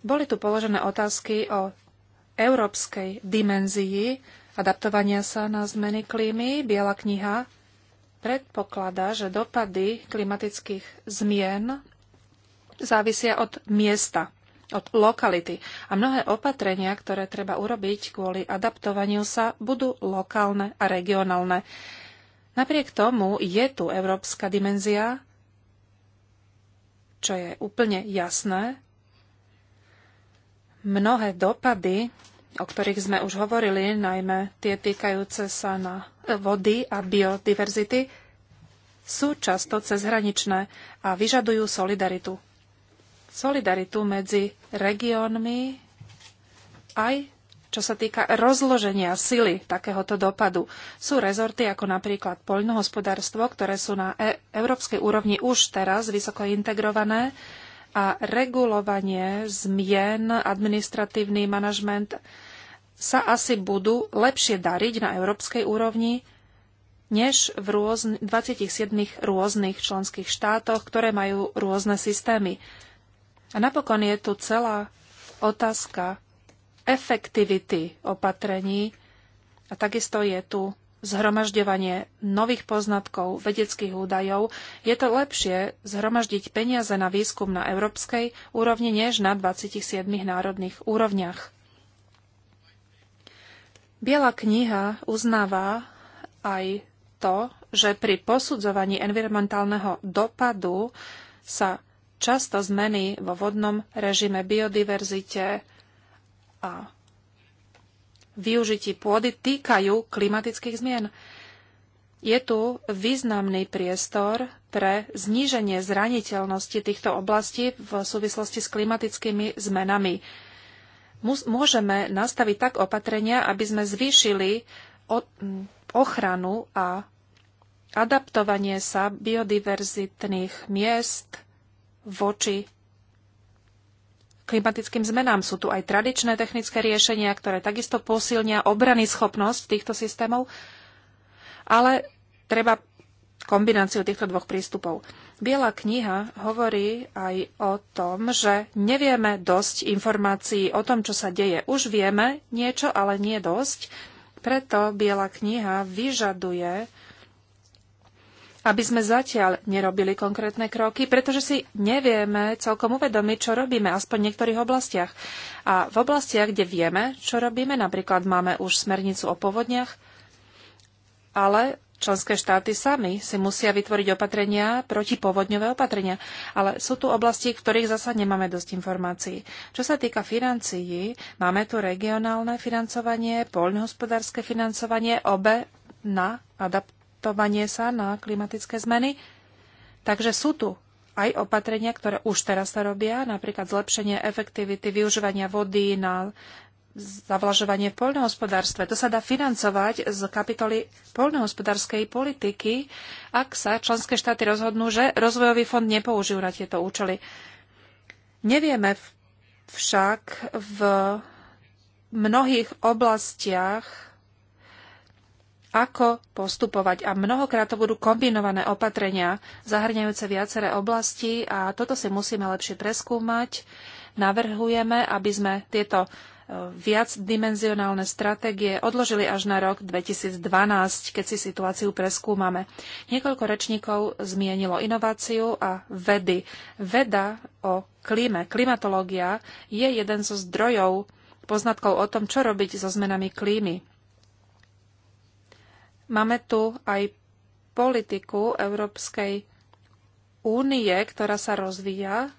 Boli tu položené otázky o európskej dimenzii adaptovania sa na zmeny klímy. Biela kniha predpokladá, že dopady klimatických zmien závisia od miesta od lokality. A mnohé opatrenia, ktoré treba urobiť kvôli adaptovaniu sa, budú lokálne a regionálne. Napriek tomu je tu európska dimenzia, čo je úplne jasné. Mnohé dopady, o ktorých sme už hovorili, najmä tie týkajúce sa na vody a biodiverzity, sú často cezhraničné a vyžadujú solidaritu solidaritu medzi regiónmi aj čo sa týka rozloženia sily takéhoto dopadu. Sú rezorty ako napríklad poľnohospodárstvo, ktoré sú na e- európskej úrovni už teraz vysoko integrované a regulovanie zmien, administratívny manažment sa asi budú lepšie dariť na európskej úrovni než v rôzn- 27 rôznych členských štátoch, ktoré majú rôzne systémy. A napokon je tu celá otázka efektivity opatrení a takisto je tu zhromažďovanie nových poznatkov, vedeckých údajov, je to lepšie zhromaždiť peniaze na výskum na európskej úrovni než na 27 národných úrovniach. Biela kniha uznáva aj to, že pri posudzovaní environmentálneho dopadu sa často zmeny vo vodnom režime, biodiverzite a využití pôdy týkajú klimatických zmien. Je tu významný priestor pre zníženie zraniteľnosti týchto oblastí v súvislosti s klimatickými zmenami. Môžeme nastaviť tak opatrenia, aby sme zvýšili ochranu a adaptovanie sa biodiverzitných miest, voči klimatickým zmenám. Sú tu aj tradičné technické riešenia, ktoré takisto posilnia obrany schopnosť týchto systémov, ale treba kombináciu týchto dvoch prístupov. Biela kniha hovorí aj o tom, že nevieme dosť informácií o tom, čo sa deje. Už vieme niečo, ale nie dosť. Preto Biela kniha vyžaduje aby sme zatiaľ nerobili konkrétne kroky, pretože si nevieme celkom uvedomiť, čo robíme, aspoň v niektorých oblastiach. A v oblastiach, kde vieme, čo robíme, napríklad máme už smernicu o povodniach, ale členské štáty sami si musia vytvoriť opatrenia, protipovodňové opatrenia. Ale sú tu oblasti, v ktorých zasa nemáme dosť informácií. Čo sa týka financií, máme tu regionálne financovanie, poľnohospodárske financovanie, obe na adapt adaptovanie sa na klimatické zmeny. Takže sú tu aj opatrenia, ktoré už teraz sa robia, napríklad zlepšenie efektivity využívania vody na zavlažovanie v poľnohospodárstve. To sa dá financovať z kapitoly poľnohospodárskej politiky, ak sa členské štáty rozhodnú, že rozvojový fond nepoužijú na tieto účely. Nevieme však v mnohých oblastiach ako postupovať. A mnohokrát to budú kombinované opatrenia, zahrňajúce viaceré oblasti a toto si musíme lepšie preskúmať. Navrhujeme, aby sme tieto e, viacdimenzionálne stratégie odložili až na rok 2012, keď si situáciu preskúmame. Niekoľko rečníkov zmienilo inováciu a vedy. Veda o klíme, klimatológia je jeden zo zdrojov poznatkov o tom, čo robiť so zmenami klímy. Máme tu aj politiku Európskej únie, ktorá sa rozvíja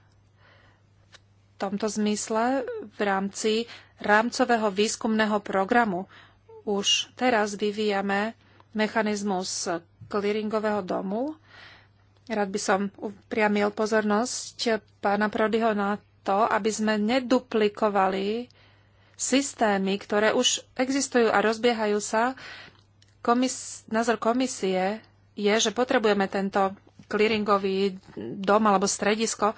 v tomto zmysle v rámci rámcového výskumného programu. Už teraz vyvíjame mechanizmus clearingového domu. Rád by som upriamil pozornosť pána Prodyho na to, aby sme neduplikovali systémy, ktoré už existujú a rozbiehajú sa Komis, názor komisie je, že potrebujeme tento clearingový dom alebo stredisko,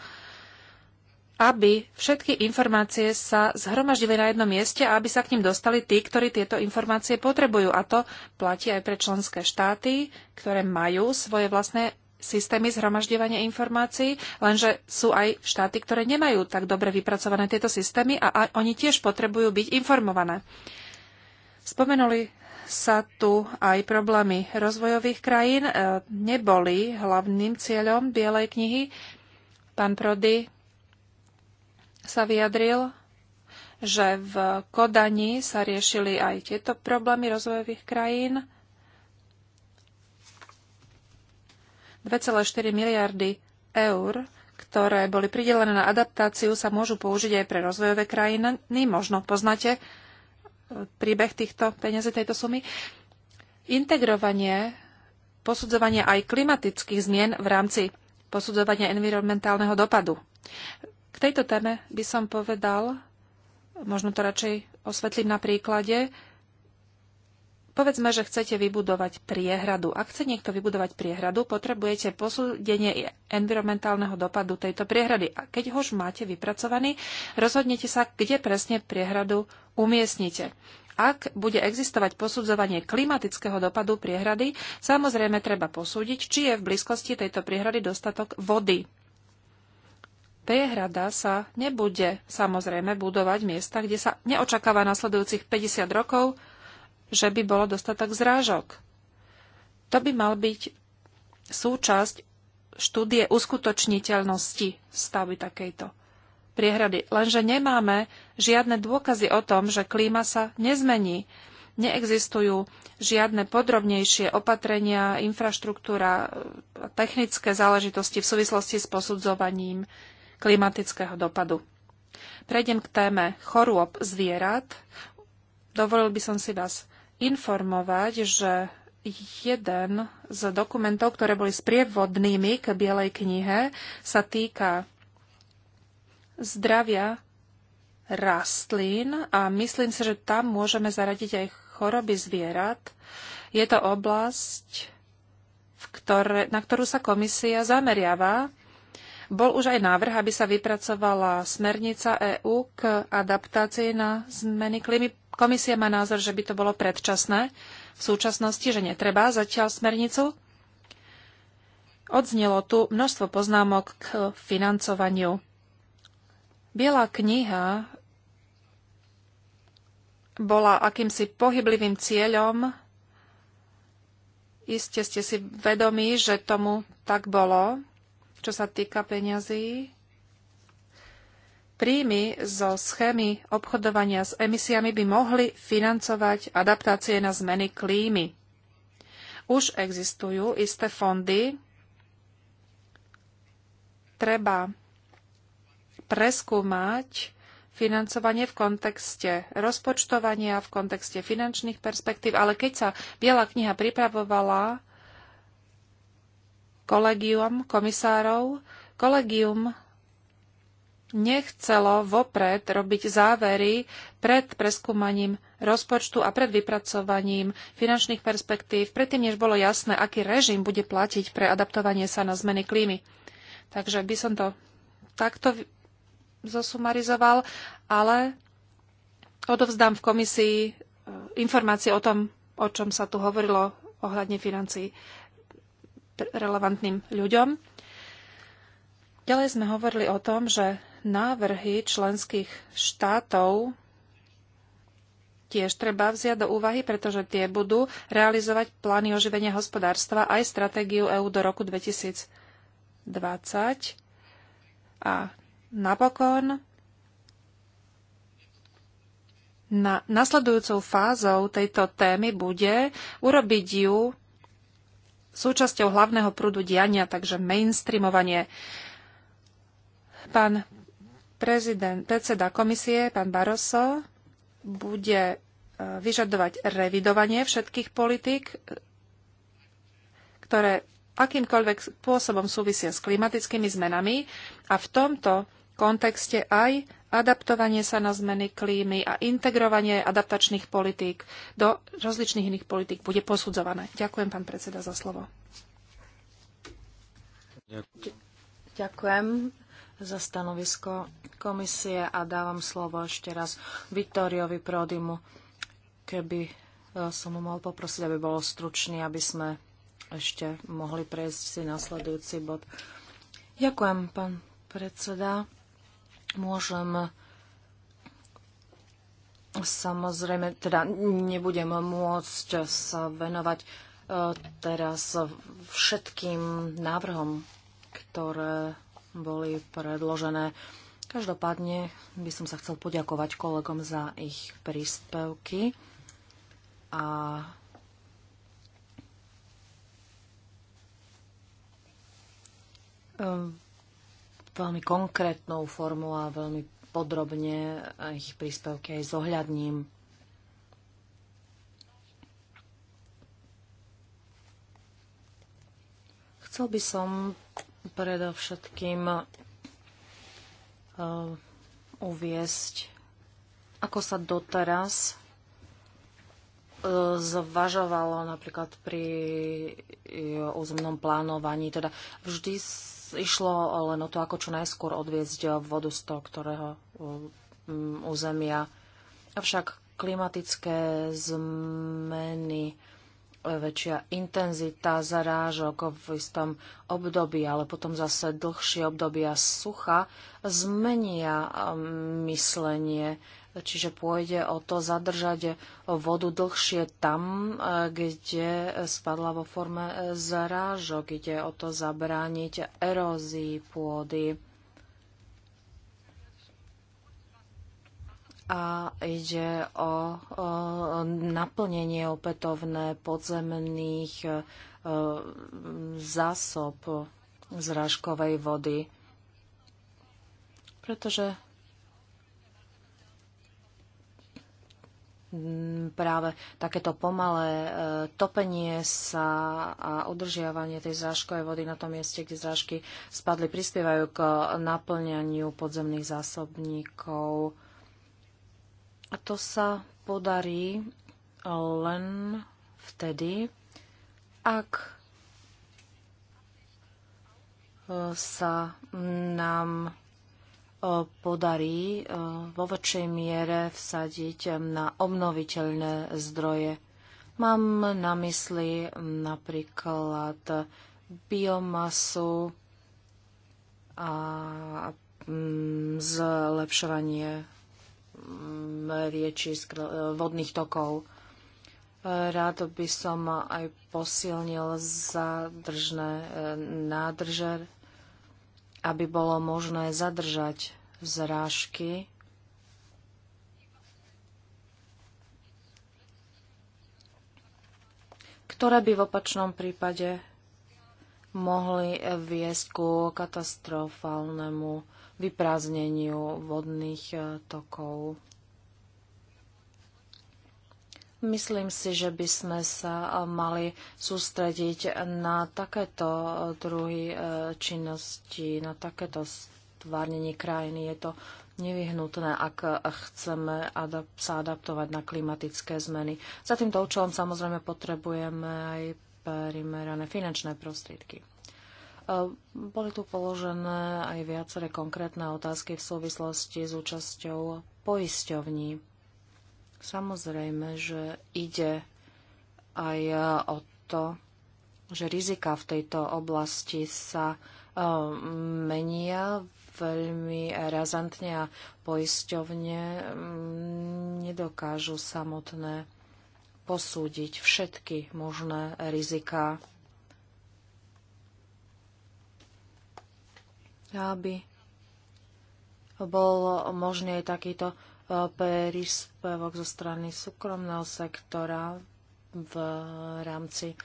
aby všetky informácie sa zhromaždili na jednom mieste a aby sa k ním dostali tí, ktorí tieto informácie potrebujú. A to platí aj pre členské štáty, ktoré majú svoje vlastné systémy zhromažďovania informácií, lenže sú aj štáty, ktoré nemajú tak dobre vypracované tieto systémy a, a oni tiež potrebujú byť informované. Spomenuli sa tu aj problémy rozvojových krajín. E, neboli hlavným cieľom Bielej knihy. Pán Prody sa vyjadril, že v Kodani sa riešili aj tieto problémy rozvojových krajín. 2,4 miliardy eur, ktoré boli pridelené na adaptáciu, sa môžu použiť aj pre rozvojové krajiny. Možno poznáte príbeh týchto peniazy, tejto sumy. Integrovanie posudzovania aj klimatických zmien v rámci posudzovania environmentálneho dopadu. K tejto téme by som povedal, možno to radšej osvetlím na príklade, Povedzme, že chcete vybudovať priehradu. Ak chce niekto vybudovať priehradu, potrebujete posúdenie environmentálneho dopadu tejto priehrady. A keď ho už máte vypracovaný, rozhodnete sa, kde presne priehradu umiestnite. Ak bude existovať posudzovanie klimatického dopadu priehrady, samozrejme treba posúdiť, či je v blízkosti tejto priehrady dostatok vody. Priehrada sa nebude samozrejme budovať miesta, kde sa neočakáva nasledujúcich 50 rokov že by bolo dostatok zrážok. To by mal byť súčasť štúdie uskutočniteľnosti stavby takejto priehrady. Lenže nemáme žiadne dôkazy o tom, že klíma sa nezmení. Neexistujú žiadne podrobnejšie opatrenia, infraštruktúra, e, technické záležitosti v súvislosti s posudzovaním klimatického dopadu. Prejdem k téme chorôb zvierat. Dovolil by som si vás informovať, že jeden z dokumentov, ktoré boli sprievodnými k Bielej knihe, sa týka zdravia rastlín a myslím si, že tam môžeme zaradiť aj choroby zvierat. Je to oblasť, v ktoré, na ktorú sa komisia zameriava. Bol už aj návrh, aby sa vypracovala smernica EÚ k adaptácii na zmeny klímy. Komisia má názor, že by to bolo predčasné v súčasnosti, že netreba zatiaľ smernicu. Odznelo tu množstvo poznámok k financovaniu. Biela kniha bola akýmsi pohyblivým cieľom. Iste ste si vedomi, že tomu tak bolo, čo sa týka peňazí. Príjmy zo schémy obchodovania s emisiami by mohli financovať adaptácie na zmeny klímy. Už existujú isté fondy. Treba preskúmať financovanie v kontexte rozpočtovania, v kontexte finančných perspektív, ale keď sa Biela kniha pripravovala kolegium komisárov, kolegium nechcelo vopred robiť závery pred preskúmaním rozpočtu a pred vypracovaním finančných perspektív, predtým, než bolo jasné, aký režim bude platiť pre adaptovanie sa na zmeny klímy. Takže by som to takto zosumarizoval, ale odovzdám v komisii e, informácie o tom, o čom sa tu hovorilo ohľadne financií relevantným ľuďom. Ďalej sme hovorili o tom, že návrhy členských štátov tiež treba vziať do úvahy, pretože tie budú realizovať plány oživenia hospodárstva aj stratégiu EÚ do roku 2020. A napokon na nasledujúcou fázou tejto témy bude urobiť ju súčasťou hlavného prúdu diania, takže mainstreamovanie. Pán prezident, predseda komisie, pán Barroso, bude e, vyžadovať revidovanie všetkých politík, e, ktoré akýmkoľvek spôsobom súvisia s klimatickými zmenami a v tomto kontexte aj adaptovanie sa na zmeny klímy a integrovanie adaptačných politík do rozličných iných politík bude posudzované. Ďakujem, pán predseda, za slovo. Ďakujem za stanovisko komisie a dávam slovo ešte raz Vittoriovi Prodimu, keby e, som mu mohol poprosiť, aby bol stručný, aby sme ešte mohli prejsť si nasledujúci bod. Ďakujem, pán predseda. Môžem samozrejme, teda nebudem môcť sa venovať e, teraz všetkým návrhom, ktoré boli predložené. Každopádne by som sa chcel poďakovať kolegom za ich príspevky a ehm, veľmi konkrétnou formou a veľmi podrobne ich príspevky aj zohľadním. Chcel by som predovšetkým e, uviesť, ako sa doteraz e, zvažovalo napríklad pri e, územnom plánovaní. Teda vždy išlo len o to, ako čo najskôr odviezť vodu z toho, ktorého územia. Avšak klimatické zmeny väčšia intenzita zarážok v istom období, ale potom zase dlhšie obdobia sucha zmenia um, myslenie. Čiže pôjde o to zadržať vodu dlhšie tam, eh, kde spadla vo forme zrážok. Ide o to zabrániť erózii pôdy. a ide o, o naplnenie opätovné podzemných e, zásob zrážkovej vody. Pretože práve takéto pomalé e, topenie sa a udržiavanie tej zrážkovej vody na tom mieste, kde zrážky spadli, prispievajú k naplňaniu podzemných zásobníkov. A to sa podarí len vtedy, ak e, sa nám e, podarí e, vo väčšej miere vsadiť na obnoviteľné zdroje. Mám na mysli napríklad biomasu a mm, zlepšovanie riečisk, e, vodných tokov. E, rád by som aj posilnil zadržné e, nádrže, aby bolo možné zadržať zrážky. ktoré by v opačnom prípade mohli viesť ku katastrofálnemu vyprázdneniu vodných e, tokov. Myslím si, že by sme sa e, mali sústrediť na takéto e, druhy činnosti, na takéto stvárnenie krajiny. Je to nevyhnutné, ak chceme sa adaptovať na klimatické zmeny. Za týmto účelom samozrejme potrebujeme aj primerané finančné prostriedky. Ehm, boli tu položené aj viaceré konkrétne otázky v súvislosti s účasťou poisťovní. Samozrejme, že ide aj o to, že rizika v tejto oblasti sa ehm, menia veľmi razantne a poisťovne ehm, nedokážu samotné posúdiť všetky možné riziká aby bol možný takýto e, príspevok zo strany súkromného sektora v rámci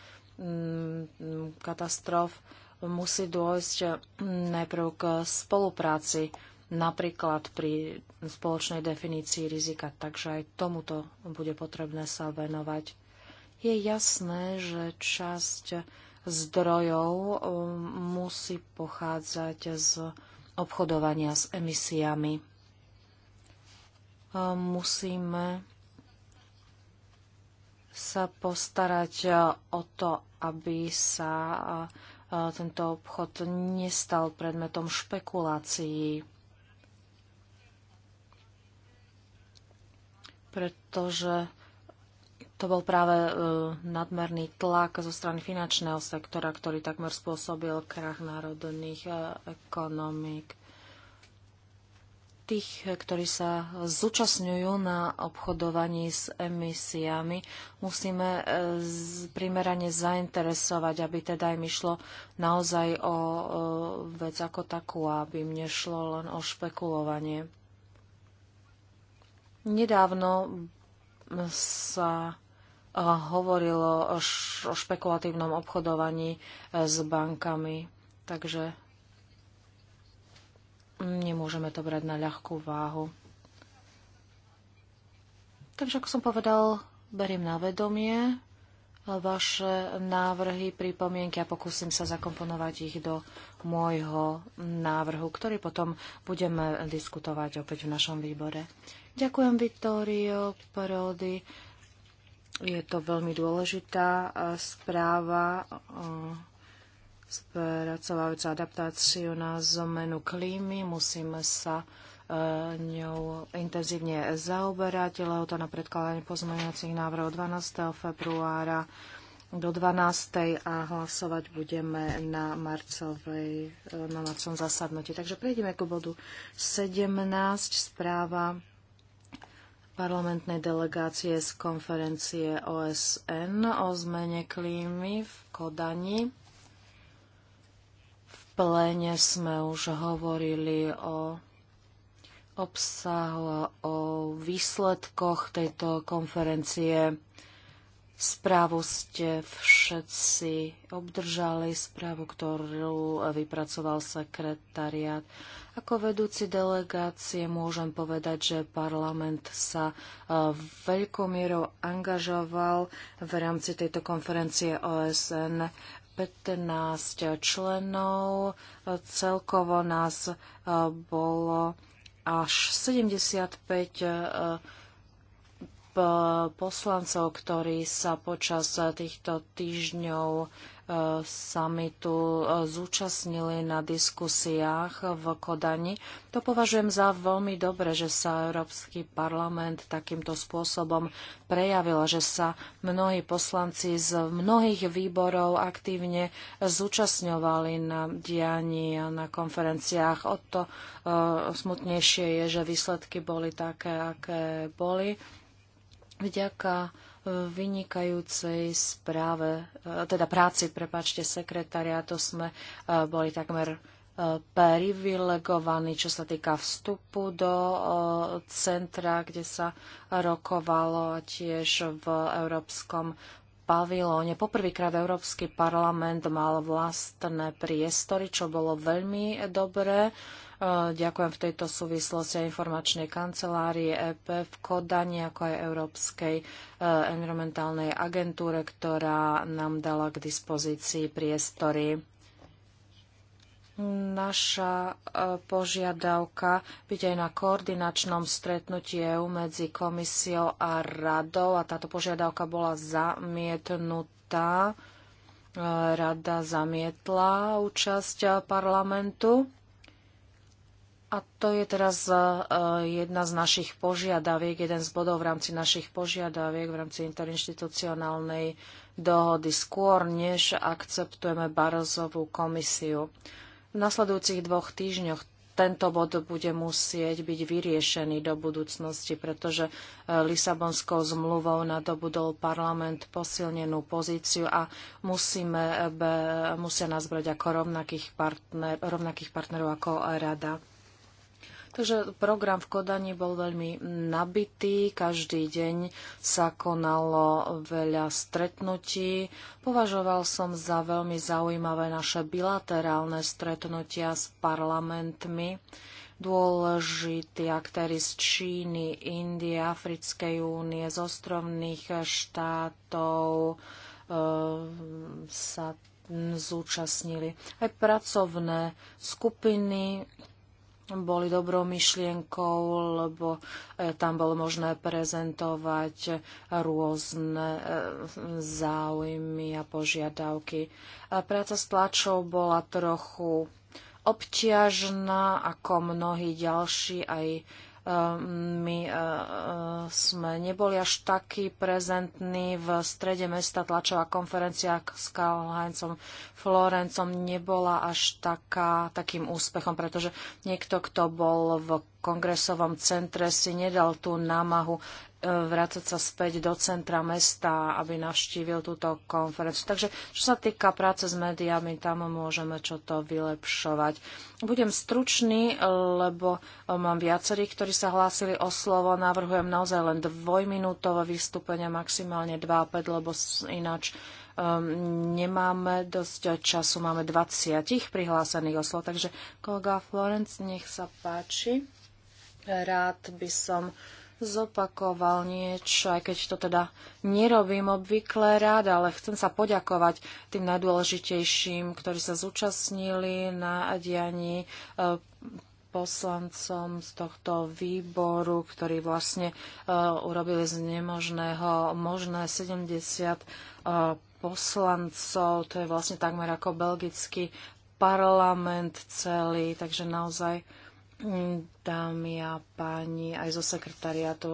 mm, katastrof musí dôjsť e, najprv k spolupráci, napríklad pri spoločnej definícii rizika, takže aj tomuto bude potrebné sa venovať. Je jasné, že časť zdrojov um, musí pochádzať z obchodovania s emisiami. Um, musíme sa postarať uh, o to, aby sa uh, uh, tento obchod nestal predmetom špekulácií, pretože to bol práve e, nadmerný tlak zo strany finančného sektora, ktorý takmer spôsobil krach národných e, ekonomík. Tých, e, ktorí sa zúčastňujú na obchodovaní s emisiami, musíme primerane zainteresovať, aby teda im išlo naozaj o vec ako takú, aby im nešlo len o špekulovanie. Nedávno sa hovorilo o špekulatívnom obchodovaní e, s bankami. Takže nemôžeme to brať na ľahkú váhu. Takže ako som povedal, beriem na vedomie vaše návrhy, pripomienky a pokúsim sa zakomponovať ich do môjho návrhu, ktorý potom budeme diskutovať opäť v našom výbore. Ďakujem Vittorio Prodi je to veľmi dôležitá e, správa e, spracovajúca adaptáciu na zmenu klímy. Musíme sa e, ňou intenzívne zaoberať. Lehota na predkladanie pozmeňovacích návrhov 12. februára do 12. a hlasovať budeme na, marcovej, na marcom zasadnutí. Takže prejdeme k bodu 17, správa parlamentnej delegácie z konferencie OSN o zmene klímy v Kodani. V pléne sme už hovorili o obsahu a o výsledkoch tejto konferencie. Správu ste všetci obdržali, správu, ktorú vypracoval sekretariat ako vedúci delegácie môžem povedať, že parlament sa e, veľkou mierou angažoval v rámci tejto konferencie OSN 15 členov. E, celkovo nás e, bolo až 75 poslancov, ktorí sa počas týchto týždňov samitu e, zúčastnili na diskusiách v Kodani. To považujem za veľmi dobre, že sa Európsky parlament takýmto spôsobom prejavil, že sa mnohí poslanci z mnohých výborov aktívne zúčastňovali na dianí a na konferenciách. O to e, smutnejšie je, že výsledky boli také, aké boli. Vďaka vynikajúcej správe, e, teda práci, prepáčte, to sme e, boli takmer e, privilegovaní, čo sa týka vstupu do centra, kde sa rokovalo tiež v Európskom pavilóne. Poprvýkrát Európsky parlament mal vlastné priestory, čo bolo veľmi dobré. Ďakujem v tejto súvislosti informačnej kancelárii EP v Kodani, ako aj Európskej e, environmentálnej agentúre, ktorá nám dala k dispozícii priestory naša e, požiadavka byť aj na koordinačnom stretnutí EU medzi komisiou a radou a táto požiadavka bola zamietnutá. E, rada zamietla účasť parlamentu. A to je teraz e, jedna z našich požiadaviek, jeden z bodov v rámci našich požiadaviek, v rámci interinstitucionálnej dohody, skôr než akceptujeme Barozovú komisiu. V nasledujúcich dvoch týždňoch tento bod bude musieť byť vyriešený do budúcnosti, pretože e, Lisabonskou zmluvou nadobudol parlament posilnenú pozíciu a musíme, musia nás brať ako rovnakých, partner, rovnakých partnerov ako rada. Takže program v Kodani bol veľmi nabitý, každý deň sa konalo veľa stretnutí. Považoval som za veľmi zaujímavé naše bilaterálne stretnutia s parlamentmi dôležití aktéry z Číny, Indie, Africkej únie, z ostrovných štátov e, sa zúčastnili. Aj pracovné skupiny boli dobrou myšlienkou, lebo e, tam bolo možné prezentovať rôzne e, záujmy a požiadavky. Práca s tlačou bola trochu obťažná, ako mnohí ďalší aj my e, e, sme neboli až takí prezentní v strede mesta tlačová konferencia s Karl Heinzom Florencom nebola až taká, takým úspechom, pretože niekto, kto bol v kongresovom centre si nedal tú námahu E, vrácať sa späť do centra mesta, aby navštívil túto konferenciu. Takže čo sa týka práce s médiami, tam môžeme čo to vylepšovať. Budem stručný, lebo e, mám viacerých, ktorí sa hlásili o slovo. Navrhujem naozaj len dvojminútové vystúpenia, maximálne 2,5, lebo ináč um, nemáme dosť času. Máme 20 prihlásených o slovo. Takže kolega Florenc, nech sa páči. Rád by som uh, zopakoval niečo, aj keď to teda nerobím obvykle rád, ale chcem sa poďakovať tým najdôležitejším, ktorí sa zúčastnili na dianí e, poslancom z tohto výboru, ktorí vlastne e, urobili z nemožného možné 70 e, poslancov. To je vlastne takmer ako belgický parlament celý, takže naozaj dámy a páni, aj zo sekretariátu.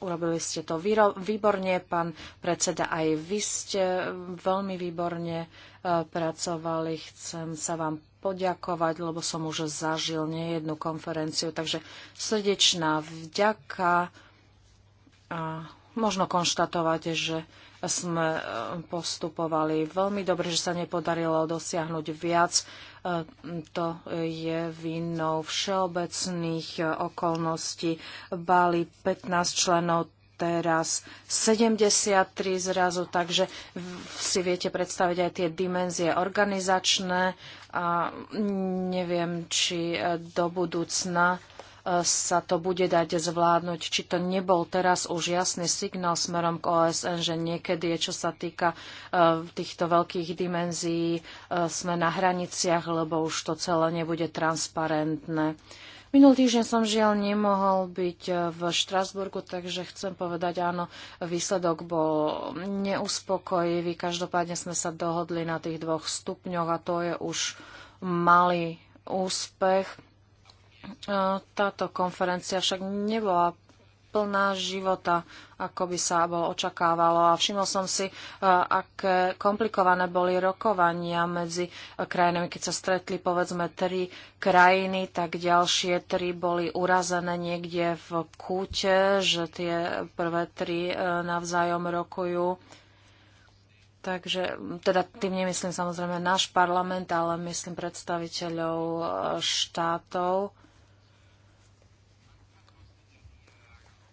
Urobili ste to výborne, pán predseda, aj vy ste veľmi výborne e, pracovali. Chcem sa vám poďakovať, lebo som už zažil nejednú konferenciu. Takže srdečná vďaka. A možno konštatovať, že sme e, postupovali veľmi dobre, že sa nepodarilo dosiahnuť viac to je vinou všeobecných e, okolností. Bali 15 členov teraz 73 zrazu, takže si viete predstaviť aj tie dimenzie organizačné a neviem, či e, do budúcna sa to bude dať zvládnuť. Či to nebol teraz už jasný signál smerom k OSN, že niekedy, čo sa týka e, týchto veľkých dimenzií, e, sme na hraniciach, lebo už to celé nebude transparentné. Minulý týždeň som žiaľ nemohol byť e, v Štrasburgu, takže chcem povedať áno, výsledok bol neuspokojivý. Každopádne sme sa dohodli na tých dvoch stupňoch a to je už malý úspech E, táto konferencia však nebola plná života, ako by sa bolo očakávalo. A všimol som si, e, aké komplikované boli rokovania medzi krajinami. Keď sa stretli, povedzme, tri krajiny, tak ďalšie tri boli urazené niekde v kúte, že tie prvé tri e, navzájom rokujú. Takže, teda tým nemyslím samozrejme náš parlament, ale myslím predstaviteľov štátov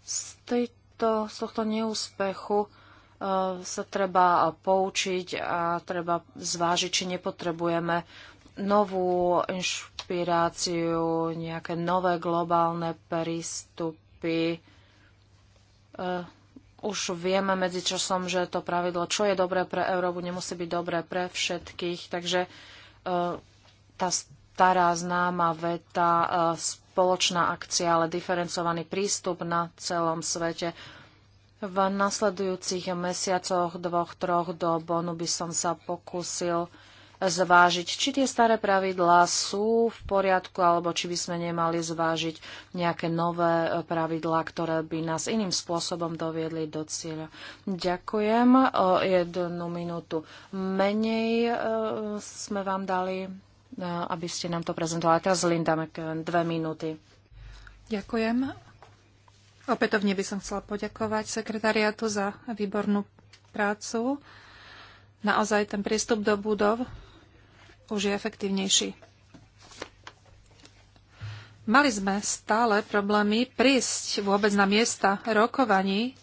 Z, tejto, z tohto neúspechu e, sa treba poučiť a treba zvážiť, či nepotrebujeme novú inšpiráciu, nejaké nové globálne prístupy. E, už vieme medzičasom, že to pravidlo, čo je dobré pre Európu, nemusí byť dobré pre všetkých, takže e, tá stará známa veta z spoločná akcia, ale diferencovaný prístup na celom svete. V nasledujúcich mesiacoch, dvoch, troch do Bonu by som sa pokúsil zvážiť, či tie staré pravidlá sú v poriadku, alebo či by sme nemali zvážiť nejaké nové pravidlá, ktoré by nás iným spôsobom doviedli do cieľa. Ďakujem. O jednu minútu menej e, sme vám dali aby ste nám to prezentovali. Teraz Linda dve minúty. Ďakujem. Opätovne by som chcela poďakovať sekretariátu za výbornú prácu. Naozaj ten prístup do budov už je efektívnejší. Mali sme stále problémy prísť vôbec na miesta rokovaní,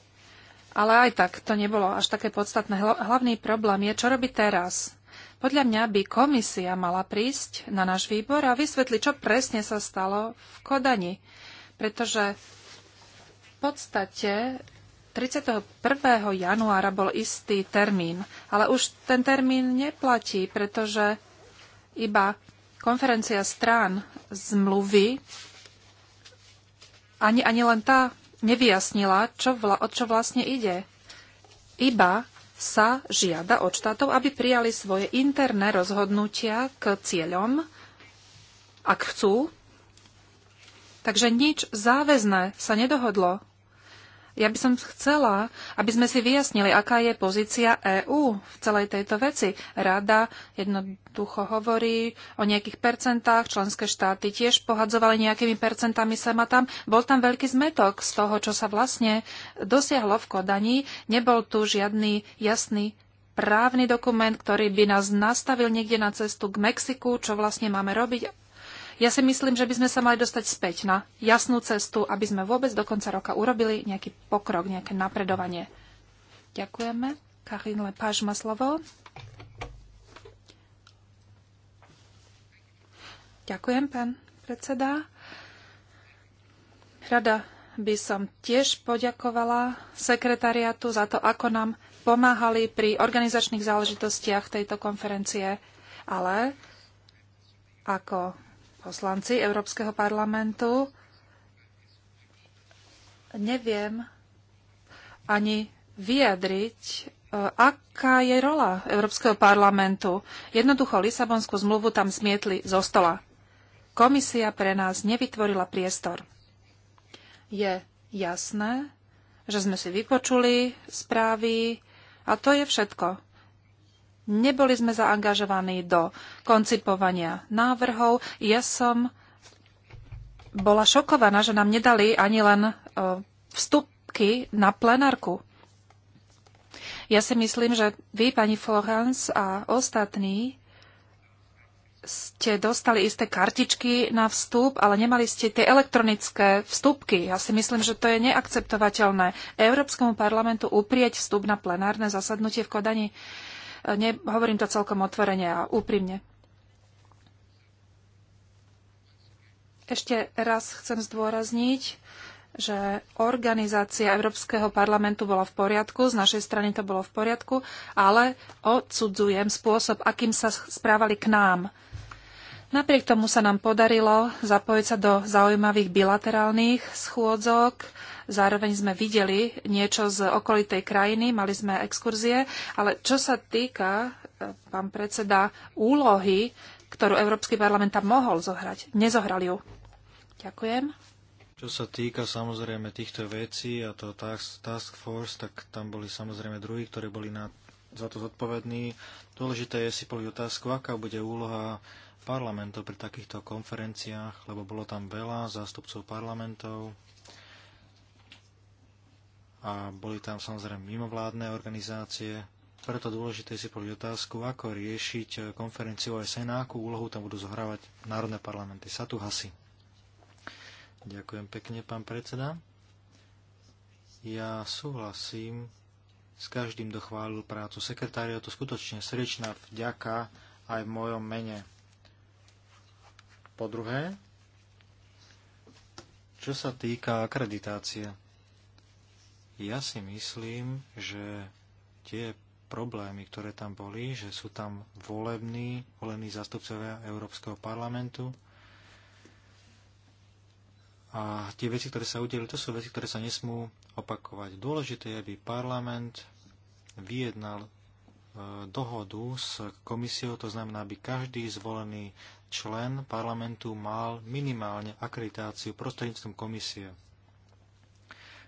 ale aj tak to nebolo až také podstatné. Hlavný problém je, čo robiť teraz. Podľa mňa by komisia mala prísť na náš výbor a vysvetliť, čo presne sa stalo v Kodani. Pretože v podstate 31. januára bol istý termín, ale už ten termín neplatí, pretože iba konferencia strán zmluvy ani, ani len tá nevyjasnila, čo vla, o čo vlastne ide. Iba sa žiada od štátov, aby prijali svoje interné rozhodnutia k cieľom, ak chcú. Takže nič záväzné sa nedohodlo ja by som chcela, aby sme si vyjasnili, aká je pozícia EÚ v celej tejto veci. Rada jednoducho hovorí o nejakých percentách, členské štáty tiež pohadzovali nejakými percentami sem a tam. Bol tam veľký zmetok z toho, čo sa vlastne dosiahlo v Kodani. Nebol tu žiadny jasný právny dokument, ktorý by nás nastavil niekde na cestu k Mexiku, čo vlastne máme robiť ja si myslím, že by sme sa mali dostať späť na jasnú cestu, aby sme vôbec do konca roka urobili nejaký pokrok, nejaké napredovanie. Ďakujeme. Karin Lepáš má slovo. Ďakujem, pán predseda. Rada by som tiež poďakovala sekretariatu za to, ako nám pomáhali pri organizačných záležitostiach tejto konferencie, ale ako poslanci Európskeho parlamentu. Neviem ani vyjadriť, e, aká je rola Európskeho parlamentu. Jednoducho Lisabonskú zmluvu tam smietli zo stola. Komisia pre nás nevytvorila priestor. Je jasné, že sme si vypočuli správy a to je všetko. Neboli sme zaangažovaní do koncipovania návrhov. Ja som bola šokovaná, že nám nedali ani len e, vstupky na plenárku. Ja si myslím, že vy, pani Florence a ostatní ste dostali isté kartičky na vstup, ale nemali ste tie elektronické vstupky. Ja si myslím, že to je neakceptovateľné. Európskemu parlamentu uprieť vstup na plenárne zasadnutie v Kodani. Uh, Ne, hovorím to celkom otvorene a úprimne. Ešte raz chcem zdôrazniť, že organizácia Európskeho parlamentu bola v poriadku, z našej strany to bolo v poriadku, ale odsudzujem spôsob, akým sa správali k nám Napriek tomu sa nám podarilo zapojiť sa do zaujímavých bilaterálnych schôdzok. Zároveň sme videli niečo z okolitej krajiny, mali sme exkurzie, ale čo sa týka, e, pán predseda, úlohy, ktorú Európsky parlament tam mohol zohrať, nezohral ju. Ďakujem. Čo sa týka samozrejme týchto vecí a to task, task force, tak tam boli samozrejme druhí, ktorí boli na, za to zodpovední. Dôležité je si povedať otázku, aká bude úloha parlamentov pri takýchto konferenciách, lebo bolo tam veľa zástupcov parlamentov a boli tam samozrejme mimovládne organizácie. Preto dôležité si povedať otázku, ako riešiť konferenciu OSN a akú úlohu tam budú zohrávať národné parlamenty. Sa tu Hasi. Ďakujem pekne, pán predseda. Ja súhlasím s každým dochválil prácu sekretáriatu. Skutočne srdečná vďaka aj v mojom mene. Po druhé, čo sa týka akreditácie, ja si myslím, že tie problémy, ktoré tam boli, že sú tam volební, volení zastupcovia Európskeho parlamentu a tie veci, ktoré sa udeli, to sú veci, ktoré sa nesmú opakovať. Dôležité je, aby parlament vyjednal e, dohodu s komisiou, to znamená, aby každý zvolený člen parlamentu mal minimálne akreditáciu prostredníctvom komisie.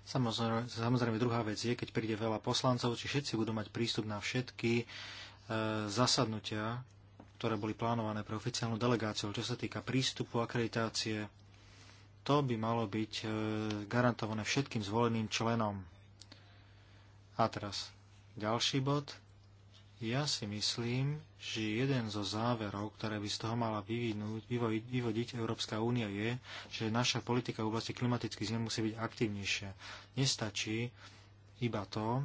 Samozrejme, samozrejme, druhá vec je, keď príde veľa poslancov, či všetci budú mať prístup na všetky e, zasadnutia, ktoré boli plánované pre oficiálnu delegáciu. Čo sa týka prístupu, akreditácie, to by malo byť e, garantované všetkým zvoleným členom. A teraz ďalší bod ja si myslím, že jeden zo záverov, ktoré by z toho mala vyvinúť, vyvodiť Európska únia je, že naša politika v oblasti klimatických zmien musí byť aktívnejšia. Nestačí iba to,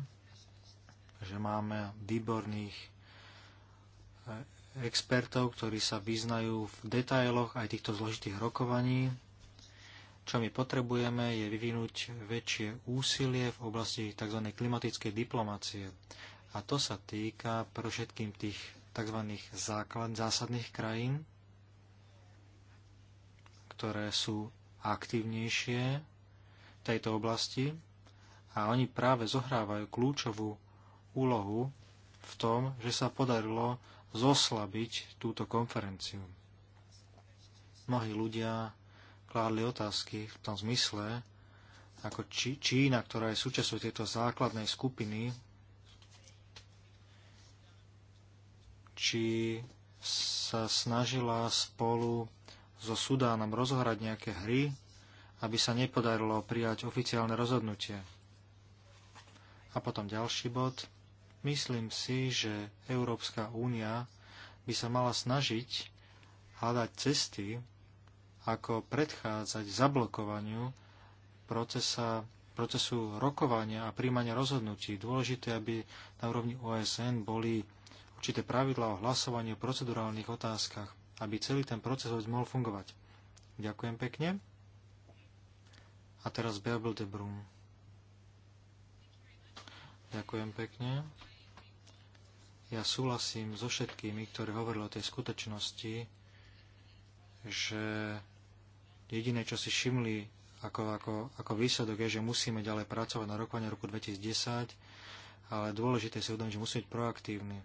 že máme výborných e, expertov, ktorí sa vyznajú v detailoch aj týchto zložitých rokovaní. Čo my potrebujeme, je vyvinúť väčšie úsilie v oblasti tzv. klimatickej diplomácie a to sa týka pro všetkým tých tzv. základ zásadných krajín, ktoré sú aktívnejšie v tejto oblasti a oni práve zohrávajú kľúčovú úlohu v tom, že sa podarilo zoslabiť túto konferenciu. Mnohí ľudia kládli otázky v tom zmysle, ako Čína, ktorá je súčasťou tejto základnej skupiny či sa snažila spolu so Sudánom rozhrať nejaké hry, aby sa nepodarilo prijať oficiálne rozhodnutie. A potom ďalší bod. Myslím si, že Európska únia by sa mala snažiť hľadať cesty, ako predchádzať zablokovaniu procesa, procesu rokovania a príjmania rozhodnutí. Dôležité, aby na úrovni OSN boli určité pravidlá o hlasovaní o procedurálnych otázkach, aby celý ten proces mohol fungovať. Ďakujem pekne. A teraz Beabel de Brum. Ďakujem pekne. Ja súhlasím so všetkými, ktorí hovorili o tej skutočnosti, že jediné, čo si všimli ako, ako, ako výsledok je, že musíme ďalej pracovať na rokovanie roku 2010, ale dôležité si uvedomiť, že musíme byť proaktívni.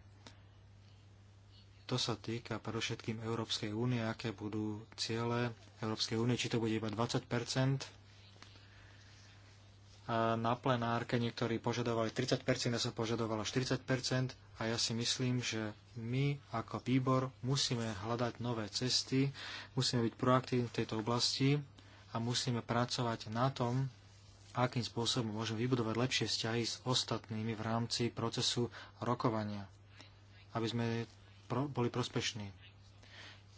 To sa týka predovšetkým Európskej únie, aké budú ciele Európskej únie, či to bude iba 20 a na plenárke niektorí požadovali 30%, ja som požadovala 40% a ja si myslím, že my ako výbor musíme hľadať nové cesty, musíme byť proaktívni v tejto oblasti a musíme pracovať na tom, akým spôsobom môžeme vybudovať lepšie vzťahy s ostatnými v rámci procesu rokovania. Aby sme boli prospešní.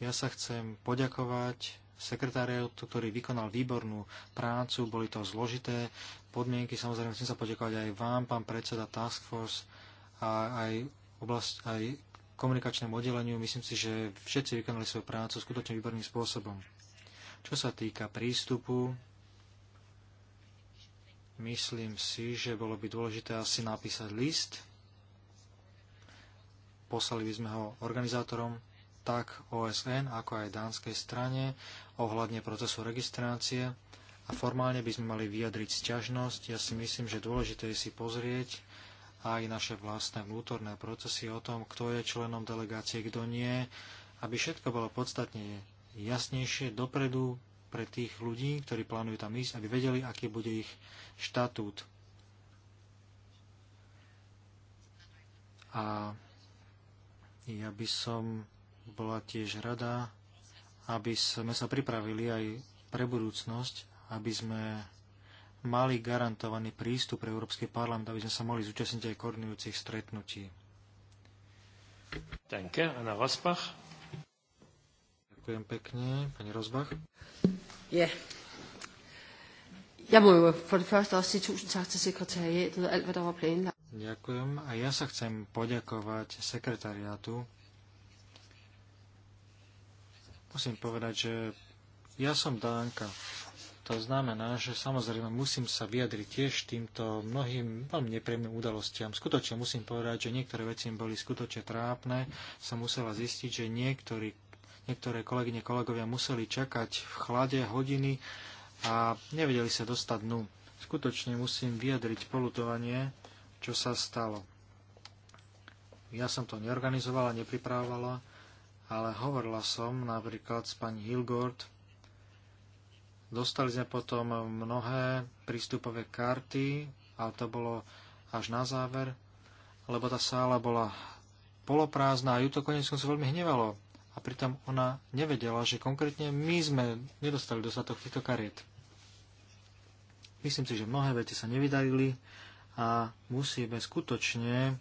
Ja sa chcem poďakovať sekretáriatu, ktorý vykonal výbornú prácu, boli to zložité podmienky, samozrejme chcem sa poďakovať aj vám, pán predseda Task Force a aj, oblast, aj komunikačnému oddeleniu. Myslím si, že všetci vykonali svoju prácu skutočne výborným spôsobom. Čo sa týka prístupu, myslím si, že bolo by dôležité asi napísať list poslali by sme ho organizátorom tak OSN, ako aj dánskej strane ohľadne procesu registrácie a formálne by sme mali vyjadriť sťažnosť. Ja si myslím, že dôležité je si pozrieť aj naše vlastné vnútorné procesy o tom, kto je členom delegácie, kto nie, aby všetko bolo podstatne jasnejšie dopredu pre tých ľudí, ktorí plánujú tam ísť, aby vedeli, aký bude ich štatút. A ja by som bola tiež rada, aby sme sa pripravili aj pre budúcnosť, aby sme mali garantovaný prístup pre Európsky parlament, aby sme sa mohli zúčastniť aj koordinujúcich stretnutí. Danke, Anna Rosbach. Ďakujem pekne, pani Rosbach. Ja. Jeg må jo for det første også sige tusind tak til sekretariatet og alt, hvad der var planlagt. Ďakujem. A ja sa chcem poďakovať sekretariátu. Musím povedať, že ja som Dánka. To znamená, že samozrejme musím sa vyjadriť tiež týmto mnohým veľmi nepriemným udalostiam. Skutočne musím povedať, že niektoré veci im boli skutočne trápne. Som musela zistiť, že niektorí, niektoré kolegyne, kolegovia museli čakať v chlade hodiny a nevedeli sa dostať dnu. Skutočne musím vyjadriť polutovanie čo sa stalo. Ja som to neorganizovala, nepripravovala, ale hovorila som napríklad s pani Hilgord. Dostali sme potom mnohé prístupové karty, ale to bolo až na záver, lebo tá sála bola poloprázdna a ju to konec sa veľmi hnevalo. A pritom ona nevedela, že konkrétne my sme nedostali dostatok týchto kariet. Myslím si, že mnohé veci sa nevydarili, a musíme skutočne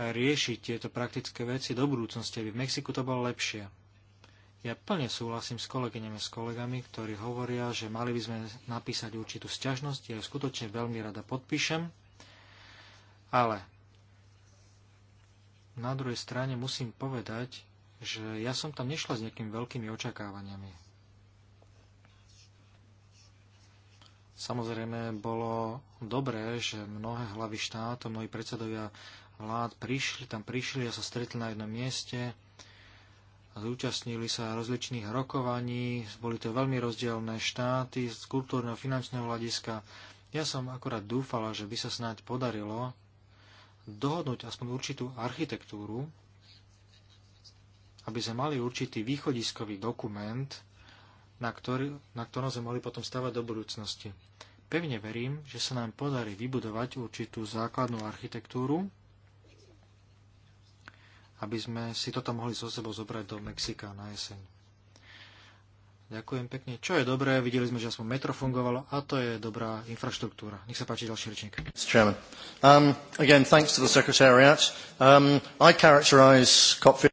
riešiť tieto praktické veci do budúcnosti, aby v Mexiku to bolo lepšie. Ja plne súhlasím s kolegyňami, s kolegami, ktorí hovoria, že mali by sme napísať určitú sťažnosť, ja ju skutočne veľmi rada podpíšem, ale na druhej strane musím povedať, že ja som tam nešla s nejakými veľkými očakávaniami. Samozrejme, bolo dobré, že mnohé hlavy štátov, mnohí predsedovia vlád prišli, tam prišli a sa stretli na jednom mieste zúčastnili sa rozličných rokovaní. Boli to veľmi rozdielne štáty z kultúrneho finančného hľadiska. Ja som akorát dúfala, že by sa snáď podarilo dohodnúť aspoň určitú architektúru, aby sme mali určitý východiskový dokument, na, ktorý, na ktorom sme mohli potom stavať do budúcnosti pevne verím, že sa nám podarí vybudovať určitú základnú architektúru, aby sme si toto mohli so sebou zobrať do Mexika na jeseň. Ďakujem pekne. Čo je dobré, videli sme, že aspoň metro fungovalo a to je dobrá infraštruktúra. Nech sa páči ďalší rečník. Um, again, thanks to the Secretariat. Um, I characterize COP...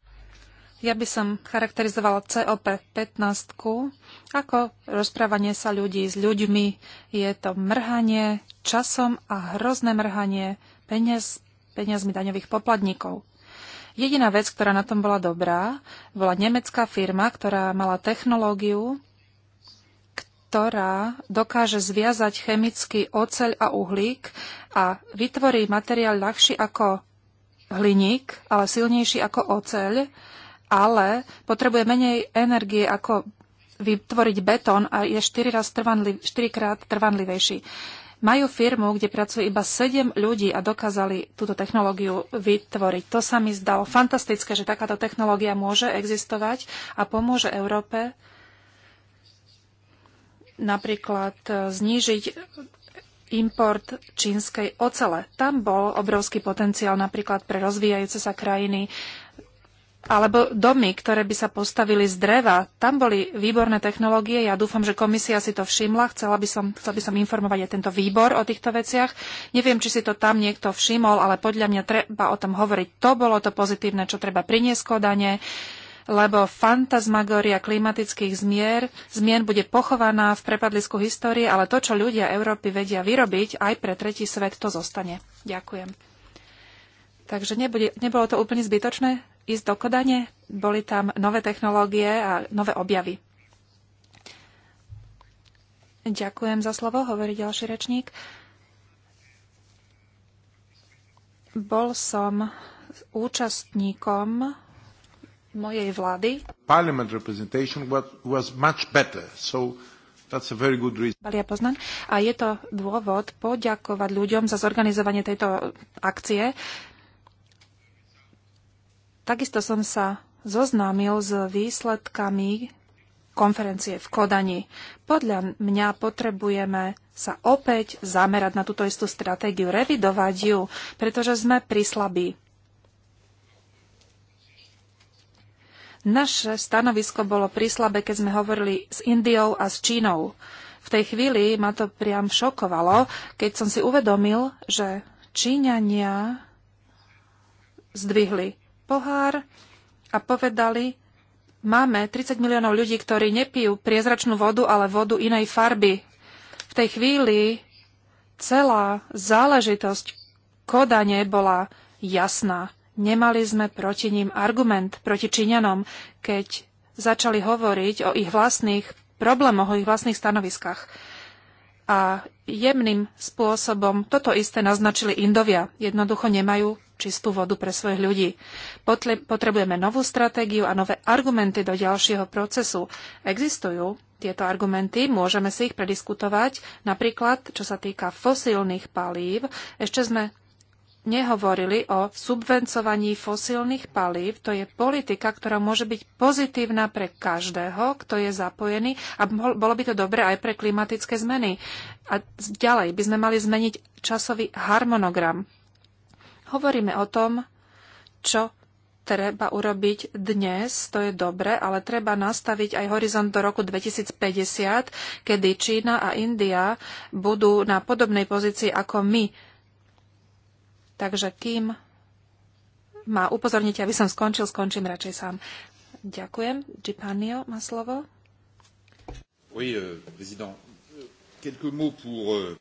Ja by som charakterizovala COP15 ako rozprávanie sa ľudí s ľuďmi. Je to mrhanie časom a hrozné mrhanie peniaz, peniazmi daňových poplatníkov. Jediná vec, ktorá na tom bola dobrá, bola nemecká firma, ktorá mala technológiu, ktorá dokáže zviazať chemický oceľ a uhlík a vytvorí materiál ľahší ako hliník, ale silnejší ako oceľ ale potrebuje menej energie ako vytvoriť betón a je 4 raz trvanliv, 4 krát trvanlivejší. Majú firmu, kde pracuje iba 7 ľudí a dokázali túto technológiu vytvoriť. To sa mi zdalo fantastické, že takáto technológia môže existovať a pomôže Európe napríklad e, znížiť import čínskej ocele. Tam bol obrovský potenciál napríklad pre rozvíjajúce sa krajiny alebo domy, ktoré by sa postavili z dreva. Tam boli výborné technológie. Ja dúfam, že komisia si to všimla. Chcela by som, chcel by som informovať aj tento výbor o týchto veciach. Neviem, či si to tam niekto všimol, ale podľa mňa treba o tom hovoriť. To bolo to pozitívne, čo treba priniesť kodanie, lebo fantasmagória klimatických zmier, zmien bude pochovaná v prepadlisku histórie, ale to, čo ľudia Európy vedia vyrobiť, aj pre tretí svet to zostane. Ďakujem. Takže nebude, nebolo to úplne zbytočné ísť do Kodane. Boli tam nové technológie a nové objavy. Ďakujem za slovo, hovorí ďalší rečník. Bol som účastníkom mojej vlády. Parliament representation was, much better, so that's a very good reason. A je to dôvod poďakovať ľuďom za zorganizovanie tejto akcie. Takisto som sa zoznámil s výsledkami konferencie v Kodani. Podľa mňa potrebujeme sa opäť zamerať na túto istú stratégiu, revidovať ju, pretože sme prislabí. Naše stanovisko bolo prislabe, keď sme hovorili s Indiou a s Čínou. V tej chvíli ma to priam šokovalo, keď som si uvedomil, že Číňania zdvihli pohár a povedali, máme 30 miliónov ľudí, ktorí nepijú priezračnú vodu, ale vodu inej farby. V tej chvíli celá záležitosť kodane bola jasná. Nemali sme proti ním argument, proti Číňanom, keď začali hovoriť o ich vlastných problémoch, o ich vlastných stanoviskách. A jemným spôsobom toto isté naznačili Indovia. Jednoducho nemajú čistú vodu pre svojich ľudí. Potrebujeme novú stratégiu a nové argumenty do ďalšieho procesu. Existujú tieto argumenty, môžeme si ich prediskutovať. Napríklad, čo sa týka fosílnych palív, ešte sme nehovorili o subvencovaní fosílnych palív. To je politika, ktorá môže byť pozitívna pre každého, kto je zapojený a bolo by to dobré aj pre klimatické zmeny. A ďalej by sme mali zmeniť časový harmonogram Hovoríme o tom, čo treba urobiť dnes, to je dobre, ale treba nastaviť aj horizont do roku 2050, kedy Čína a India budú na podobnej pozícii ako my. Takže kým má upozorniť, aby som skončil, skončím radšej sám. Ďakujem. Gipanio má slovo. Oui, euh, président. Euh, quelques mots pour... Euh...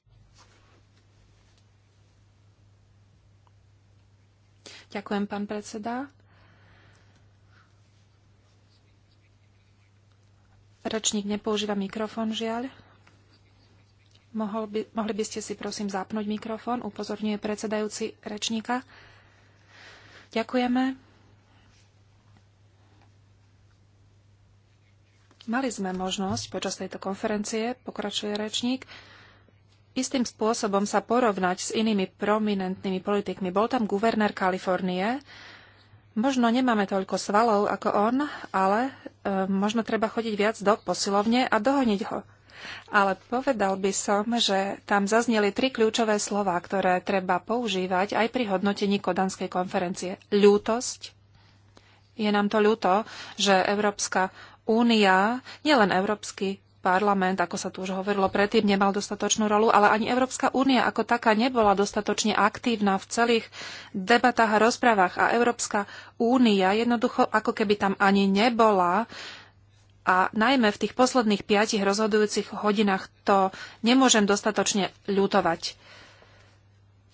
Ďakujem, pán predseda. Rečník nepoužíva mikrofón, žiaľ. Mohol by, mohli by ste si prosím zapnúť mikrofón, upozorňuje predsedajúci rečníka. Ďakujeme. Mali sme možnosť počas tejto konferencie, pokračuje rečník, istým spôsobom sa porovnať s inými prominentnými politikmi. Bol tam guvernér Kalifornie. Možno nemáme toľko svalov ako on, ale e, možno treba chodiť viac do posilovne a dohoniť ho. Ale povedal by som, že tam zazneli tri kľúčové slova, ktoré treba používať aj pri hodnotení Kodanskej konferencie. Ľútosť. Je nám to ľúto, že Európska únia, nielen Európsky parlament, ako sa tu už hovorilo predtým, nemal dostatočnú rolu, ale ani Európska únia ako taká nebola dostatočne aktívna v celých debatách a rozprávach. A Európska únia jednoducho ako keby tam ani nebola. A najmä v tých posledných piatich rozhodujúcich hodinách to nemôžem dostatočne ľutovať.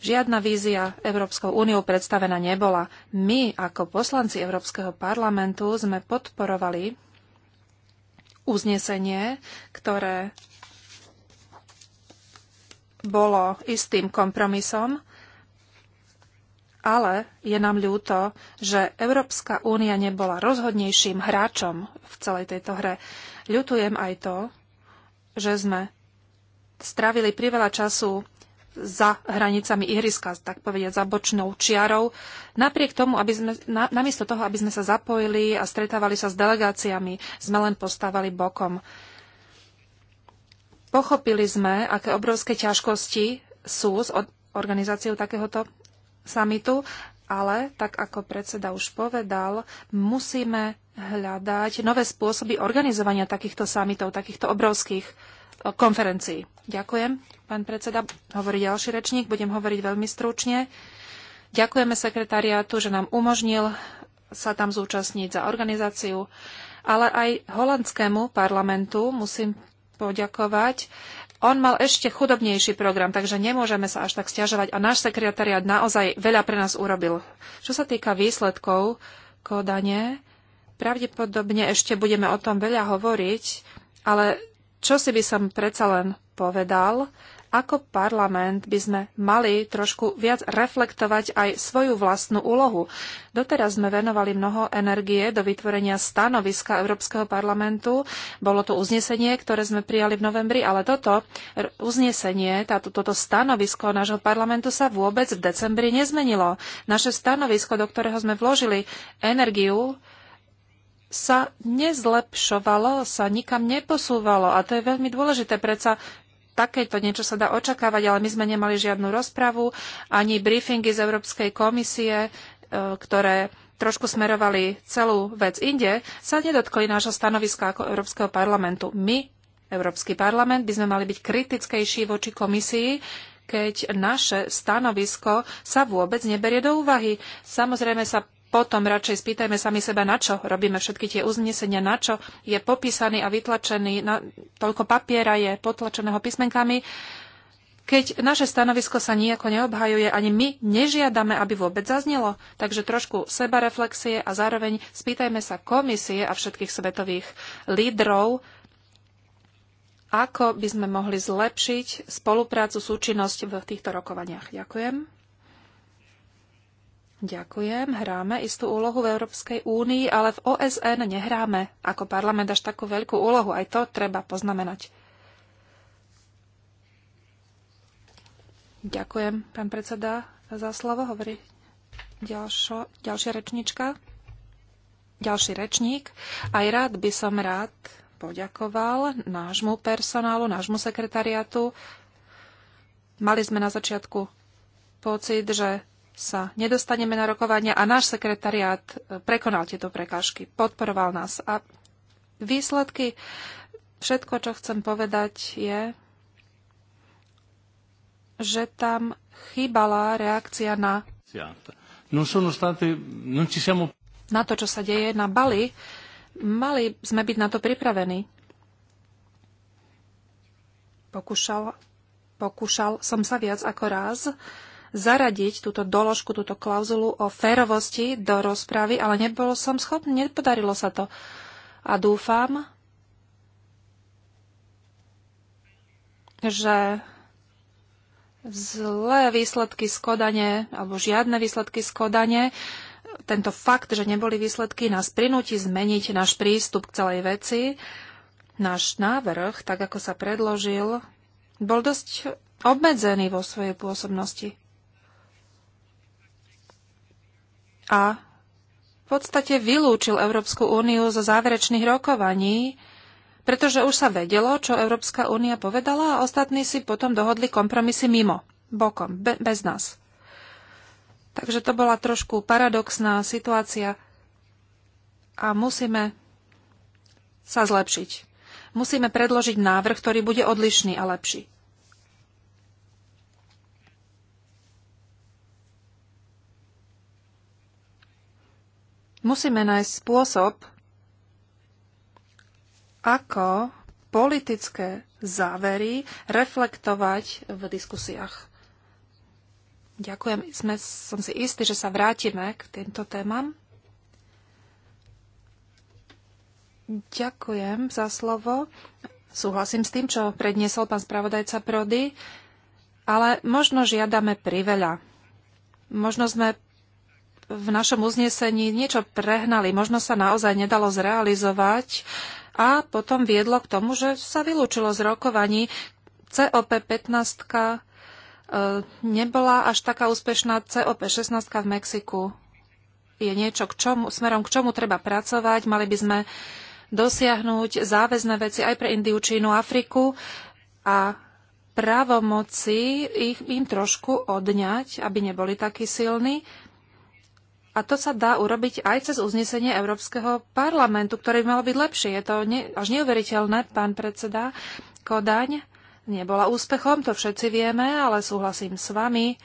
Žiadna vízia Európskou úniou predstavená nebola. My ako poslanci Európskeho parlamentu sme podporovali uznesenie, ktoré bolo istým kompromisom, ale je nám ľúto, že Európska únia nebola rozhodnejším hráčom v celej tejto hre. Ľutujem aj to, že sme strávili priveľa času za hranicami ihriska, tak povedať za bočnou čiarou. Napriek tomu, aby sme, na, namiesto toho, aby sme sa zapojili a stretávali sa s delegáciami, sme len postávali bokom. Pochopili sme, aké obrovské ťažkosti sú s organizáciou takéhoto samitu, ale, tak ako predseda už povedal, musíme hľadať nové spôsoby organizovania takýchto samitov, takýchto obrovských konferencii. Ďakujem, pán predseda. Hovorí ďalší rečník, budem hovoriť veľmi stručne. Ďakujeme sekretariátu, že nám umožnil sa tam zúčastniť za organizáciu, ale aj holandskému parlamentu musím poďakovať. On mal ešte chudobnejší program, takže nemôžeme sa až tak stiažovať a náš sekretariát naozaj veľa pre nás urobil. Čo sa týka výsledkov kodane, pravdepodobne ešte budeme o tom veľa hovoriť, ale čo si by som predsa len povedal, ako parlament by sme mali trošku viac reflektovať aj svoju vlastnú úlohu. Doteraz sme venovali mnoho energie do vytvorenia stanoviska Európskeho parlamentu. Bolo to uznesenie, ktoré sme prijali v novembri, ale toto uznesenie, táto, toto stanovisko nášho parlamentu sa vôbec v decembri nezmenilo. Naše stanovisko, do ktorého sme vložili energiu, sa nezlepšovalo, sa nikam neposúvalo. A to je veľmi dôležité. Preca takéto niečo sa dá očakávať, ale my sme nemali žiadnu rozpravu, ani briefingy z Európskej komisie, e, ktoré trošku smerovali celú vec inde, sa nedotkli nášho stanoviska ako Európskeho parlamentu. My, Európsky parlament, by sme mali byť kritickejší voči komisii, keď naše stanovisko sa vôbec neberie do úvahy. Samozrejme sa potom radšej spýtajme sami seba, na čo robíme všetky tie uznesenia, na čo je popísaný a vytlačený, na, toľko papiera je potlačeného písmenkami. Keď naše stanovisko sa nejako neobhajuje, ani my nežiadame, aby vôbec zaznelo. Takže trošku sebareflexie a zároveň spýtajme sa komisie a všetkých svetových lídrov, ako by sme mohli zlepšiť spoluprácu, súčinnosť v týchto rokovaniach. Ďakujem. Ďakujem. Hráme istú úlohu v Európskej únii, ale v OSN nehráme ako parlament až takú veľkú úlohu. Aj to treba poznamenať. Ďakujem, pán predseda, za slovo. Hovorí ďalšo, ďalšia rečnička. Ďalší rečník. Aj rád by som rád poďakoval nášmu personálu, nášmu sekretariatu. Mali sme na začiatku pocit, že sa nedostaneme na rokovania a náš sekretariát e, prekonal tieto prekážky, podporoval nás. A výsledky, všetko, čo chcem povedať, je, že tam chýbala reakcia na na to, čo sa deje na Bali. Mali sme byť na to pripravení. Pokúšal, pokúšal som sa viac ako raz zaradiť túto doložku, túto klauzulu o férovosti do rozpravy, ale nebol som schopný, nepodarilo sa to. A dúfam, že zlé výsledky skodane, alebo žiadne výsledky skodane, tento fakt, že neboli výsledky, nás prinúti zmeniť náš prístup k celej veci. Náš návrh, tak ako sa predložil, bol dosť obmedzený vo svojej pôsobnosti. a v podstate vylúčil Európsku úniu zo záverečných rokovaní, pretože už sa vedelo, čo Európska únia povedala a ostatní si potom dohodli kompromisy mimo, bokom, be- bez nás. Takže to bola trošku paradoxná situácia a musíme sa zlepšiť. Musíme predložiť návrh, ktorý bude odlišný a lepší. Musíme nájsť spôsob, ako politické závery reflektovať v diskusiách. Ďakujem. Sme, som si istý, že sa vrátime k týmto témam. Ďakujem za slovo. Súhlasím s tým, čo predniesol pán spravodajca Prody, ale možno žiadame priveľa. Možno sme v našom uznesení niečo prehnali, možno sa naozaj nedalo zrealizovať a potom viedlo k tomu, že sa vylúčilo z rokovaní. COP15 e, nebola až taká úspešná COP16 v Mexiku. Je niečo, k čomu, smerom k čomu treba pracovať. Mali by sme dosiahnuť záväzné veci aj pre Indiu, Čínu, Afriku a právomoci ich, im trošku odňať, aby neboli takí silní a to sa dá urobiť aj cez uznesenie Európskeho parlamentu, ktoré by malo byť lepšie. Je to ne, až neuveriteľné, pán predseda. Kodaň nebola úspechom, to všetci vieme, ale súhlasím s vami,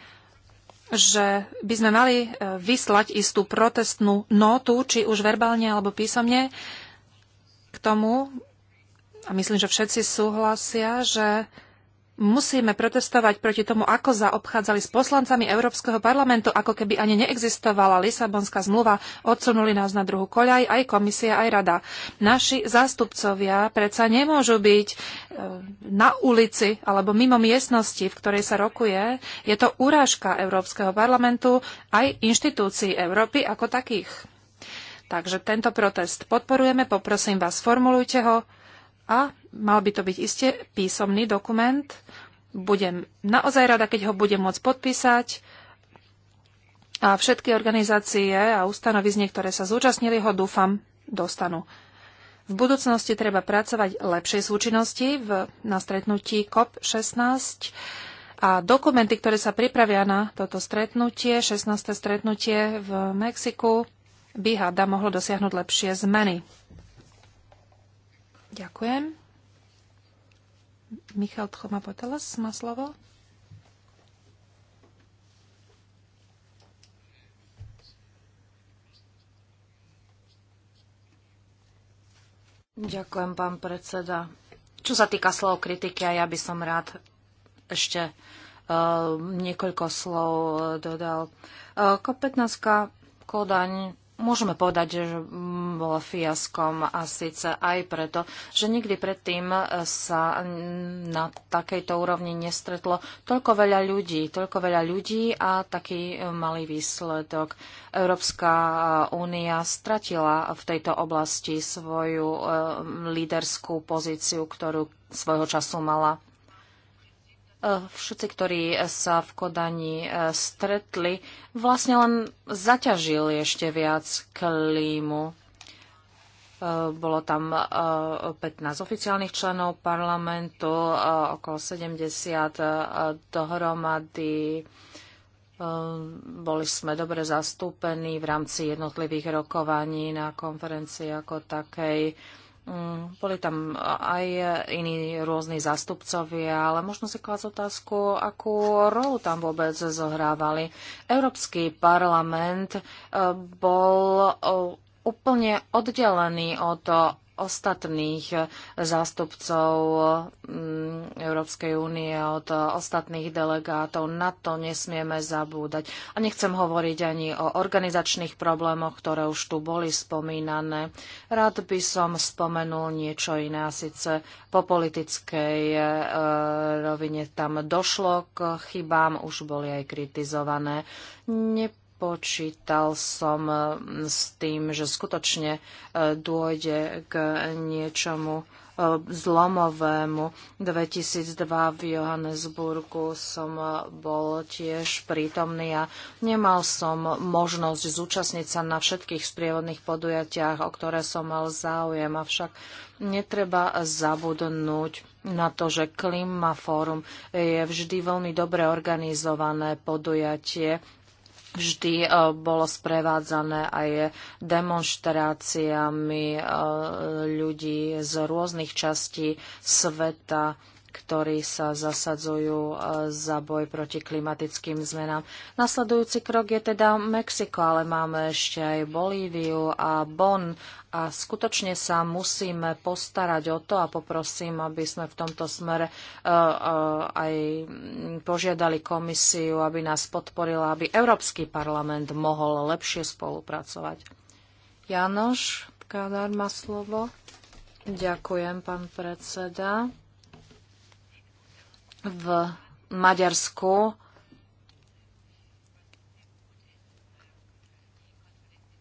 že by sme mali e, vyslať istú protestnú notu, či už verbálne alebo písomne, k tomu, a myslím, že všetci súhlasia, že Musíme protestovať proti tomu, ako zaobchádzali s poslancami Európskeho parlamentu, ako keby ani neexistovala Lisabonská zmluva, odsunuli nás na druhú koľaj, aj komisia, aj rada. Naši zástupcovia predsa nemôžu byť e, na ulici alebo mimo miestnosti, v ktorej sa rokuje. Je to urážka Európskeho parlamentu aj inštitúcií Európy ako takých. Takže tento protest podporujeme, poprosím vás, formulujte ho a mal by to byť iste písomný dokument. Budem naozaj rada, keď ho budem môcť podpísať a všetky organizácie a ustanovizne, ktoré sa zúčastnili, ho dúfam dostanú. V budúcnosti treba pracovať lepšej súčinnosti v, na stretnutí COP16 a dokumenty, ktoré sa pripravia na toto stretnutie, 16. stretnutie v Mexiku, by hada mohlo dosiahnuť lepšie zmeny. Ďakujem. Michal Potelas má slovo. Ďakujem, pán predseda. Čo sa týka slov kritiky, a ja by som rád ešte uh, niekoľko slov dodal. Uh, e, 15 Kodaň môžeme povedať, že bolo fiaskom a síce aj preto, že nikdy predtým e, sa na takejto úrovni nestretlo toľko veľa ľudí, toľko veľa ľudí a taký e, malý výsledok. Európska e, únia stratila v tejto oblasti svoju líderskú pozíciu, ktorú svojho času mala. E, všetci, ktorí sa v Kodani e, stretli, vlastne len zaťažili ešte viac klímu. E, bolo tam 15 oficiálnych členov parlamentu, okolo 70 dohromady. Boli sme dobre zastúpení v rámci jednotlivých rokovaní na konferencii ako takej Mm, boli tam aj iní rôzni zástupcovia, ale možno si klásť otázku, akú rolu tam vôbec zohrávali. Európsky parlament eh, bol eh, úplne oddelený od ostatných eh, zástupcov mm, Európskej únie, od ostatných delegátov. Na to nesmieme zabúdať. A nechcem hovoriť ani o organizačných problémoch, ktoré už tu boli spomínané. Rád by som spomenul niečo iné, a síce po politickej eh, rovine tam došlo k chybám, už boli aj kritizované. Ne počítal som eh, s tým, že skutočne eh, dôjde k niečomu eh, zlomovému. 2002 v Johannesburgu som bol tiež prítomný a nemal som možnosť zúčastniť sa na všetkých sprievodných podujatiach, o ktoré som mal záujem, avšak netreba zabudnúť na to, že Klima je vždy veľmi dobre organizované podujatie, vždy eh, bolo sprevádzané aj demonstráciami eh, ľudí z rôznych častí sveta ktorí sa zasadzujú e, za boj proti klimatickým zmenám. Nasledujúci krok je teda Mexiko, ale máme ešte aj Bolíviu a Bonn a skutočne sa musíme postarať o to a poprosím, aby sme v tomto smere e, e, aj požiadali komisiu, aby nás podporila, aby Európsky parlament mohol lepšie spolupracovať. Janoš Kádár má slovo. Ďakujem, pán predseda v Maďarsku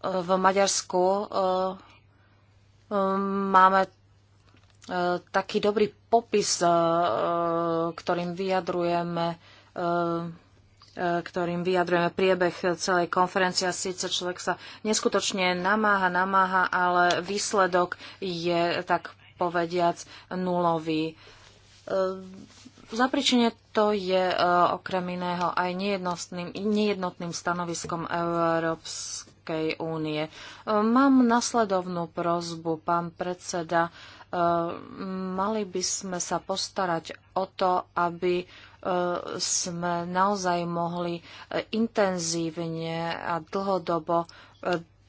v Maďarsku eh, máme eh, taký dobrý popis, eh, ktorým vyjadrujeme ktorým vyjadrujeme priebeh celej konferencie. Sice človek sa neskutočne namáha, namáha, ale výsledok je, tak povediac, nulový. Zapričenie to je e, okrem iného aj nejednotným, nejednotným stanoviskom Európskej únie. E, mám nasledovnú prozbu, pán predseda. E, mali by sme sa postarať o to, aby sme naozaj mohli intenzívne a dlhodobo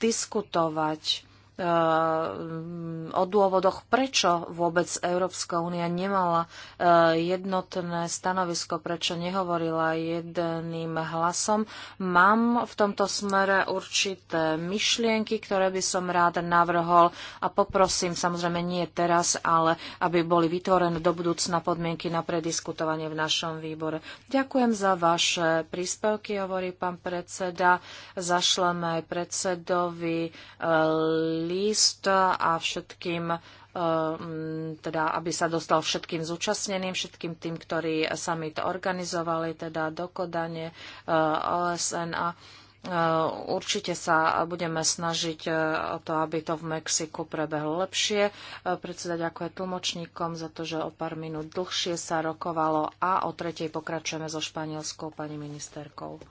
diskutovať Eh, o dôvodoch, prečo vôbec Európska únia nemala eh, jednotné stanovisko, prečo nehovorila jedným hlasom. Mám v tomto smere určité myšlienky, ktoré by som rád navrhol a poprosím, samozrejme nie teraz, ale aby boli vytvorené do budúcna podmienky na prediskutovanie v našom výbore. Ďakujem za vaše príspevky, hovorí pán predseda. Zašleme aj predsedovi eh, list a všetkým eh, mm, teda aby sa dostal všetkým zúčastneným, všetkým tým, ktorí to organizovali, teda dokodanie eh, OSN a eh, Určite sa budeme snažiť o to, aby to v Mexiku prebehlo lepšie. Predseda ďakuje tlmočníkom za to, že o pár minút dlhšie sa rokovalo a o tretej pokračujeme so španielskou pani ministerkou.